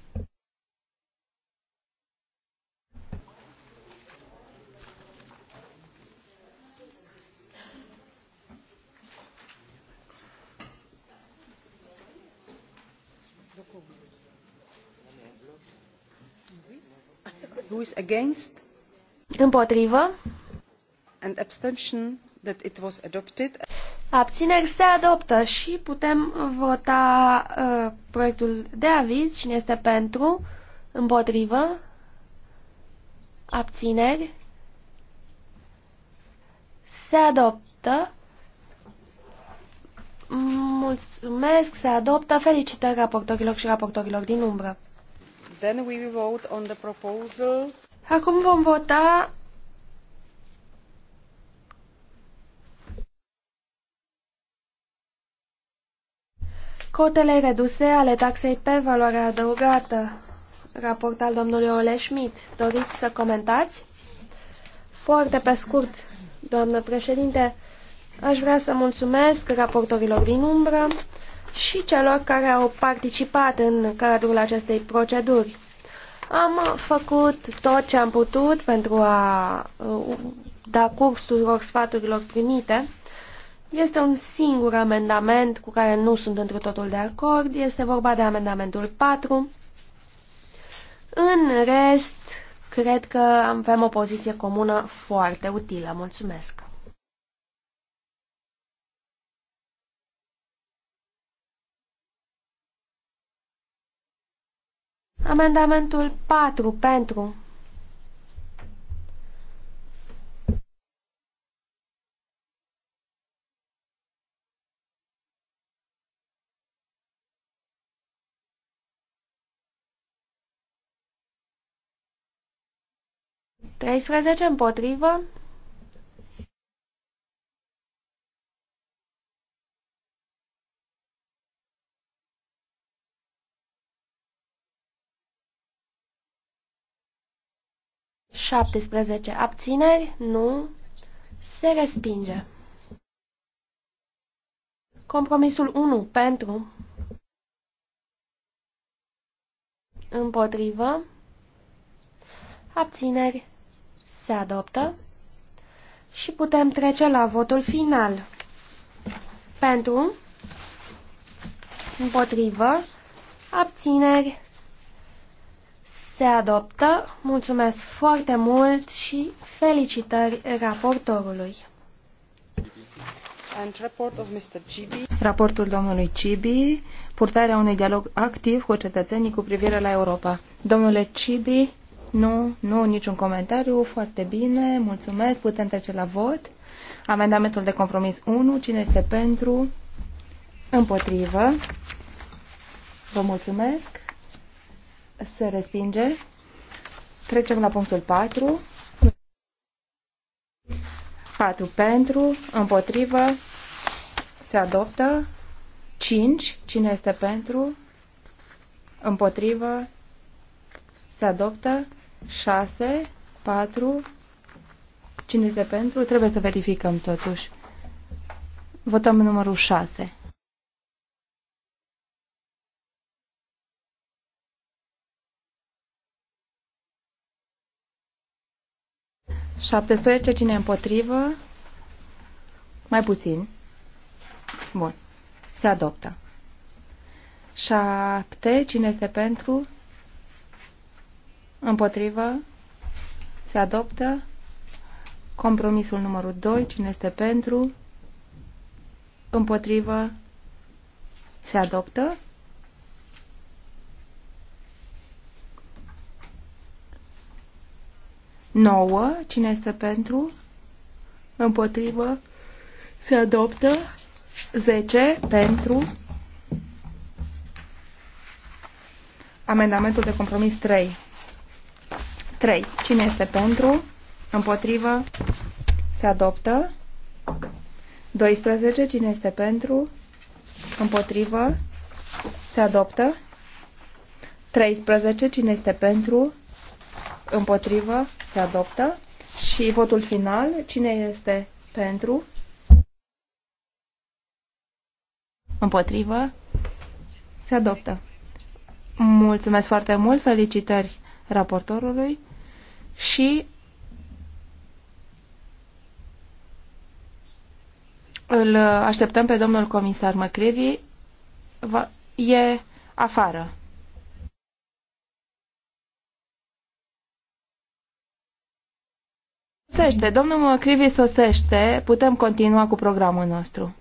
Speaker 3: Who is against? Împotrivă. And abstention that it was adopted. Abțineri se adoptă și putem
Speaker 4: vota uh, proiectul de aviz. Cine este pentru? Împotrivă? Abțineri? Se adoptă. Mulțumesc, se adoptă. Felicitări raportorilor și raportorilor din umbră.
Speaker 3: Then we vote on the proposal.
Speaker 4: Acum vom vota Cotele reduse ale taxei pe valoarea adăugată. Raport al domnului Ole Schmidt. Doriți să comentați? Foarte pe scurt, doamnă președinte, aș vrea să mulțumesc raportorilor din umbră și celor care au participat în cadrul acestei proceduri. Am făcut tot ce am putut pentru a uh, da curs sfaturilor primite este un singur amendament cu care nu sunt într totul de acord. Este vorba de amendamentul 4. În rest, cred că avem o poziție comună foarte utilă. Mulțumesc! Amendamentul 4 pentru 13 împotrivă. Șaptesprezece abțineri, nu, se respinge. Compromisul 1 pentru împotrivă abțineri se adoptă și putem trece la votul final. Pentru, împotrivă, abțineri, se adoptă. Mulțumesc foarte mult și felicitări raportorului. Raportul domnului Cibi,
Speaker 2: purtarea unui dialog activ cu cetățenii cu privire la Europa. Domnule Cibi, nu, nu, niciun comentariu. Foarte bine, mulțumesc. Putem trece la vot. Amendamentul de compromis 1. Cine este pentru? Împotrivă. Vă mulțumesc. Se respinge. Trecem la punctul 4. 4 pentru, împotrivă, se adoptă. 5. Cine este pentru? Împotrivă, se adoptă. 6, 4, cine este pentru? Trebuie să verificăm totuși. Votăm numărul 6. Șaptesprezece, cine împotrivă? Mai puțin. Bun. Se adoptă. Șapte, cine este pentru? Împotrivă. Se adoptă. Compromisul numărul 2. Cine este pentru? Împotrivă. Se adoptă. Nouă. Cine este pentru? Împotrivă. Se adoptă. 10 pentru amendamentul de compromis 3. 3. Cine este pentru? Împotrivă? Se adoptă. 12. Cine este pentru? Împotrivă? Se adoptă. 13. Cine este pentru? Împotrivă? Se adoptă. Și votul final. Cine este pentru?
Speaker 4: Împotrivă?
Speaker 2: Se adoptă. Mulțumesc foarte mult. Felicitări raportorului și îl așteptăm pe domnul comisar Măcrevi. E afară. Sosește, domnul Măcrivi sosește, putem continua cu programul nostru.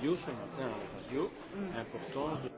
Speaker 3: radio ce matin à la radio l'importance de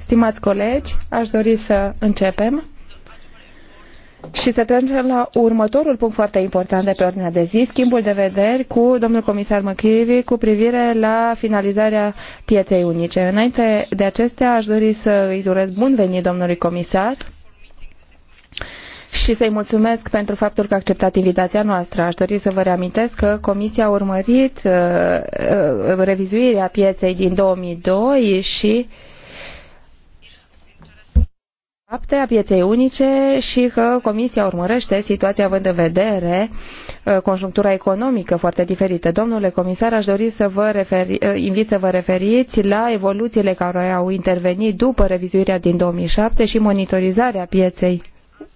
Speaker 2: Stimați colegi, aș dori să începem și să trecem la următorul punct foarte important de pe ordinea de zi, schimbul de vederi cu domnul comisar McCreevy cu privire la finalizarea pieței unice. Înainte de acestea, aș dori să îi doresc bun venit domnului comisar și să-i mulțumesc pentru faptul că a acceptat invitația noastră. Aș dori să vă reamintesc că Comisia a urmărit uh, uh, revizuirea pieței din 2002 și a pieței unice și că Comisia urmărește situația având în vedere uh, conjunctura economică foarte diferită. Domnule comisar, aș dori să vă referi, invit să vă referiți la evoluțiile care au intervenit după revizuirea din 2007 și monitorizarea pieței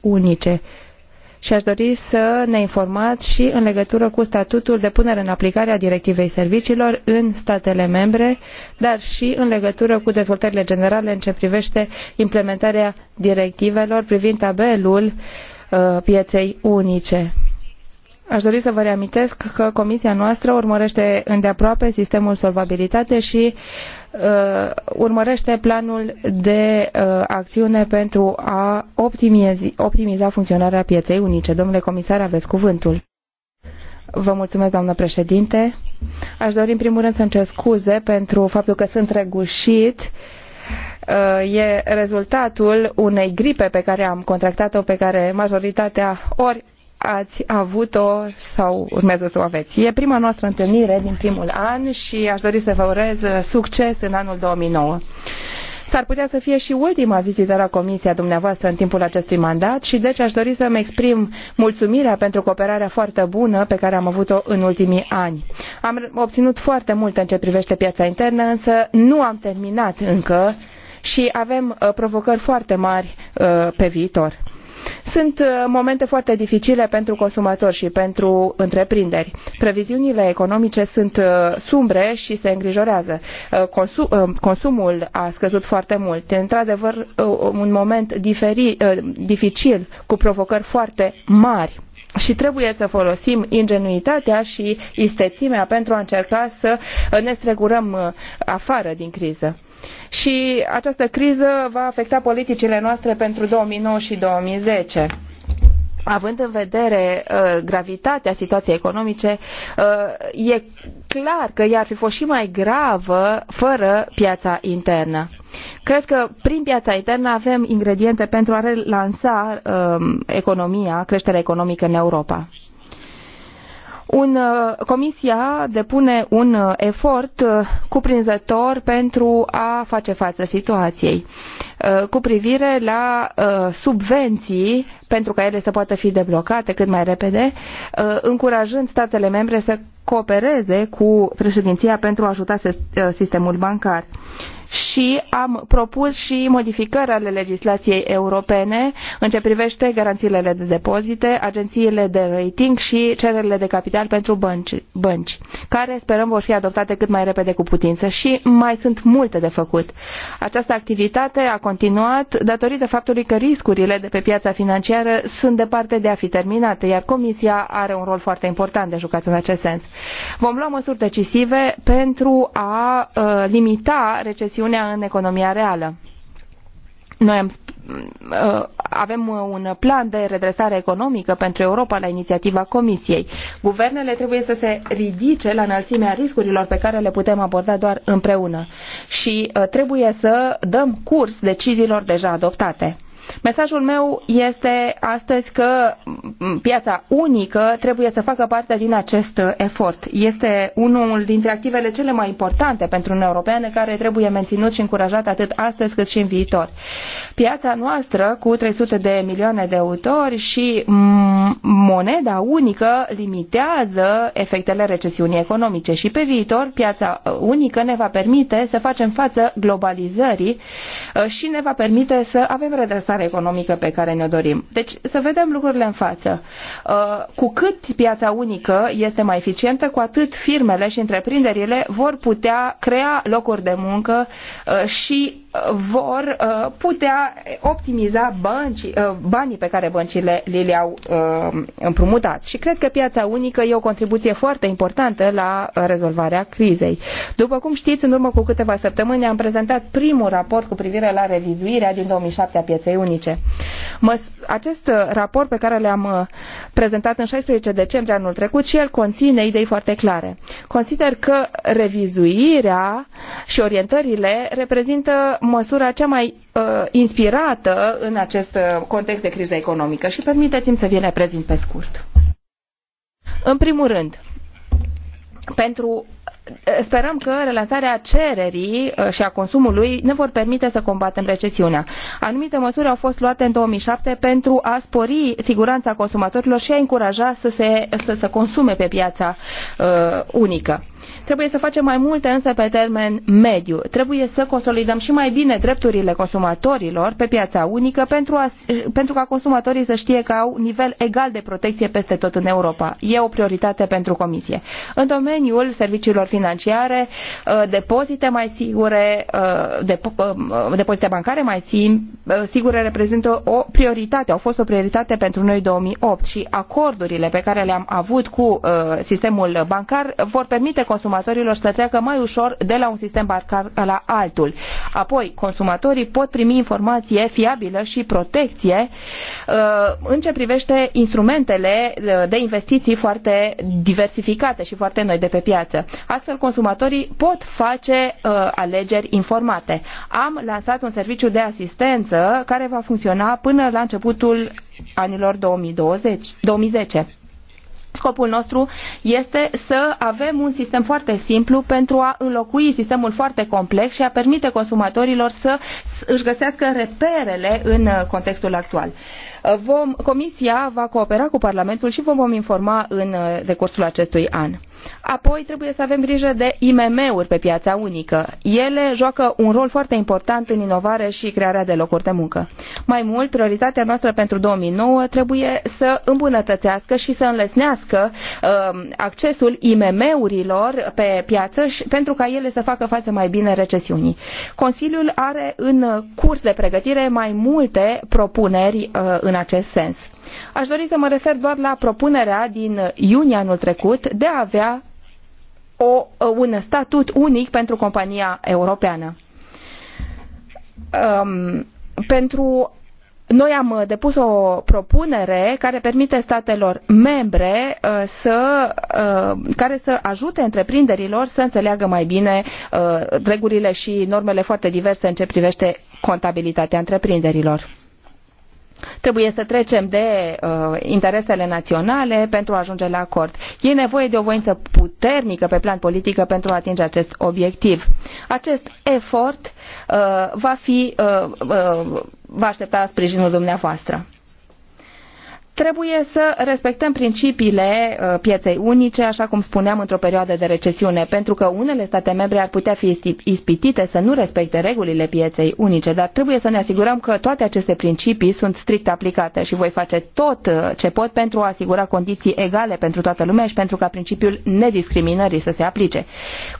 Speaker 2: unice. Și aș dori să ne informați și în legătură cu statutul de punere în aplicare a directivei serviciilor în statele membre, dar și în legătură cu dezvoltările generale în ce privește implementarea directivelor privind tabelul uh, pieței unice. Aș dori să vă reamintesc că comisia noastră urmărește îndeaproape sistemul solvabilitate și Uh, urmărește planul de uh, acțiune pentru a optimizi, optimiza funcționarea pieței unice. Domnule comisar, aveți cuvântul. Vă mulțumesc, doamnă președinte. Aș dori, în primul rând, să-mi cer scuze pentru faptul că sunt răgușit uh, e rezultatul unei gripe pe care am contractat-o, pe care majoritatea ori ați avut-o sau urmează să o aveți. E prima noastră întâlnire din primul an și aș dori să vă urez succes în anul 2009. S-ar putea să fie și ultima vizită la Comisia dumneavoastră în timpul acestui mandat și deci aș dori să-mi exprim mulțumirea pentru cooperarea foarte bună pe care am avut-o în ultimii ani. Am obținut foarte mult în ce privește piața internă, însă nu am terminat încă și avem uh, provocări foarte mari uh, pe viitor. Sunt uh, momente foarte dificile pentru consumatori și pentru întreprinderi. Previziunile economice sunt uh, sumbre și se îngrijorează. Uh, consumul a scăzut foarte mult. E într-adevăr un moment diferi, dificil, cu provocări foarte mari și trebuie să folosim ingenuitatea și istețimea pentru a încerca să ne strecurăm afară din criză și această criză va afecta politicile noastre pentru 2009 și 2010 având în vedere uh, gravitatea situației economice, uh, e clar că ea ar fi fost și mai gravă fără piața internă. Cred că prin piața internă avem ingrediente pentru a relansa uh, economia, creșterea economică în Europa un, uh, comisia depune un uh, efort uh, cuprinzător pentru a face față situației cu privire la subvenții pentru ca ele să poată fi deblocate cât mai repede, încurajând statele membre să coopereze cu președinția pentru a ajuta sistemul bancar și am propus și modificări ale legislației europene în ce privește garanțiile de depozite, agențiile de rating și cererile de capital pentru bănci, care sperăm vor fi adoptate cât mai repede cu putință și mai sunt multe de făcut. Această activitate a continuat datorită faptului că riscurile de pe piața financiară sunt departe de a fi terminate, iar Comisia are un rol foarte important de jucat în acest sens. Vom lua măsuri decisive pentru a uh, limita recesiunea dimensiunea în economia reală. Noi am uh, avem un plan de redresare economică pentru Europa la inițiativa Comisiei. Guvernele trebuie să se ridice la înălțimea riscurilor pe care le putem aborda doar împreună și uh, trebuie să dăm curs deciziilor deja adoptate. Mesajul meu este astăzi că piața unică trebuie să facă parte din acest efort. Este unul dintre activele cele mai importante pentru Uniunea Europeană care trebuie menținut și încurajat atât astăzi cât și în viitor. Piața noastră cu 300 de milioane de autori și moneda unică limitează efectele recesiunii economice și pe viitor piața unică ne va permite să facem față globalizării uh, și ne va permite să avem redresare dezvoltare economică pe care ne-o dorim. Deci să vedem lucrurile în față. Uh, cu cât piața unică este mai eficientă, cu atât firmele și întreprinderile vor putea crea locuri de muncă uh, și vor uh, putea optimiza bănci, uh, banii pe care băncile li le-au uh, împrumutat. Și cred că piața unică e o contribuție foarte importantă la rezolvarea crizei. După cum știți, în urmă cu câteva săptămâni am prezentat primul raport cu privire la revizuirea din 2007 a pieței unice. Acest raport pe care le-am prezentat în 16 decembrie anul trecut și el conține idei foarte clare. Consider că revizuirea și orientările reprezintă măsura cea mai uh, inspirată în acest uh, context de criză economică și permiteți-mi să vi le prezint pe scurt. În primul rând, pentru sperăm că relansarea cererii uh, și a consumului ne vor permite să combatem recesiunea. Anumite măsuri au fost luate în 2007 pentru a spori siguranța consumatorilor și a încuraja să se să, să consume pe piața uh, unică. Trebuie să facem mai multe însă pe termen mediu. Trebuie să consolidăm și mai bine drepturile consumatorilor pe piața unică pentru, a, pentru ca consumatorii să știe că au nivel egal de protecție peste tot în Europa. E o prioritate pentru Comisie. În domeniul serviciilor financiare, financiare, uh, depozite mai sigure, uh, uh, depozite bancare mai sigure reprezintă o prioritate, au fost o prioritate pentru noi 2008 și acordurile pe care le-am avut cu sistemul bancar vor permite consumatorilor să treacă mai ușor de la un sistem bancar la altul. Apoi, consumatorii pot primi informație fiabilă și protecție în ce privește instrumentele de investiții foarte diversificate și foarte noi de pe piață. Astfel astfel consumatorii pot face uh, alegeri informate. Am lansat un serviciu de asistență care va funcționa până la începutul anilor 2020, 2010. Scopul nostru este să avem un sistem foarte simplu pentru a înlocui sistemul foarte complex și a permite consumatorilor să își găsească reperele în uh, contextul actual. Uh, vom, comisia va coopera cu Parlamentul și vă vom informa în uh, decursul acestui an. Apoi trebuie să avem grijă de IMM-uri pe piața unică. Ele joacă un rol foarte important în inovare și crearea de locuri de muncă. Mai mult, prioritatea noastră pentru 2009 trebuie să îmbunătățească și să înlesnească uh, accesul IMM-urilor pe piață și, pentru ca ele să facă față mai bine recesiunii. Consiliul are în curs de pregătire mai multe propuneri uh, în acest sens Aș dori să mă refer doar la propunerea din iunie anul trecut de a avea o, un statut unic pentru compania europeană. Um, pentru noi am depus o propunere care permite statelor membre uh, să, uh, care să ajute întreprinderilor să înțeleagă mai bine uh, regulile și normele foarte diverse în ce privește contabilitatea întreprinderilor. Trebuie să trecem de uh, interesele naționale pentru a ajunge la acord. E nevoie de o voință puternică pe plan politică pentru a atinge acest obiectiv. Acest efort uh, va fi, uh, uh, va aștepta sprijinul dumneavoastră. Trebuie să respectăm principiile uh, pieței unice, așa cum spuneam, într-o perioadă de recesiune, pentru că unele state membre ar putea fi ispitite să nu respecte regulile pieței unice, dar trebuie să ne asigurăm că toate aceste principii sunt strict aplicate și voi face tot uh, ce pot pentru a asigura condiții egale pentru toată lumea și pentru ca principiul nediscriminării să se aplice.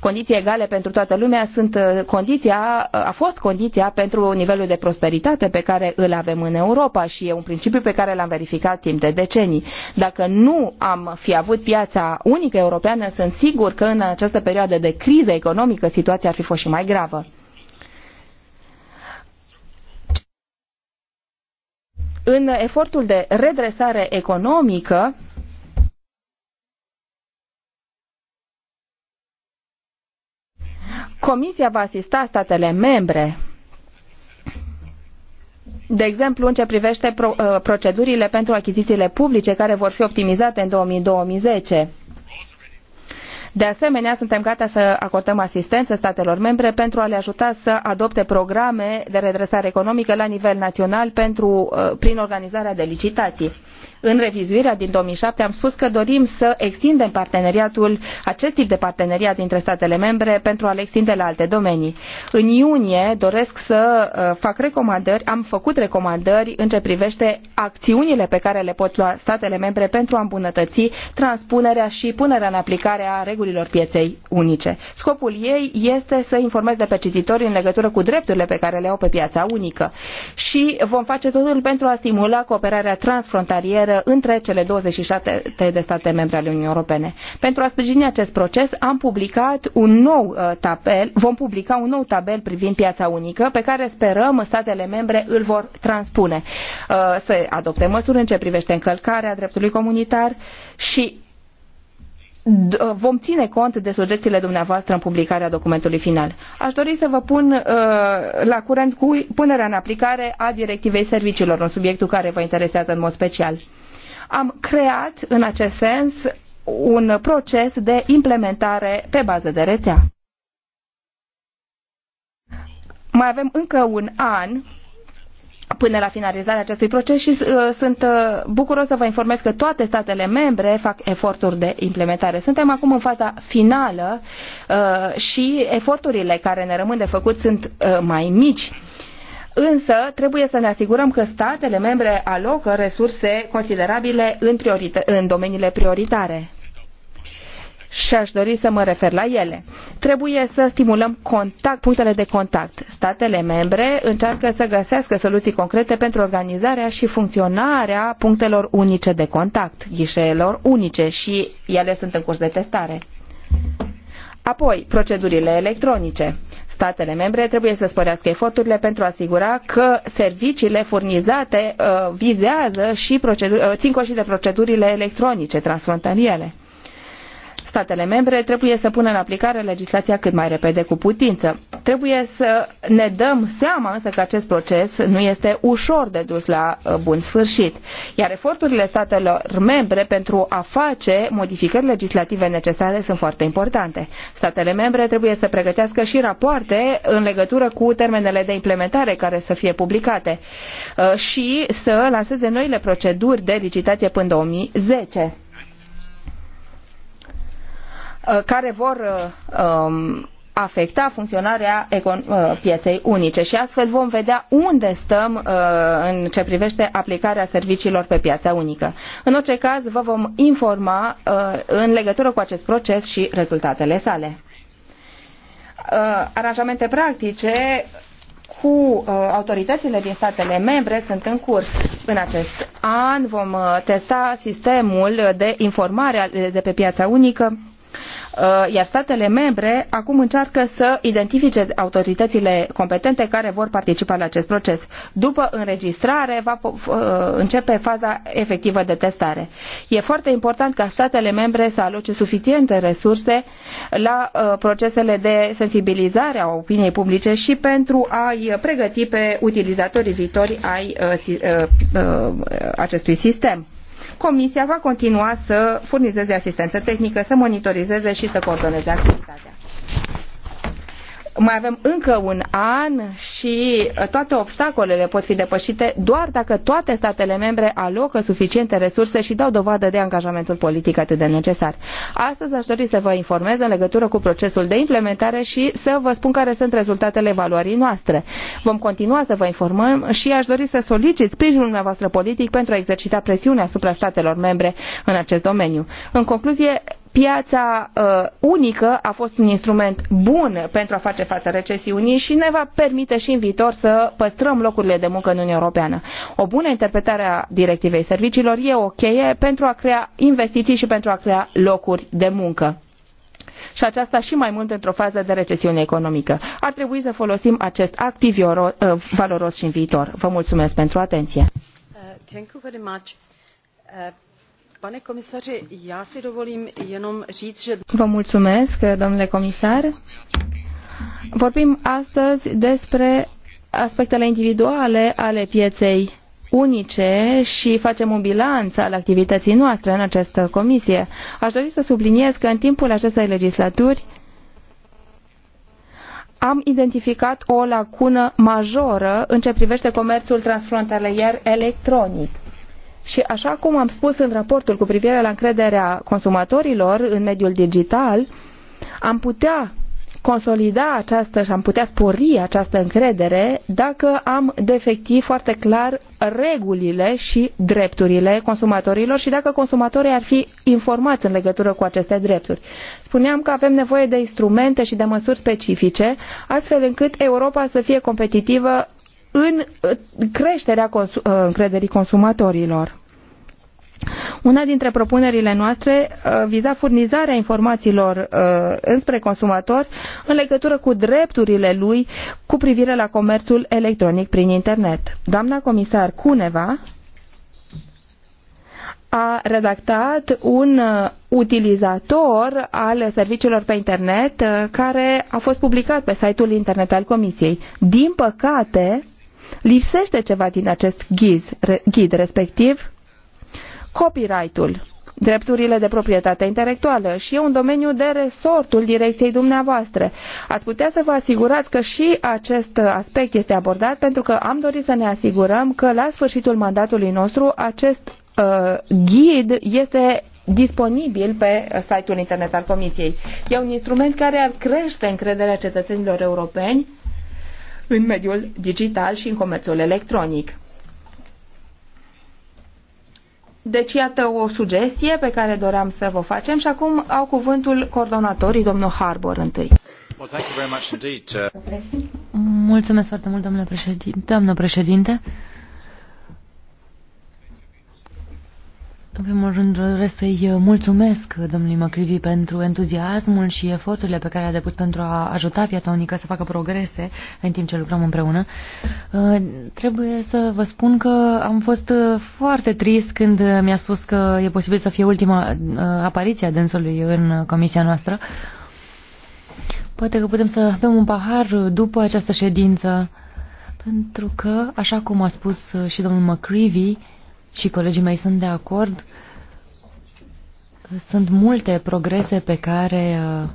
Speaker 2: Condiții egale pentru toată lumea sunt uh, condiția, a fost condiția pentru nivelul de prosperitate pe care îl avem în Europa și e un principiu pe care l-am verificat timp de decenii. Dacă nu am fi avut piața unică europeană, sunt sigur că în această perioadă de criză economică situația ar fi fost și mai gravă. În efortul de redresare economică, Comisia va asista statele membre de exemplu în ce privește uh, procedurile pentru achizițiile publice care vor fi optimizate în 2010. De asemenea, suntem gata să acordăm asistență statelor membre pentru a le ajuta să adopte programe de redresare economică la nivel național pentru, uh, prin organizarea de licitații în revizuirea din 2007 am spus că dorim să extindem parteneriatul, acest tip de parteneriat dintre statele membre pentru a le extinde la alte domenii. În iunie doresc să uh, fac recomandări, am făcut recomandări în ce privește acțiunile pe care le pot lua statele membre pentru a îmbunătăți transpunerea și punerea în aplicare a regulilor pieței unice. Scopul ei este să informeze pe cititori în legătură cu drepturile pe care le au pe piața unică și vom face totul pentru a stimula cooperarea transfrontalieră comunitară între cele 27 de state membre ale Uniunii Europene. Pentru a sprijini acest proces am publicat un nou uh, tabel, vom publica un nou tabel privind piața unică pe care sperăm statele membre îl vor transpune. Uh, să adopte măsuri în ce privește încălcarea dreptului comunitar și uh, vom ține cont de sugestiile dumneavoastră în publicarea documentului final. Aș dori să vă pun uh, la curent cu punerea în aplicare a directivei serviciilor, un subiect care vă interesează în mod special am creat în acest sens un proces de implementare pe bază de rețea. Mai avem încă un an până la finalizarea acestui proces și uh, sunt uh, bucuros să vă informez că toate statele membre fac eforturi de implementare. Suntem acum în faza finală uh, și eforturile care ne rămân de făcut sunt uh, mai mici Însă trebuie să ne asigurăm că statele membre alocă resurse considerabile în, în domeniile prioritare și aș dori să mă refer la ele. Trebuie să stimulăm contact, punctele de contact. Statele membre încearcă să găsească soluții concrete pentru organizarea și funcționarea punctelor unice de contact, ghișeelor unice și ele sunt în curs de testare. Apoi, procedurile electronice statele membre trebuie să sporească eforturile pentru a asigura că serviciile furnizate uh, vizează și proceduri, uh, țin cont și de procedurile electronice transfrontaliere statele membre trebuie să pună în aplicare legislația cât mai repede cu putință. Trebuie să ne dăm seama însă că acest proces nu este ușor de dus la uh, bun sfârșit, iar eforturile statelor membre pentru a face modificări legislative necesare sunt foarte importante. Statele membre trebuie să pregătească și rapoarte în legătură cu termenele de implementare care să fie publicate uh, și să lanseze noile proceduri de licitație până 2010. Uh, care vor uh, um, afecta funcționarea uh, pieței unice și astfel vom vedea unde stăm în ce privește aplicarea serviciilor pe piața unică. În orice caz, vă vom informa în legătură cu acest proces și rezultatele sale. Aranjamente practice cu autoritățile din statele membre sunt în curs. În acest an vom testa sistemul de informare de pe piața unică Uh, iar statele membre acum încearcă să identifice autoritățile competente care vor participa la acest proces. După înregistrare va uh, începe faza efectivă de testare. E foarte important ca statele membre să aloce suficiente resurse la uh, procesele de sensibilizare a opiniei publice și pentru a-i pregăti pe utilizatorii viitori ai acestui sistem. Comisia va continua să furnizeze asistență tehnică, să monitorizeze și să coordoneze activitatea mai avem încă un an și uh, toate obstacolele pot fi depășite doar dacă toate statele membre alocă suficiente resurse și dau dovadă de angajamentul politic atât de necesar. Astăzi aș dori să vă informez în legătură cu procesul de implementare și să vă spun care sunt rezultatele evaluării noastre. Vom continua să vă informăm și aș dori să solicit sprijinul dumneavoastră politic pentru a exercita presiune asupra statelor membre în acest domeniu. În concluzie, piața uh, unică a fost un instrument bun pentru a face față recesiunii și ne va permite și în viitor să păstrăm locurile de muncă în Uniunea Europeană. O bună interpretare a directivei serviciilor e o cheie pentru a crea investiții și pentru a crea locuri de muncă. Și aceasta și mai mult într-o fază de recesiune economică. Ar trebui să folosim acest activ uh, valoros și în viitor. Vă mulțumesc pentru atenție.
Speaker 3: Uh, uh
Speaker 2: Vă mulțumesc, domnule comisar. Vorbim astăzi despre aspectele individuale ale pieței unice și facem un bilanț al activității noastre în această comisie. Aș dori să subliniez că în timpul acestei legislaturi am identificat o lacună majoră în ce privește comerțul transfrontalier electronic. Și așa cum am spus în raportul cu privire la încrederea consumatorilor în mediul digital, am putea consolida această și am putea spori această încredere dacă am defectiv foarte clar regulile și drepturile consumatorilor și dacă consumatorii ar fi informați în legătură cu aceste drepturi. Spuneam că avem nevoie de instrumente și de măsuri specifice, astfel încât Europa să fie competitivă în creșterea cons- încrederii consumatorilor. Una dintre propunerile noastre uh, viza furnizarea informațiilor uh, înspre consumator în legătură cu drepturile lui cu privire la comerțul electronic prin internet. Doamna comisar Cuneva a redactat un uh, utilizator al serviciilor pe internet care a fost publicat pe site-ul internet al Comisiei. Din păcate, lipsește ceva din acest ghid, ghid respectiv copyright-ul, drepturile de proprietate intelectuală și e un domeniu de resortul direcției dumneavoastră. Ați putea să vă asigurați că și acest aspect este abordat pentru că am dorit să ne asigurăm că la sfârșitul mandatului nostru acest uh, ghid este disponibil pe site-ul internet al Comisiei. E un instrument care ar crește încrederea cetățenilor europeni în mediul digital și în comerțul electronic. Deci iată o sugestie pe care doream să vă facem și acum au
Speaker 1: cuvântul coordonatorii, domnul Harbour întâi.
Speaker 3: Uh,
Speaker 1: Mulțumesc foarte mult, domnule președinte. Doamnă președinte. În primul rând doresc să-i uh, mulțumesc uh, domnului Măcrivi pentru entuziasmul și eforturile pe care a depus pentru a ajuta viața unică să facă progrese în timp ce lucrăm împreună. Uh, trebuie să vă spun că am fost foarte trist când mi-a spus că e posibil să fie ultima apariție a dânsului în comisia noastră. Poate că putem să bem un pahar după această ședință, pentru că, așa cum a spus și domnul McCreevy, și colegii mei sunt de acord, sunt multe progrese pe care uh,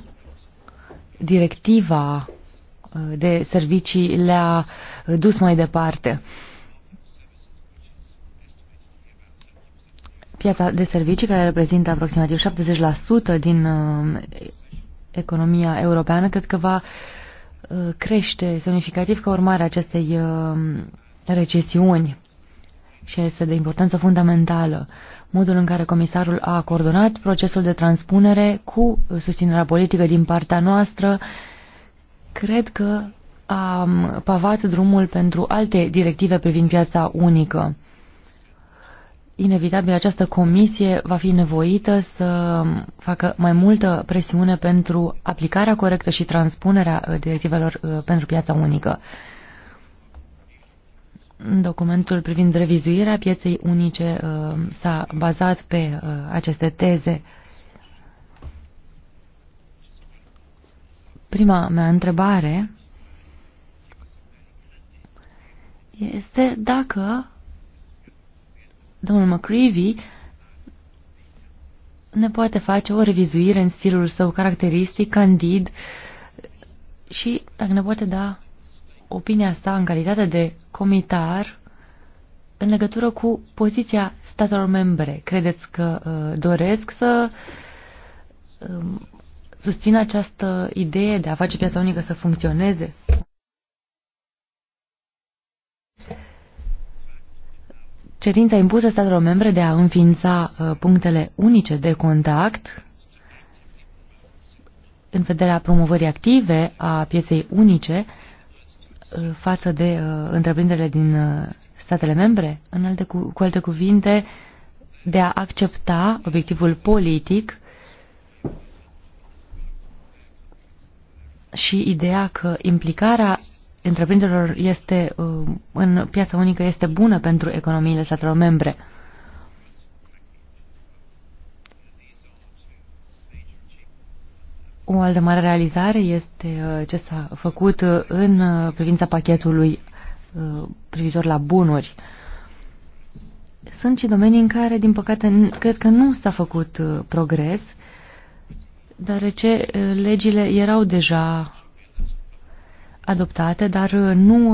Speaker 1: directiva uh, de servicii le-a uh, dus mai departe. Piața de servicii, care reprezintă aproximativ 70% din economia europeană, cred că va crește semnificativ ca urmare a acestei recesiuni și este de importanță fundamentală. Modul în care comisarul a coordonat procesul de transpunere cu susținerea politică din partea noastră, cred că a pavat drumul pentru alte directive privind piața unică. Inevitabil, această comisie va fi nevoită să facă mai multă presiune pentru aplicarea corectă și transpunerea uh, directivelor uh, pentru piața unică. Documentul privind revizuirea pieței unice uh, s-a bazat pe uh, aceste teze. Prima mea întrebare este dacă domnul McCreevy ne poate face o revizuire în stilul său caracteristic, candid, și dacă ne poate da opinia sa în calitate de comitar în legătură cu poziția statelor membre. Credeți că uh, doresc să uh, susțină această idee de a face piața unică să funcționeze? Cerința impusă statelor membre de a înființa uh, punctele unice de contact în vederea promovării active a pieței unice uh, Uh, față de uh, întreprinderile din uh, statele membre? În alte cu, cu alte cuvinte, de a accepta obiectivul politic și ideea că implicarea întreprinderilor este, în piața unică este bună pentru economiile statelor membre. O altă mare realizare este uh, ce s-a făcut uh, în uh, privința pachetului privitor la bunuri. Sunt și domenii în care, din păcate, cred că nu s-a făcut progres, deoarece legile erau deja adoptate, dar nu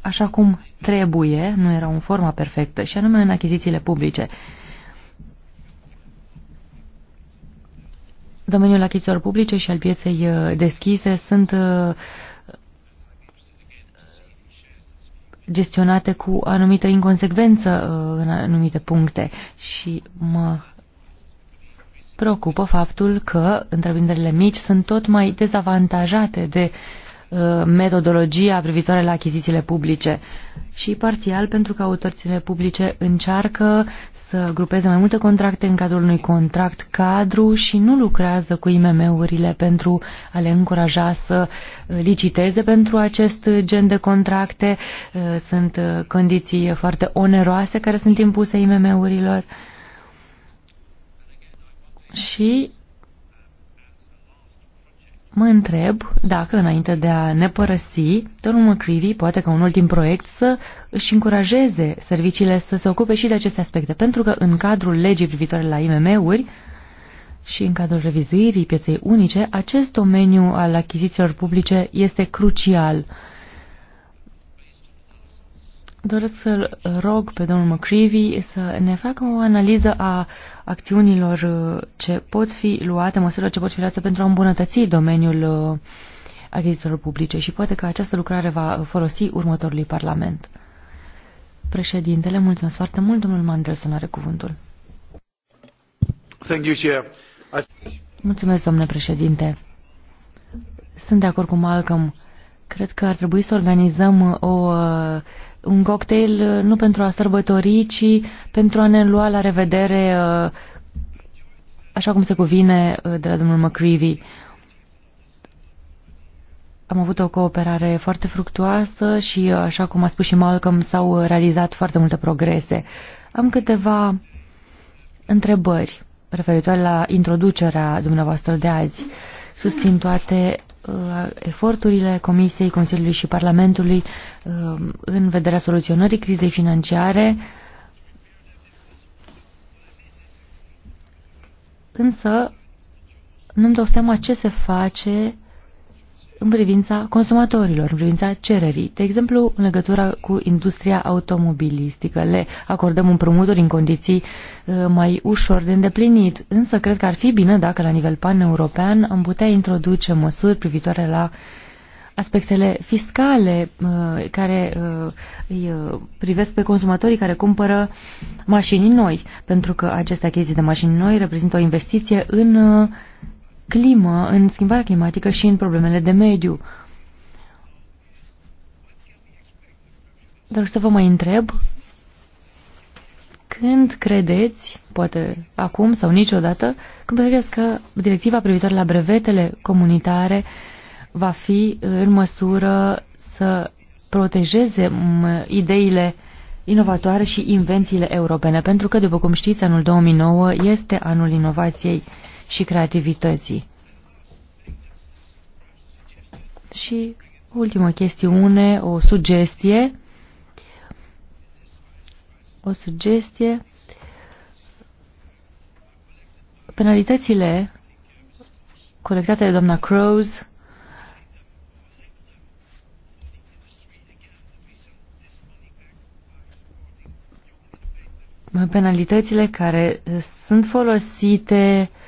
Speaker 1: așa cum trebuie, nu erau în forma perfectă, și anume în achizițiile publice. domeniul achizițiilor publice și al pieței uh, deschise sunt uh, gestionate cu anumită inconsecvență uh, în anumite puncte și mă preocupă faptul că întreprinderile mici sunt tot mai dezavantajate de uh, Uh, metodologia privitoare la achizițiile publice și parțial pentru că autoritățile publice încearcă să grupeze mai multe contracte în cadrul unui contract cadru și nu lucrează cu IMM-urile pentru a le încuraja să uh, liciteze pentru acest gen de contracte. Uh, sunt condiții foarte oneroase care sunt impuse IMM-urilor. Și mă întreb dacă, înainte de a ne părăsi, domnul McCreevy poate ca un ultim proiect să își încurajeze serviciile să se ocupe și de aceste aspecte, pentru că în cadrul legii privitoare la IMM-uri și în cadrul revizuirii pieței unice, acest domeniu al achizițiilor publice este crucial Doresc să-l rog pe domnul McCreevy să ne facă o analiză a acțiunilor uh, ce pot fi luate, măsurile ce pot fi luate pentru a îmbunătăți domeniul uh, achizițiilor publice și poate că această lucrare va folosi următorului Parlament. Președintele, mulțumesc foarte mult, domnul Mandelson are cuvântul. Thank you, Chair. I... Mulțumesc, domnule președinte. Sunt de acord cu Malcolm. Cred că ar trebui să organizăm uh, o un cocktail uh, nu pentru a sărbători, ci pentru a ne lua la revedere, uh, așa cum se cuvine uh, de la domnul McCreevy. Am avut o cooperare foarte fructuoasă și, așa cum a spus și Malcolm, s-au realizat foarte multe progrese. Am câteva întrebări referitoare la introducerea dumneavoastră de azi. Susțin toate Uh, eforturile Comisiei, Consiliului și Parlamentului uh, în vederea soluționării crizei financiare, însă nu-mi dau seama ce se face în privința consumatorilor, în privința cererii. De exemplu, în legătura cu industria automobilistică, le acordăm împrumuturi în condiții uh, mai ușor de îndeplinit, însă cred că ar fi bine dacă la nivel pan-european am putea introduce măsuri privitoare la aspectele fiscale uh, care uh, îi privesc pe consumatorii care cumpără mașini noi, pentru că aceste achiziții de mașini noi reprezintă o investiție în climă, în schimbarea climatică și în problemele de mediu. Dar să vă mai întreb, când credeți, poate acum sau niciodată, când credeți că directiva privitoare la brevetele comunitare va fi în măsură să protejeze mm, ideile inovatoare și invențiile europene, pentru că, după cum știți, anul 2009 este anul inovației și creativității. Și ultima chestiune, o sugestie. O sugestie. Penalitățile colectate de doamna Crows penalitățile care sunt folosite uh,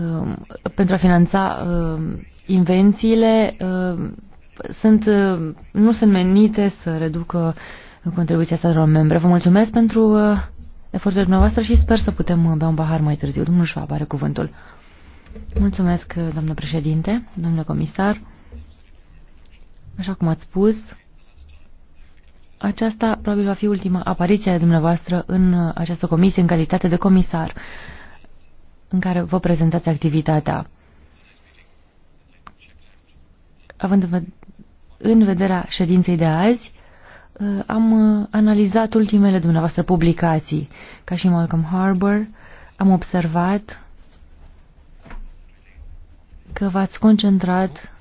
Speaker 1: Um, pentru a finanța um, invențiile um, sunt, nu sunt menite să reducă contribuția statelor membre. Vă mulțumesc pentru uh, eforturile dumneavoastră și sper să putem uh, bea un pahar mai târziu. Domnul Șoab are cuvântul. Mulțumesc, uh, domnule președinte, domnule comisar. Așa cum ați spus, aceasta probabil va fi ultima apariție a dumneavoastră în această comisie în calitate de comisar în care vă prezentați activitatea. Având în vederea ședinței de azi, uh, am uh, analizat ultimele dumneavoastră publicații, ca și Malcolm Harbour, am observat că v-ați concentrat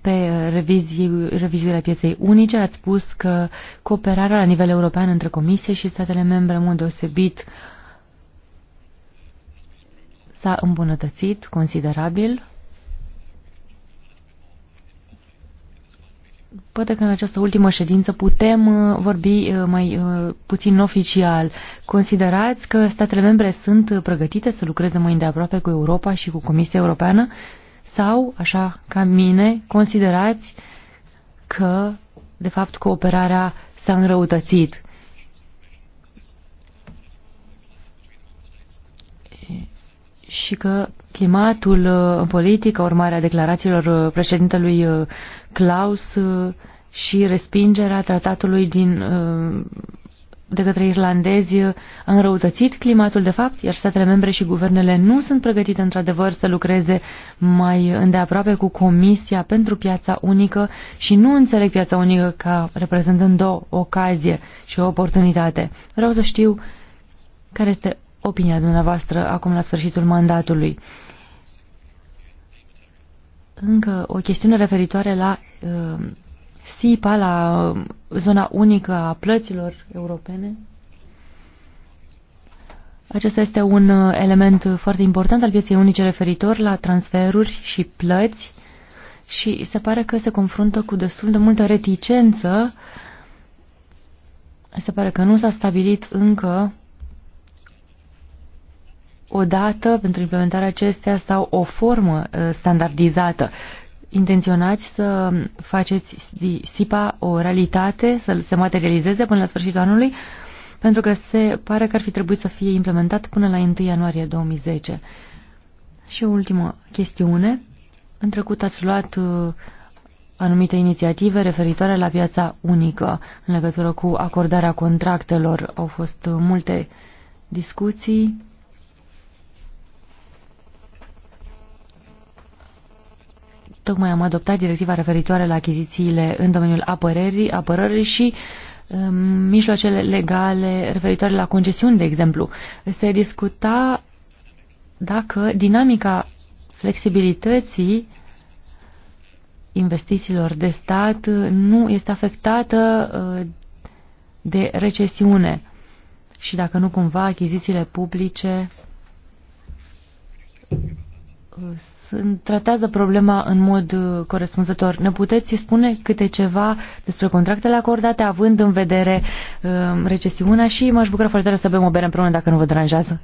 Speaker 1: pe uh, revizii, revizuirea pieței unice, ați spus că cooperarea la nivel european între Comisie și statele membre, în mod deosebit, uh, s-a îmbunătățit considerabil. Poate că în această ultimă ședință putem uh, vorbi uh, mai uh, puțin oficial. Considerați că statele membre sunt pregătite să lucreze mai îndeaproape cu Europa și cu Comisia Europeană? Sau, așa ca mine, considerați că, de fapt, cooperarea s-a înrăutățit și că climatul politic, uh, politică, a declarațiilor uh, președintelui uh, Klaus și respingerea tratatului din, de către irlandezi a înrăutățit climatul de fapt, iar statele membre și guvernele nu sunt pregătite într-adevăr să lucreze mai îndeaproape cu Comisia pentru piața unică și nu înțeleg piața unică ca reprezentând o ocazie și o oportunitate. Vreau să știu care este opinia dumneavoastră acum la sfârșitul mandatului. Încă o chestiune referitoare la uh, SIPA, la uh, zona unică a plăților europene. Acesta este un uh, element foarte important al pieței unice referitor la transferuri și plăți și se pare că se confruntă cu destul de multă reticență. Se pare că nu s-a stabilit încă o dată pentru implementarea acestea sau o formă uh, standardizată. Intenționați să faceți SIPA o realitate, să se materializeze până la sfârșitul anului, pentru că se pare că ar fi trebuit să fie implementat până la 1 ianuarie 2010. Și o ultimă chestiune. În trecut ați luat uh, anumite inițiative referitoare la piața unică în legătură cu acordarea contractelor. Au fost uh, multe discuții Tocmai am adoptat directiva referitoare la achizițiile în domeniul apărării, apărării și um, mijloacele legale referitoare la concesiuni, de exemplu. Se discuta dacă dinamica flexibilității investițiilor de stat nu este afectată uh, de recesiune și dacă nu cumva achizițiile publice uh, tratează problema în mod uh, corespunzător. Ne puteți spune câte ceva despre contractele acordate, având în vedere uh, recesiunea și m-aș bucura foarte tare să bem o bere împreună dacă nu vă deranjează.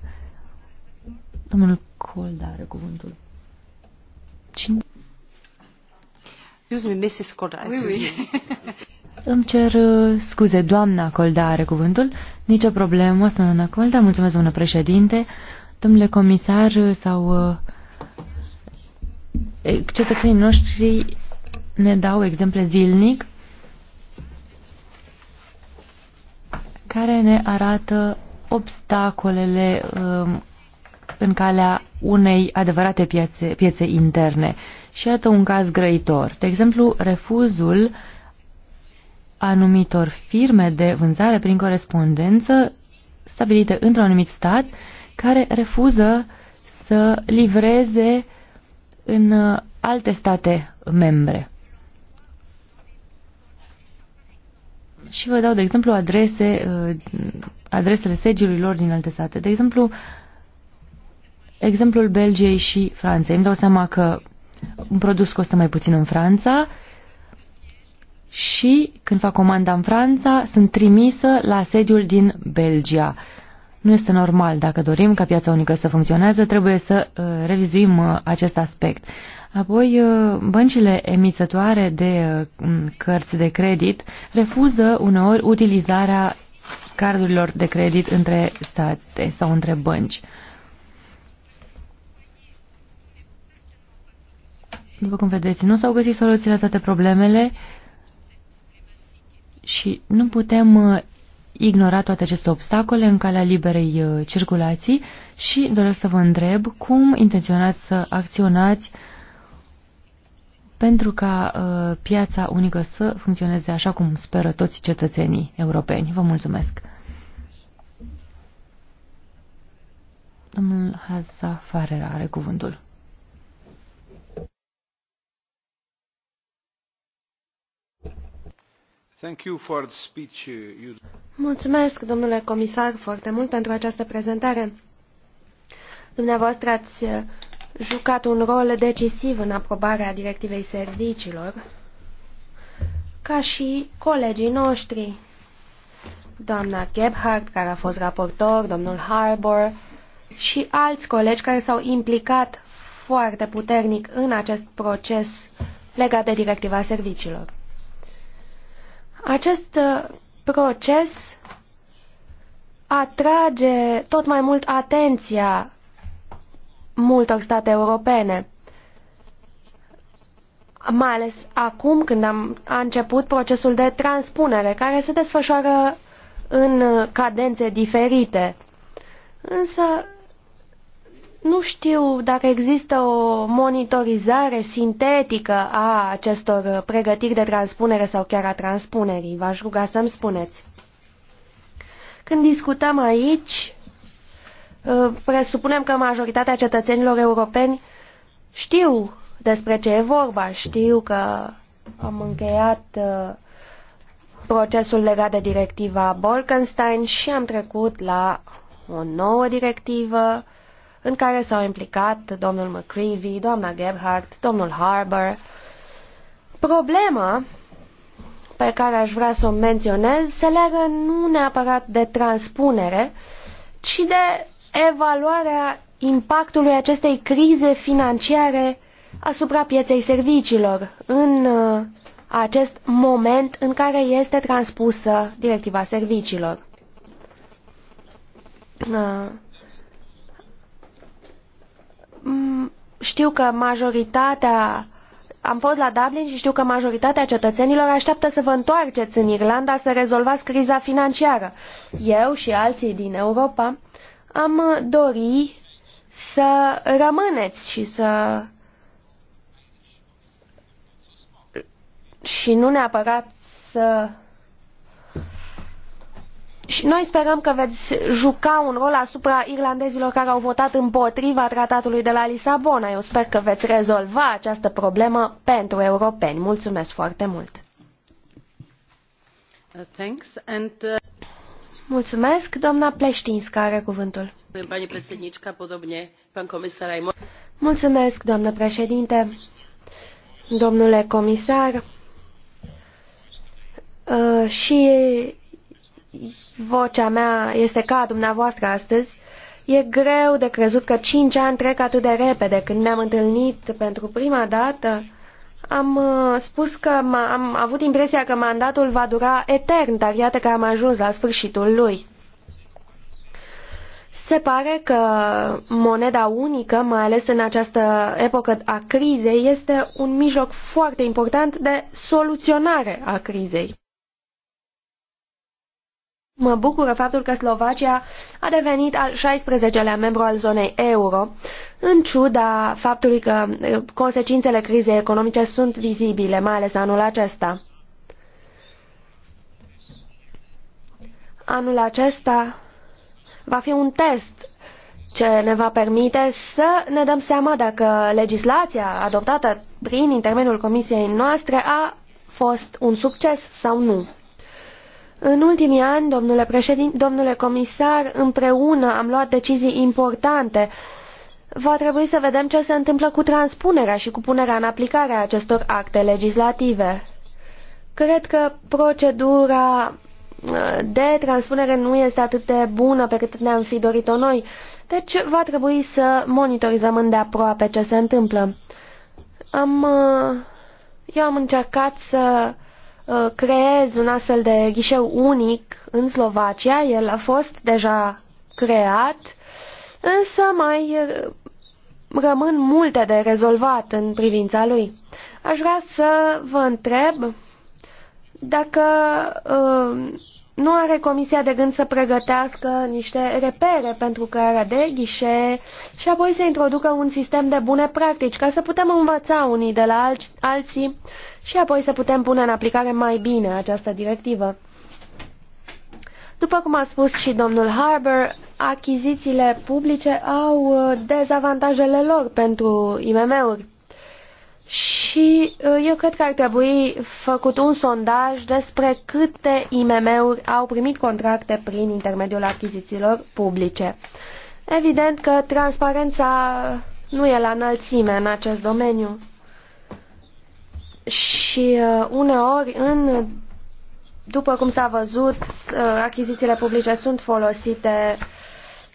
Speaker 1: Domnul Colda are cuvântul. Cine?
Speaker 3: Excuse me, Mrs. Colda. Oui, oui.
Speaker 1: Îmi cer uh, scuze, doamna Colda are cuvântul. Nicio problemă, doamna Colda. Mulțumesc, doamnă președinte. Domnule comisar uh, sau Cetățenii noștri ne dau exemple zilnic care ne arată obstacolele um, în calea unei adevărate piețe, piețe interne. Și iată un caz grăitor. De exemplu, refuzul anumitor firme de vânzare prin corespondență stabilite într-un anumit stat care refuză să livreze uh, în uh, alte state membre. Și vă dau, de exemplu, adrese, uh, adresele sediului lor din alte state. De exemplu, exemplul Belgiei și Franței. Îmi dau seama că un produs costă mai puțin în Franța și când fac comanda în Franța, sunt trimisă la sediul din Belgia. Nu este normal. Dacă dorim ca piața unică să funcționeze, trebuie să uh, revizuim uh, acest aspect. Apoi, uh, băncile emițătoare de cărți de credit refuză uneori utilizarea cardurilor de credit între state sau între bănci. După cum vedeți, nu s-au găsit soluții la toate problemele și nu putem ignora toate aceste obstacole în calea liberei uh, circulații și doresc să vă întreb cum intenționați să acționați pentru ca uh, piața unică să funcționeze așa cum speră toți cetățenii europeni. Vă mulțumesc. Domnul Hazza Farera are cuvântul.
Speaker 3: Uh,
Speaker 4: Mulțumesc, domnule comisar, foarte mult pentru această prezentare. Dumneavoastră ați uh, jucat un rol decisiv în aprobarea directivei serviciilor, ca și colegii noștri, doamna Gebhardt, care a fost raportor, domnul Harbour și alți colegi care s-au implicat foarte puternic în acest proces legat de directiva serviciilor. Acest uh, proces atrage tot mai mult atenția multor state europene, mai ales acum când am, a început procesul de transpunere, care se desfășoară în uh, cadențe diferite. Însă nu știu dacă există o monitorizare sintetică a acestor pregătiri de transpunere sau chiar a transpunerii. V-aș ruga să-mi spuneți. Când discutăm aici, uh, presupunem că majoritatea cetățenilor europeni știu despre ce e vorba, știu că am încheiat uh, procesul legat de directiva Bolkenstein și am trecut la o nouă directivă în care s-au implicat domnul McCreevy, doamna Gebhardt, domnul Harbour. Problema pe care aș vrea să o menționez se leagă nu neapărat de transpunere, ci de evaluarea impactului acestei crize financiare asupra pieței serviciilor în uh, acest moment în care este transpusă directiva serviciilor. Uh, Mm, știu că majoritatea am fost la Dublin și știu că majoritatea cetățenilor așteaptă să vă întoarceți în Irlanda să rezolvați criza financiară. Eu și alții din Europa am dori să rămâneți și să și nu neapărat să și noi sperăm că veți juca un rol asupra irlandezilor care au votat împotriva tratatului de la Lisabona. Eu sper că veți rezolva această problemă pentru europeni. Mulțumesc foarte mult!
Speaker 3: Uh, uh,
Speaker 4: Mulțumesc, doamna Pleștinska are cuvântul. Mulțumesc, doamnă președinte, domnule comisar. Uh, și vocea mea este ca a dumneavoastră astăzi, e greu de crezut că cinci ani trec atât de repede. Când ne-am întâlnit pentru prima dată, am uh, spus că am avut impresia că mandatul va dura etern, dar iată că am ajuns la sfârșitul lui. Se pare că moneda unică, mai ales în această epocă a crizei, este un mijloc foarte important de soluționare a crizei. Mă bucură faptul că Slovacia a devenit al 16-lea membru al zonei euro, în ciuda faptului că eh, consecințele crizei economice sunt vizibile, mai ales anul acesta. Anul acesta va fi un test ce ne va permite să ne dăm seama dacă legislația adoptată prin intermediul comisiei noastre a fost un succes sau nu. În ultimii ani, domnule, președinte, domnule comisar, împreună am luat decizii importante. Va trebui să vedem ce se întâmplă cu transpunerea și cu punerea în aplicare a acestor acte legislative. Cred că procedura uh, de transpunere nu este atât de bună pe cât ne-am fi dorit-o noi, deci va trebui să monitorizăm îndeaproape ce se întâmplă. Am, uh, eu am încercat să Uh, creez un astfel de ghișeu unic în Slovacia. El a fost deja creat, însă mai uh, rămân multe de rezolvat în privința lui. Aș vrea să vă întreb dacă uh, nu are Comisia de gând să pregătească niște repere pentru crearea de ghișe și apoi să introducă un sistem de bune practici ca să putem învăța unii de la alții și apoi să putem pune în aplicare mai bine această directivă. După cum a spus și domnul Harbour, achizițiile publice au uh, dezavantajele lor pentru IMM-uri. Și uh, eu cred că ar trebui făcut un sondaj despre câte IMM-uri au primit contracte prin intermediul achizițiilor publice. Evident că transparența nu e la înălțime în acest domeniu și uh, uneori în după cum s-a văzut, uh, achizițiile publice sunt folosite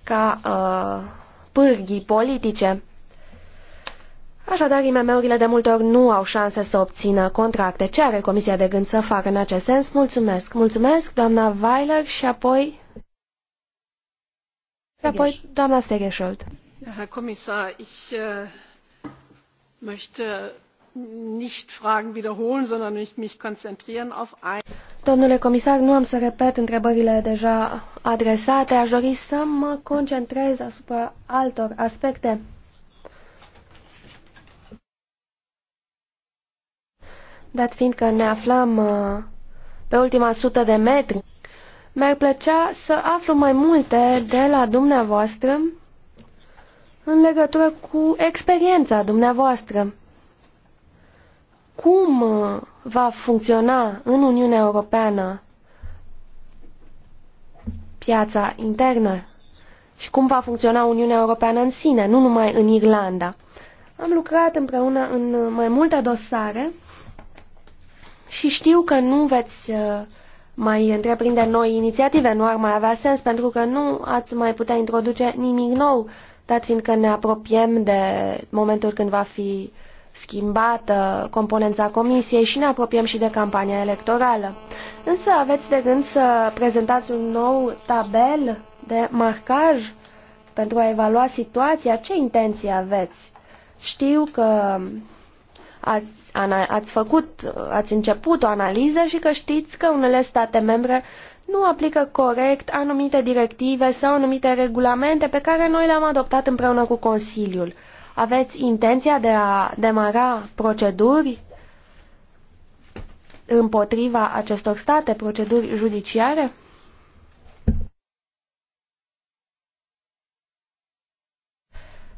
Speaker 4: ca uh, pârghii politice. Așadar, IMM-urile de multe ori nu au șanse să obțină contracte. Ce are Comisia de gând să facă în acest sens? Mulțumesc! Mulțumesc, doamna Weiler și apoi... Și apoi, doamna Segeșold.
Speaker 3: Herr Comisar, ich uh, möchte nicht Fragen wiederholen, sondern mich konzentrieren auf ein.
Speaker 4: Domnule comisar, nu am să repet întrebările deja adresate. Aș dori să mă concentrez asupra altor aspecte. Dat fiind că ne aflăm uh, pe ultima sută de metri, mi-ar plăcea să aflu mai multe de la dumneavoastră în legătură cu experiența dumneavoastră cum uh, va funcționa în Uniunea Europeană piața internă și cum va funcționa Uniunea Europeană în sine, nu numai în Irlanda. Am lucrat împreună în uh, mai multe dosare și știu că nu veți uh, mai întreprinde noi inițiative, nu ar mai avea sens pentru că nu ați mai putea introduce nimic nou, dat fiindcă ne apropiem de momentul când va fi uh, schimbată componența comisiei și ne apropiem și de campania electorală. Însă aveți de gând să prezentați un nou tabel de marcaj pentru a evalua situația? Ce intenții aveți? Știu că ați, ați făcut, ați început o analiză și că știți că unele state membre nu aplică corect anumite directive sau anumite regulamente pe care noi le-am adoptat împreună cu Consiliul. Aveți intenția de a demara proceduri împotriva acestor state, proceduri judiciare?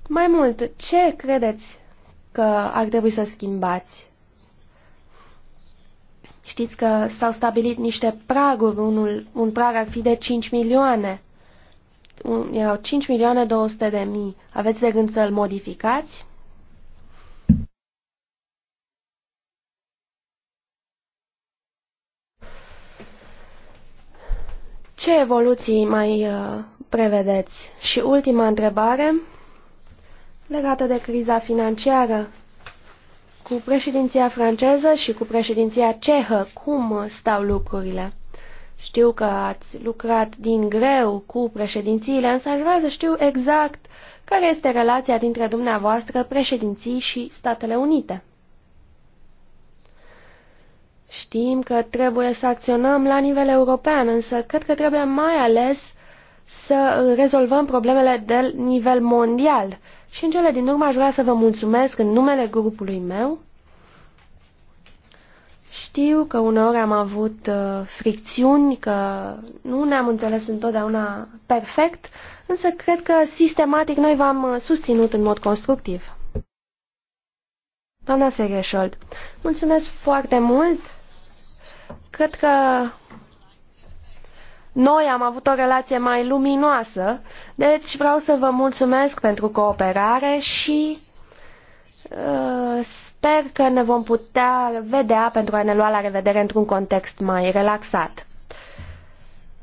Speaker 4: Mai mult, ce credeți că ar trebui să schimbați? Știți că s-au stabilit niște praguri, unul, un prag ar fi de 5 milioane erau 5 milioane 200 de mii. Aveți de gând să-l modificați? Ce evoluții mai uh, prevedeți? Și ultima întrebare legată de criza financiară. Cu președinția franceză și cu președinția cehă, cum stau lucrurile? Știu că ați lucrat din greu cu președințiile, însă aș vrea să știu exact care este relația dintre dumneavoastră, președinții și Statele Unite. Știm că trebuie să acționăm la nivel european, însă cred că trebuie mai ales să rezolvăm problemele de nivel mondial. Și în cele din urmă aș vrea să vă mulțumesc în numele grupului meu știu că uneori am avut uh, fricțiuni, că nu ne-am înțeles întotdeauna perfect, însă cred că sistematic noi v-am uh, susținut în mod constructiv. Doamna Sereșold, mulțumesc foarte mult. Cred că noi am avut o relație mai luminoasă, deci vreau să vă mulțumesc pentru cooperare și uh, Sper că ne vom putea vedea pentru a ne lua la revedere într-un context mai relaxat.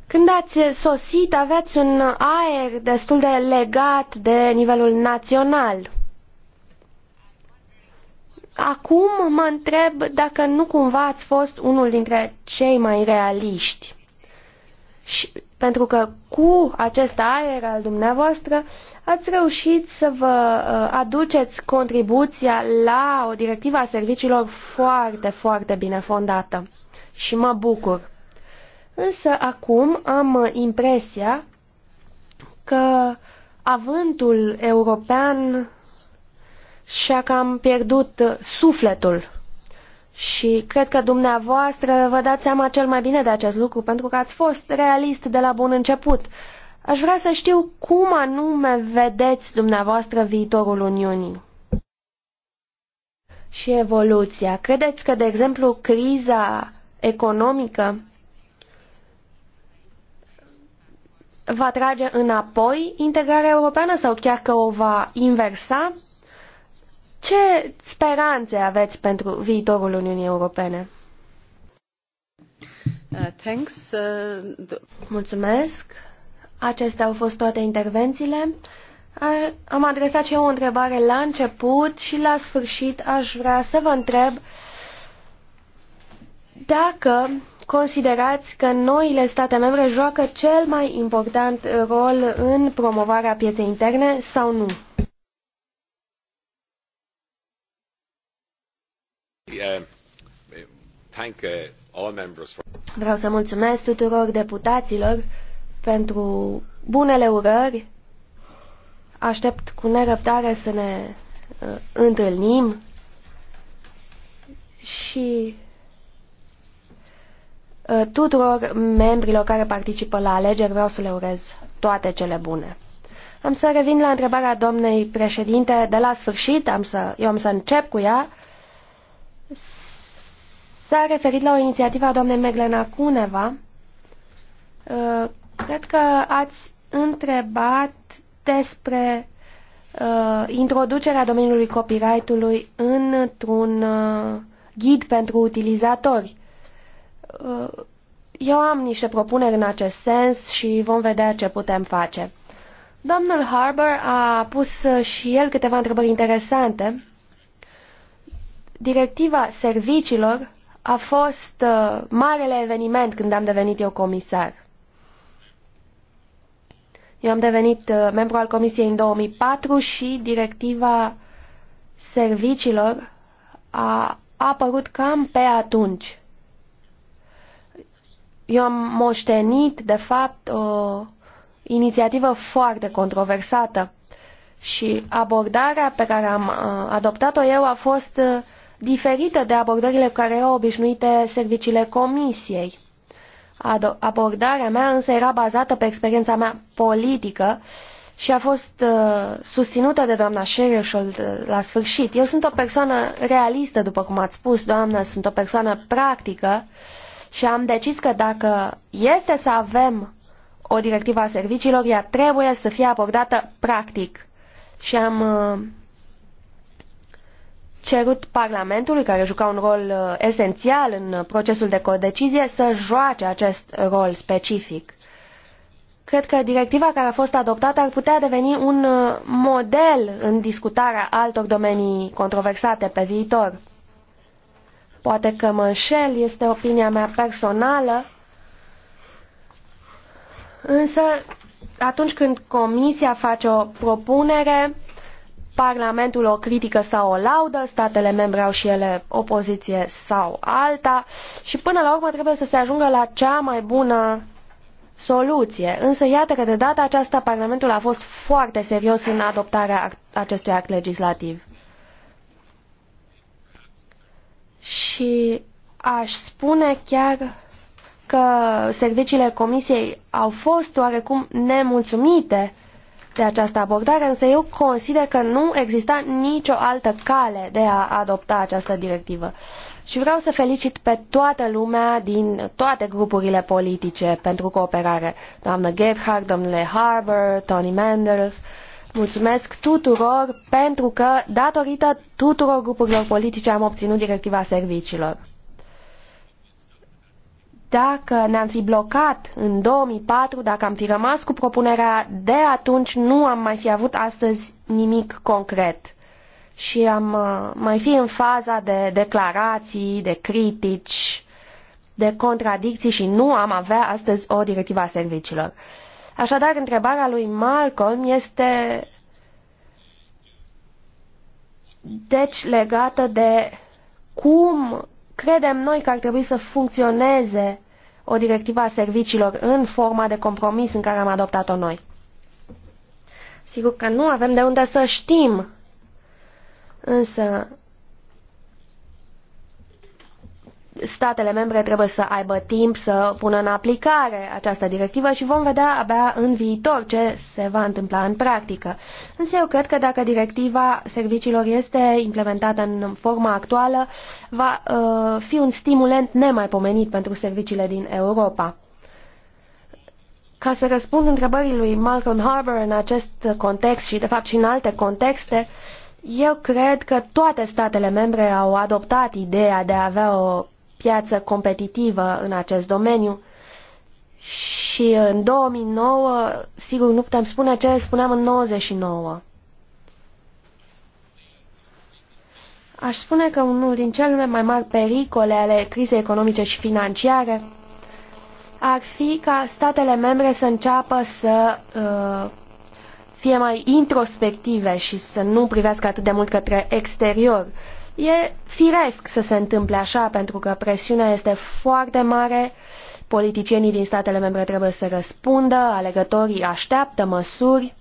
Speaker 4: Când ați sosit, aveți un aer destul de legat de nivelul național. Acum mă întreb dacă nu cumva ați fost unul dintre cei mai realiști. Și, pentru că cu acest aer al dumneavoastră ați reușit să vă uh, aduceți contribuția la o directivă a serviciilor foarte, foarte bine fondată și mă bucur. Însă acum am impresia că avântul european și-a cam pierdut sufletul. Și cred că dumneavoastră vă dați seama cel mai bine de acest lucru, pentru că ați fost realist de la bun început. Aș vrea să știu cum anume vedeți dumneavoastră viitorul Uniunii și evoluția. Credeți că, de exemplu, criza economică va trage înapoi integrarea europeană sau chiar că o va inversa? Ce speranțe aveți pentru viitorul Uniunii Europene?
Speaker 3: Uh, thanks, uh, Mulțumesc. Acestea au
Speaker 4: fost toate intervențiile. Am adresat și eu o întrebare la început și la sfârșit aș vrea să vă întreb dacă considerați că noile state membre joacă cel mai important rol în promovarea pieței interne sau nu?
Speaker 3: Uh, uh,
Speaker 4: Vreau să mulțumesc tuturor deputaților pentru bunele urări. Aștept cu nerăbdare să ne uh, întâlnim și uh, tuturor membrilor care participă la alegeri vreau să le urez toate cele bune. Am să revin la întrebarea doamnei președinte de la sfârșit, am să, eu am să încep cu ea. S-a referit la o inițiativă a doamnei Meglena Cuneva uh, Cred că ați întrebat despre uh, introducerea domeniului copyright-ului într-un uh, ghid pentru utilizatori. Uh, eu am niște propuneri în acest sens și vom vedea ce putem face. Domnul Harbour a pus și el câteva întrebări interesante. Directiva serviciilor a fost uh, marele eveniment când am devenit eu comisar. Eu am devenit uh, membru al Comisiei în 2004 și directiva serviciilor a apărut cam pe atunci. Eu am moștenit, de fapt, o inițiativă foarte controversată și abordarea pe care am uh, adoptat-o eu a fost uh, diferită de abordările cu care au obișnuite serviciile comisiei. Abordarea mea însă era bazată pe experiența mea politică și a fost uh, susținută de doamna Shereshold uh, la sfârșit. Eu sunt o persoană realistă, după cum ați spus, doamnă, sunt o persoană practică și am decis că dacă este să avem o directivă a serviciilor, ea trebuie să fie abordată practic. Și am uh, cerut Parlamentului, care juca un rol uh, esențial în uh, procesul de codecizie, să joace acest rol specific. Cred că directiva care a fost adoptată ar putea deveni un uh, model în discutarea altor domenii controversate pe viitor. Poate că mă înșel, este opinia mea personală, însă atunci când Comisia face o propunere, Parlamentul o critică sau o laudă, statele membre au și ele o poziție sau alta și până la urmă trebuie să se ajungă la cea mai bună soluție. Însă iată că de data aceasta Parlamentul a fost foarte serios în adoptarea acestui act legislativ. Și aș spune chiar că serviciile Comisiei au fost oarecum nemulțumite de această abordare, însă eu consider că nu exista nicio altă cale de a adopta această directivă. Și vreau să felicit pe toată lumea din toate grupurile politice pentru cooperare. Doamnă Gebhardt, domnule Harbour, Tony Manders, mulțumesc tuturor pentru că, datorită tuturor grupurilor politice, am obținut directiva serviciilor. Dacă ne-am fi blocat în 2004, dacă am fi rămas cu propunerea de atunci, nu am mai fi avut astăzi nimic concret. Și am uh, mai fi în faza de declarații, de critici, de contradicții și nu am avea astăzi o directivă a serviciilor. Așadar, întrebarea lui Malcolm este deci legată de cum credem noi că ar trebui să funcționeze o directivă a serviciilor în forma de compromis în care am adoptat-o noi. Sigur că nu avem de unde să știm, însă statele membre trebuie să aibă timp să pună în aplicare această directivă și vom vedea abia în viitor ce se va întâmpla în practică. Însă eu cred că dacă directiva serviciilor este implementată în forma actuală, va uh, fi un stimulent nemaipomenit pentru serviciile din Europa. Ca să răspund întrebării lui Malcolm Harbour în acest context și de fapt și în alte contexte, eu cred că toate statele membre au adoptat ideea de a avea o piață competitivă în acest domeniu. Și în 2009, sigur, nu putem spune ce spuneam în 99. Aș spune că unul din cele mai mari pericole ale crizei economice și financiare ar fi ca statele membre să înceapă să uh, fie mai introspective și să nu privească atât de mult către exterior. Uh, E firesc să se întâmple așa, pentru că presiunea este foarte mare, politicienii din statele membre trebuie să răspundă, alegătorii așteaptă măsuri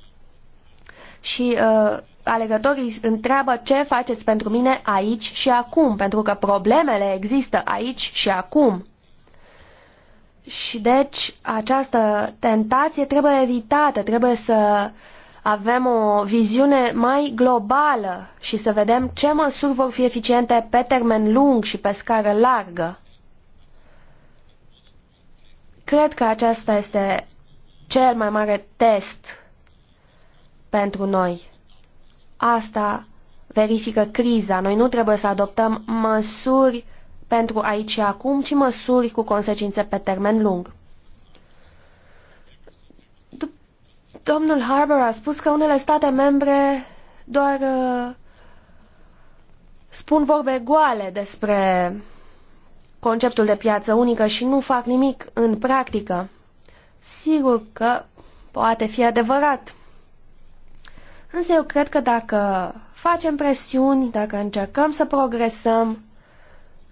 Speaker 4: și uh, alegătorii întreabă ce faceți pentru mine aici și acum, pentru că problemele există aici și acum. Și deci această tentație trebuie evitată, trebuie să avem o viziune mai globală și să vedem ce măsuri vor fi eficiente pe termen lung și pe scară largă. Cred că acesta este cel mai mare test pentru noi. Asta verifică criza. Noi nu trebuie să adoptăm măsuri pentru aici și acum, ci măsuri cu consecințe pe termen lung. Domnul Harbour a spus că unele state membre doar uh, spun vorbe goale despre conceptul de piață unică și nu fac nimic în practică. Sigur că poate fi adevărat. Însă eu cred că dacă facem presiuni, dacă încercăm să progresăm,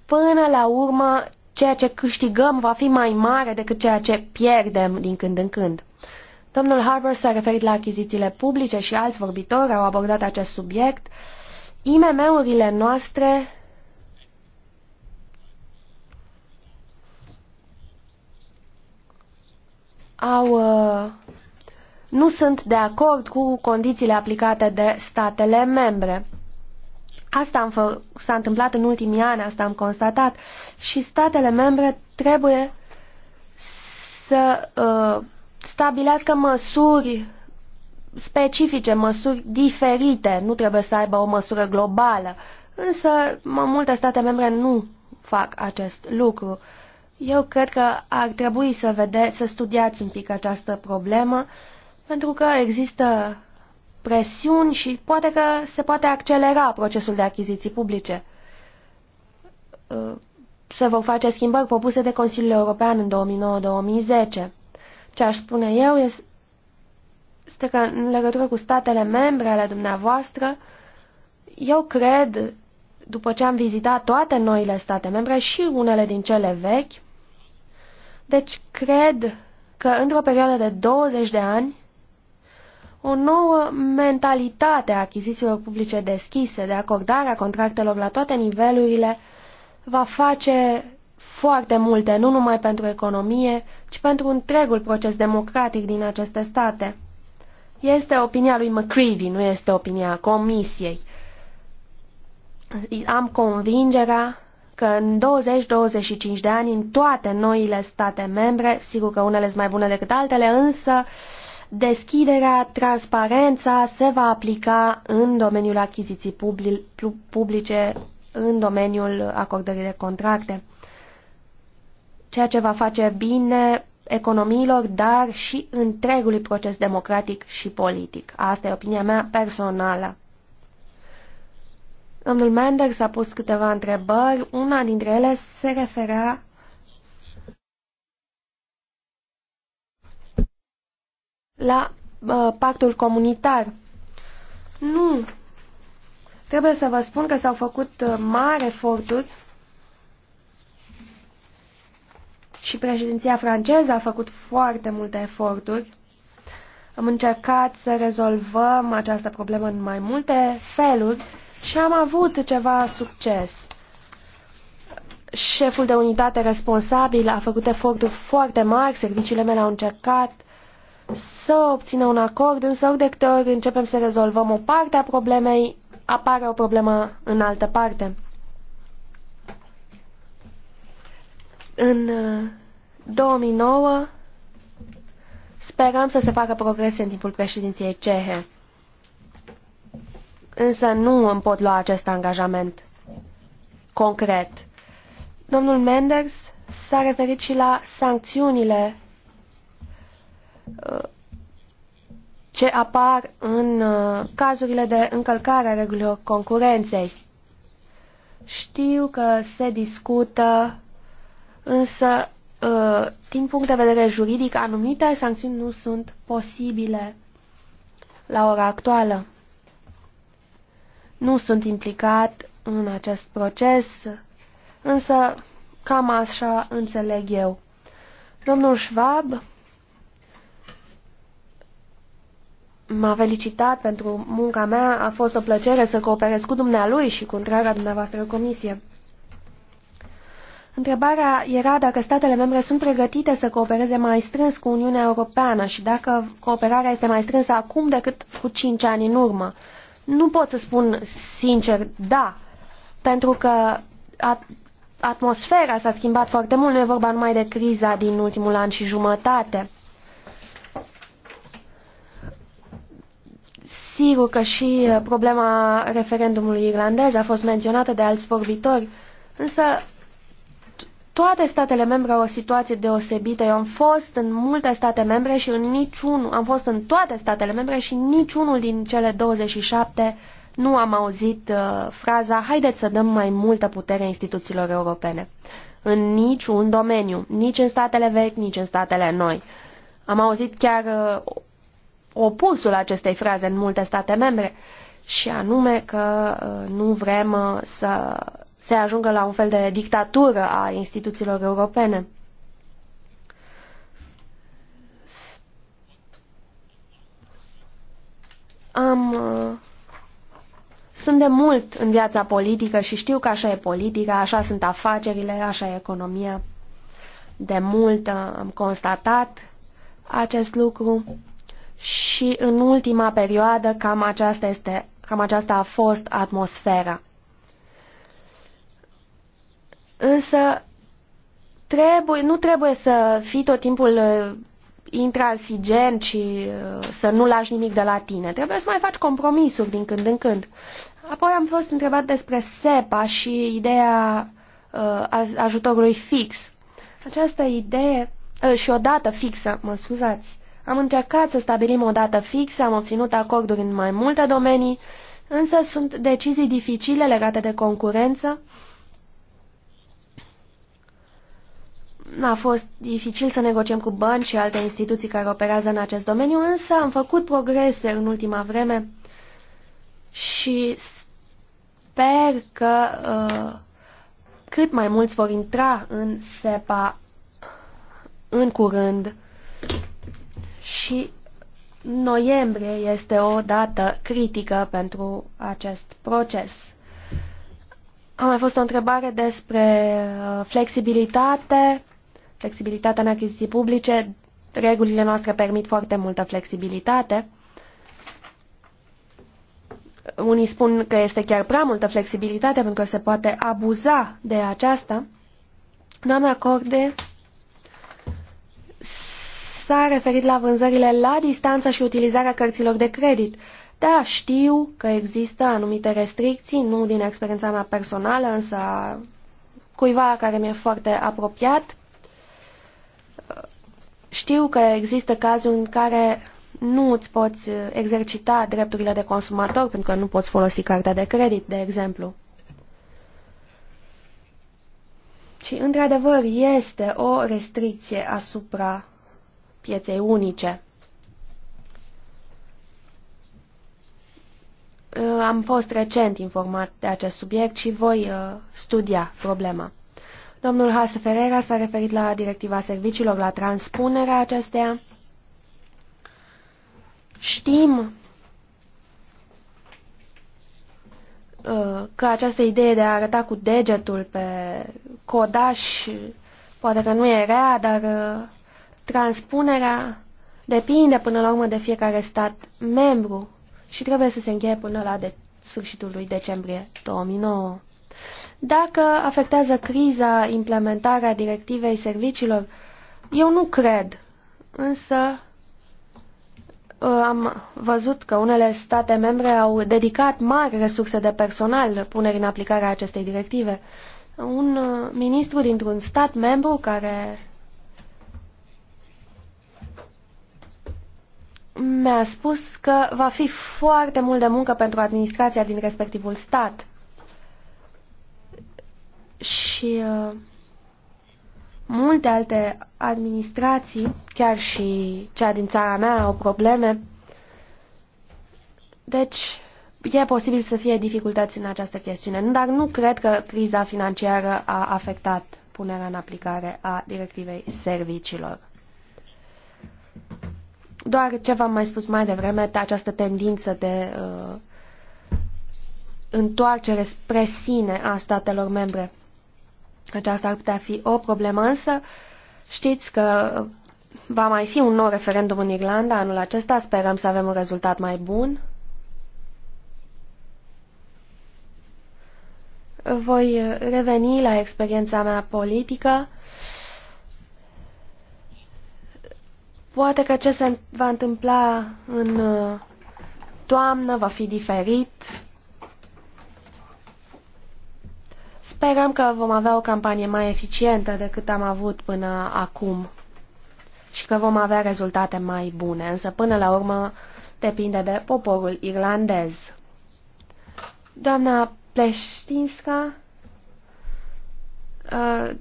Speaker 4: până la urmă ceea ce câștigăm va fi mai mare decât ceea ce pierdem din când în când. Domnul Harbour s-a referit la achizițiile publice și alți vorbitori au abordat acest subiect. IMM-urile noastre au, uh, nu sunt de acord cu condițiile aplicate de statele membre. Asta s-a întâmplat în ultimii ani, asta am constatat, și statele membre trebuie să uh, stabilească măsuri specifice, măsuri diferite, nu trebuie să aibă o măsură globală. Însă multe state membre nu fac acest lucru. Eu cred că ar trebui să, vede, să studiați un pic această problemă, pentru că există presiuni și poate că se poate accelera procesul de achiziții publice. Uh, se vor face schimbări propuse de Consiliul European în 2009-2010. Ce aș spune eu este că în legătură cu statele membre ale dumneavoastră, eu cred, după ce am vizitat toate noile state membre și unele din cele vechi, deci cred că într-o perioadă de 20 de ani, o nouă mentalitate a achizițiilor publice deschise, de acordarea contractelor la toate nivelurile, va face foarte multe, nu numai pentru economie, ci pentru întregul proces democratic din aceste state. Este opinia lui McCreevy, nu este opinia Comisiei. Am convingerea că în 20-25 de ani, în toate noile state membre, sigur că unele sunt mai bune decât altele, însă deschiderea, transparența se va aplica în domeniul achiziții publice, în domeniul acordării de contracte ceea ce va face bine economiilor, dar și întregului proces democratic și politic. Asta e opinia mea personală. Domnul Menders a pus câteva întrebări. Una dintre ele se referea la uh, pactul comunitar. Nu. Trebuie să vă spun că s-au făcut uh, mari eforturi și președinția franceză a făcut foarte multe eforturi. Am încercat să rezolvăm această problemă în mai multe feluri și am avut ceva succes. Șeful de unitate responsabil a făcut eforturi foarte mari, serviciile mele au încercat să obțină un acord, însă ori de câte ori începem să rezolvăm o parte a problemei, apare o problemă în altă parte. În 2009 uh, sperăm să se facă progrese în timpul președinției cehe. Însă nu îmi pot lua acest angajament concret. Domnul Menders s-a referit și la sancțiunile uh, ce apar în uh, cazurile de încălcare a regulilor concurenței. Știu că se discută însă uh, din punct de vedere juridic, anumite sancțiuni nu sunt posibile la ora actuală. Nu sunt implicat în acest proces, însă cam așa înțeleg eu. Domnul Schwab m-a felicitat pentru munca mea, a fost o plăcere să cooperez cu dumnealui și cu întreaga dumneavoastră comisie. Întrebarea era dacă statele membre sunt pregătite să coopereze mai strâns cu Uniunea Europeană și dacă cooperarea este mai strânsă acum decât cu 5 ani în urmă. Nu pot să spun sincer da, pentru că atmosfera s-a schimbat foarte mult, nu e vorba numai de criza din ultimul an și jumătate. Sigur că și problema referendumului irlandez a fost menționată de alți vorbitori, însă toate statele membre au o situație deosebită. Eu am fost în multe state membre și în niciunul, am fost în toate statele membre și niciunul din cele 27 nu am auzit uh, fraza haideți să dăm mai multă putere instituțiilor europene. În niciun domeniu, nici în statele vechi, nici în statele noi. Am auzit chiar uh, opusul acestei fraze în multe state membre și anume că uh, nu vrem uh, să se ajungă la un fel de dictatură a instituțiilor europene. Am, sunt de mult în viața politică și știu că așa e politica, așa sunt afacerile, așa e economia. De mult am constatat acest lucru și în ultima perioadă cam aceasta, este, cam aceasta a fost atmosfera. Însă trebuie, nu trebuie să fii tot timpul uh, intransigent și uh, să nu lași nimic de la tine. Trebuie să mai faci compromisuri din când în când. Apoi am fost întrebat despre SEPA și ideea uh, ajutorului fix. Această idee uh, și o dată fixă, mă scuzați, am încercat să stabilim o dată fixă, am obținut acorduri în mai multe domenii, însă sunt decizii dificile legate de concurență, uh, a fost dificil să negociem cu bănci și alte instituții care operează în acest domeniu, însă am făcut progrese în ultima vreme și sper că uh, cât mai mulți vor intra în SEPA în curând și noiembrie este o dată critică pentru acest proces. A mai fost o întrebare despre uh, flexibilitate flexibilitatea în achiziții publice, regulile noastre permit foarte multă flexibilitate. Unii spun că este chiar prea multă flexibilitate pentru că se poate abuza de aceasta. Doamna Corde s-a referit la vânzările la distanță și utilizarea cărților de credit. Da, știu că există anumite restricții, nu din experiența mea personală, însă cuiva care mi-e foarte apropiat. Știu că există cazuri în care nu îți poți exercita drepturile de consumator pentru că nu poți folosi cartea de credit, de exemplu. Și, într-adevăr, este o restricție asupra pieței unice. Am fost recent informat de acest subiect și voi uh, studia problema. Domnul Hase Ferreira s-a referit la directiva serviciilor, la transpunerea acesteia. Știm uh, că această idee de a arăta cu degetul pe codaș poate că nu e rea, dar uh, transpunerea depinde până la urmă de fiecare stat membru și trebuie să se încheie până la de sfârșitul lui decembrie 2009 dacă afectează criza implementarea directivei serviciilor. Eu nu cred, însă uh, am văzut că unele state membre au dedicat mari resurse de personal punerii în aplicare a acestei directive. Un uh, ministru dintr-un stat membru care mi-a spus că va fi foarte mult de muncă pentru administrația din respectivul stat și uh, multe alte administrații, chiar și cea din țara mea, au probleme. Deci, e posibil să fie dificultăți în această chestiune, dar nu cred că criza financiară a afectat punerea în aplicare a directivei serviciilor. Doar ce v-am mai spus mai devreme, această tendință de uh, întoarcere spre sine a statelor membre. Aceasta ar putea fi o problemă, însă știți că va mai fi un nou referendum în Irlanda anul acesta. Sperăm să avem un rezultat mai bun. Voi reveni la experiența mea politică. Poate că ce se va întâmpla în uh, toamnă va fi diferit, Speram că vom avea o campanie mai eficientă decât am avut până acum și că vom avea rezultate mai bune, însă până la urmă depinde de poporul irlandez. Doamna Pleștinska uh,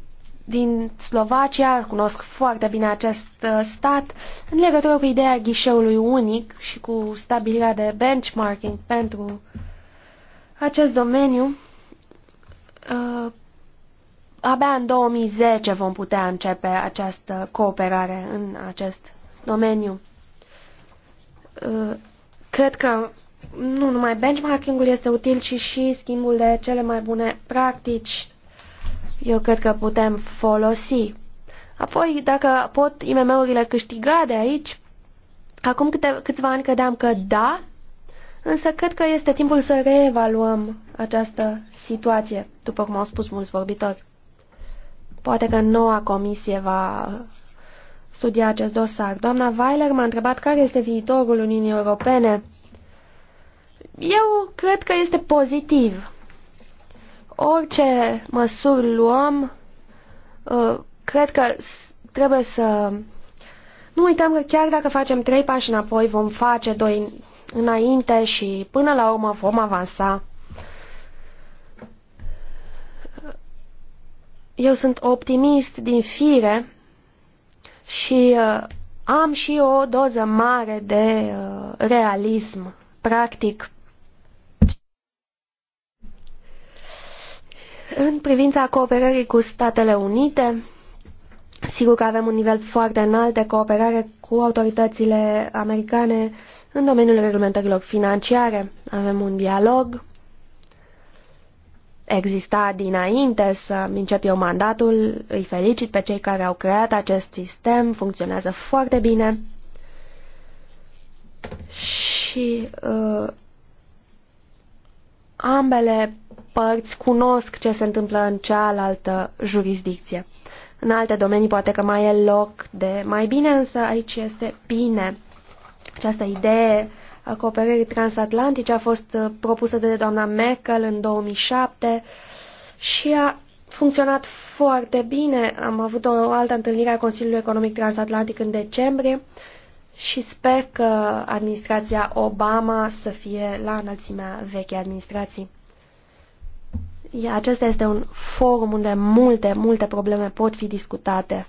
Speaker 4: din Slovacia, cunosc foarte bine acest uh, stat, în legătură cu ideea ghișeului unic și cu stabilirea de benchmarking pentru acest domeniu, uh, abia în 2010 vom putea începe această cooperare în acest domeniu. Uh, cred că nu numai benchmarking-ul este util, ci și schimbul de cele mai bune practici. Eu cred că putem folosi. Apoi, dacă pot IMM-urile câștiga de aici, acum câte, câțiva ani credeam că da, Însă cred că este timpul să reevaluăm această situație, după cum au spus mulți vorbitori. Poate că noua comisie va studia acest dosar. Doamna Weiler m-a întrebat care este viitorul Uniunii Europene. Eu cred că este pozitiv. Orice măsuri luăm, uh, cred că trebuie să... Nu uităm că chiar dacă facem trei pași înapoi, vom face doi înainte și până la urmă vom avansa. Eu sunt optimist din fire și uh, am și o doză mare de uh, realism, practic. În privința cooperării cu Statele Unite, sigur că avem un nivel foarte înalt de cooperare cu autoritățile americane uh, în domeniul reglementărilor financiare avem un dialog. Exista dinainte să încep eu mandatul, îi felicit pe cei care au creat acest sistem, funcționează foarte bine. Și uh, ambele părți cunosc ce se întâmplă în cealaltă jurisdicție. În alte domenii poate că mai e loc de mai bine, însă aici este bine această idee a cooperării transatlantice a fost uh, propusă de doamna Merkel în 2007 și a funcționat foarte bine. Am avut o altă întâlnire a Consiliului Economic Transatlantic în decembrie și sper că administrația Obama să fie la înălțimea vechei administrații. Acesta este un forum unde multe, multe probleme pot fi discutate.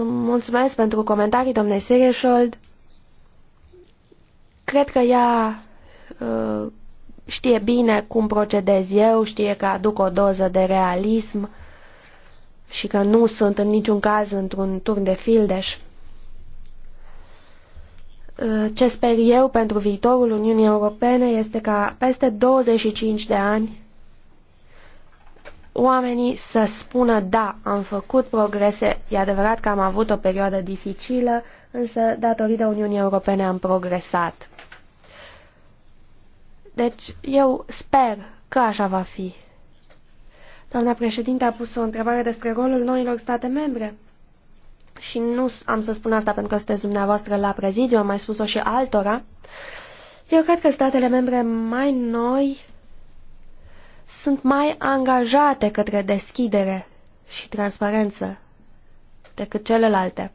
Speaker 4: Mulțumesc pentru comentarii, domnule Sereșold. Cred că ea ă, știe bine cum procedez eu, știe că aduc o doză de realism și că nu sunt în niciun caz într-un turn de fildeș. Ă, ce sper eu pentru viitorul Uniunii Europene este ca peste 25 de ani oamenii să spună da, am făcut progrese, e adevărat că am avut o perioadă dificilă, însă datorită Uniunii Europene am progresat. Deci eu sper că așa va fi. Doamna președinte a pus o întrebare despre rolul noilor state membre. Și nu am să spun asta pentru că sunteți dumneavoastră la prezidiu, am mai spus-o și altora. Eu cred că statele membre mai noi sunt mai angajate către deschidere și transparență decât celelalte.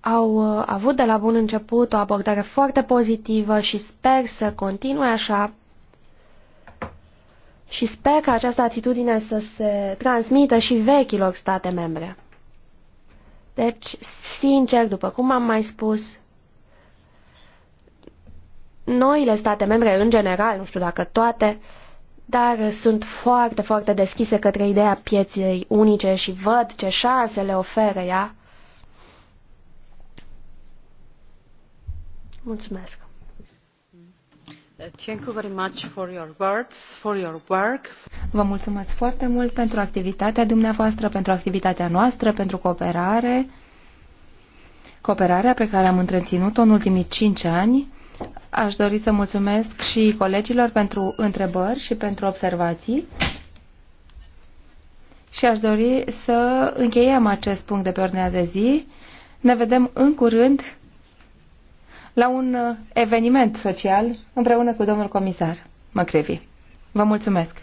Speaker 4: Au uh, avut de la bun început o abordare foarte pozitivă și sper să continue așa și sper că această atitudine să se transmită și vechilor state membre. Deci, sincer, după cum am mai spus, noile state membre în general, nu știu dacă toate, dar sunt foarte, foarte deschise către ideea pieței unice și văd ce șanse le oferă ea. Mulțumesc.
Speaker 3: Thank you very much for your words, for your work.
Speaker 2: Vă mulțumesc foarte mult pentru activitatea dumneavoastră, pentru activitatea noastră, pentru cooperare. Cooperarea pe care am întreținut-o în ultimii cinci ani Aș dori să mulțumesc și colegilor pentru întrebări și pentru observații. Și aș dori să încheiem acest punct de pe ordinea de zi. Ne vedem în curând la un uh, eveniment social împreună cu domnul comisar Măcrevi. Vă mulțumesc.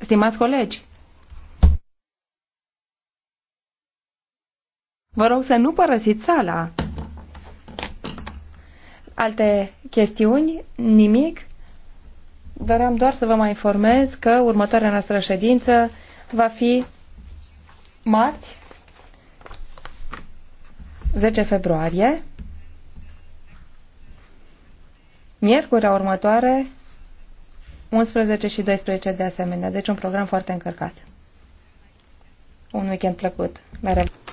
Speaker 2: Stimați colegi, vă rog să nu părăsiți sala. Alte chestiuni? Nimic? Doream doar să vă mai informez că următoarea noastră ședință va fi marți, 10 februarie, miercurea următoare, 11 și 12 de asemenea. Deci un program foarte încărcat. Un weekend plăcut. La revedere!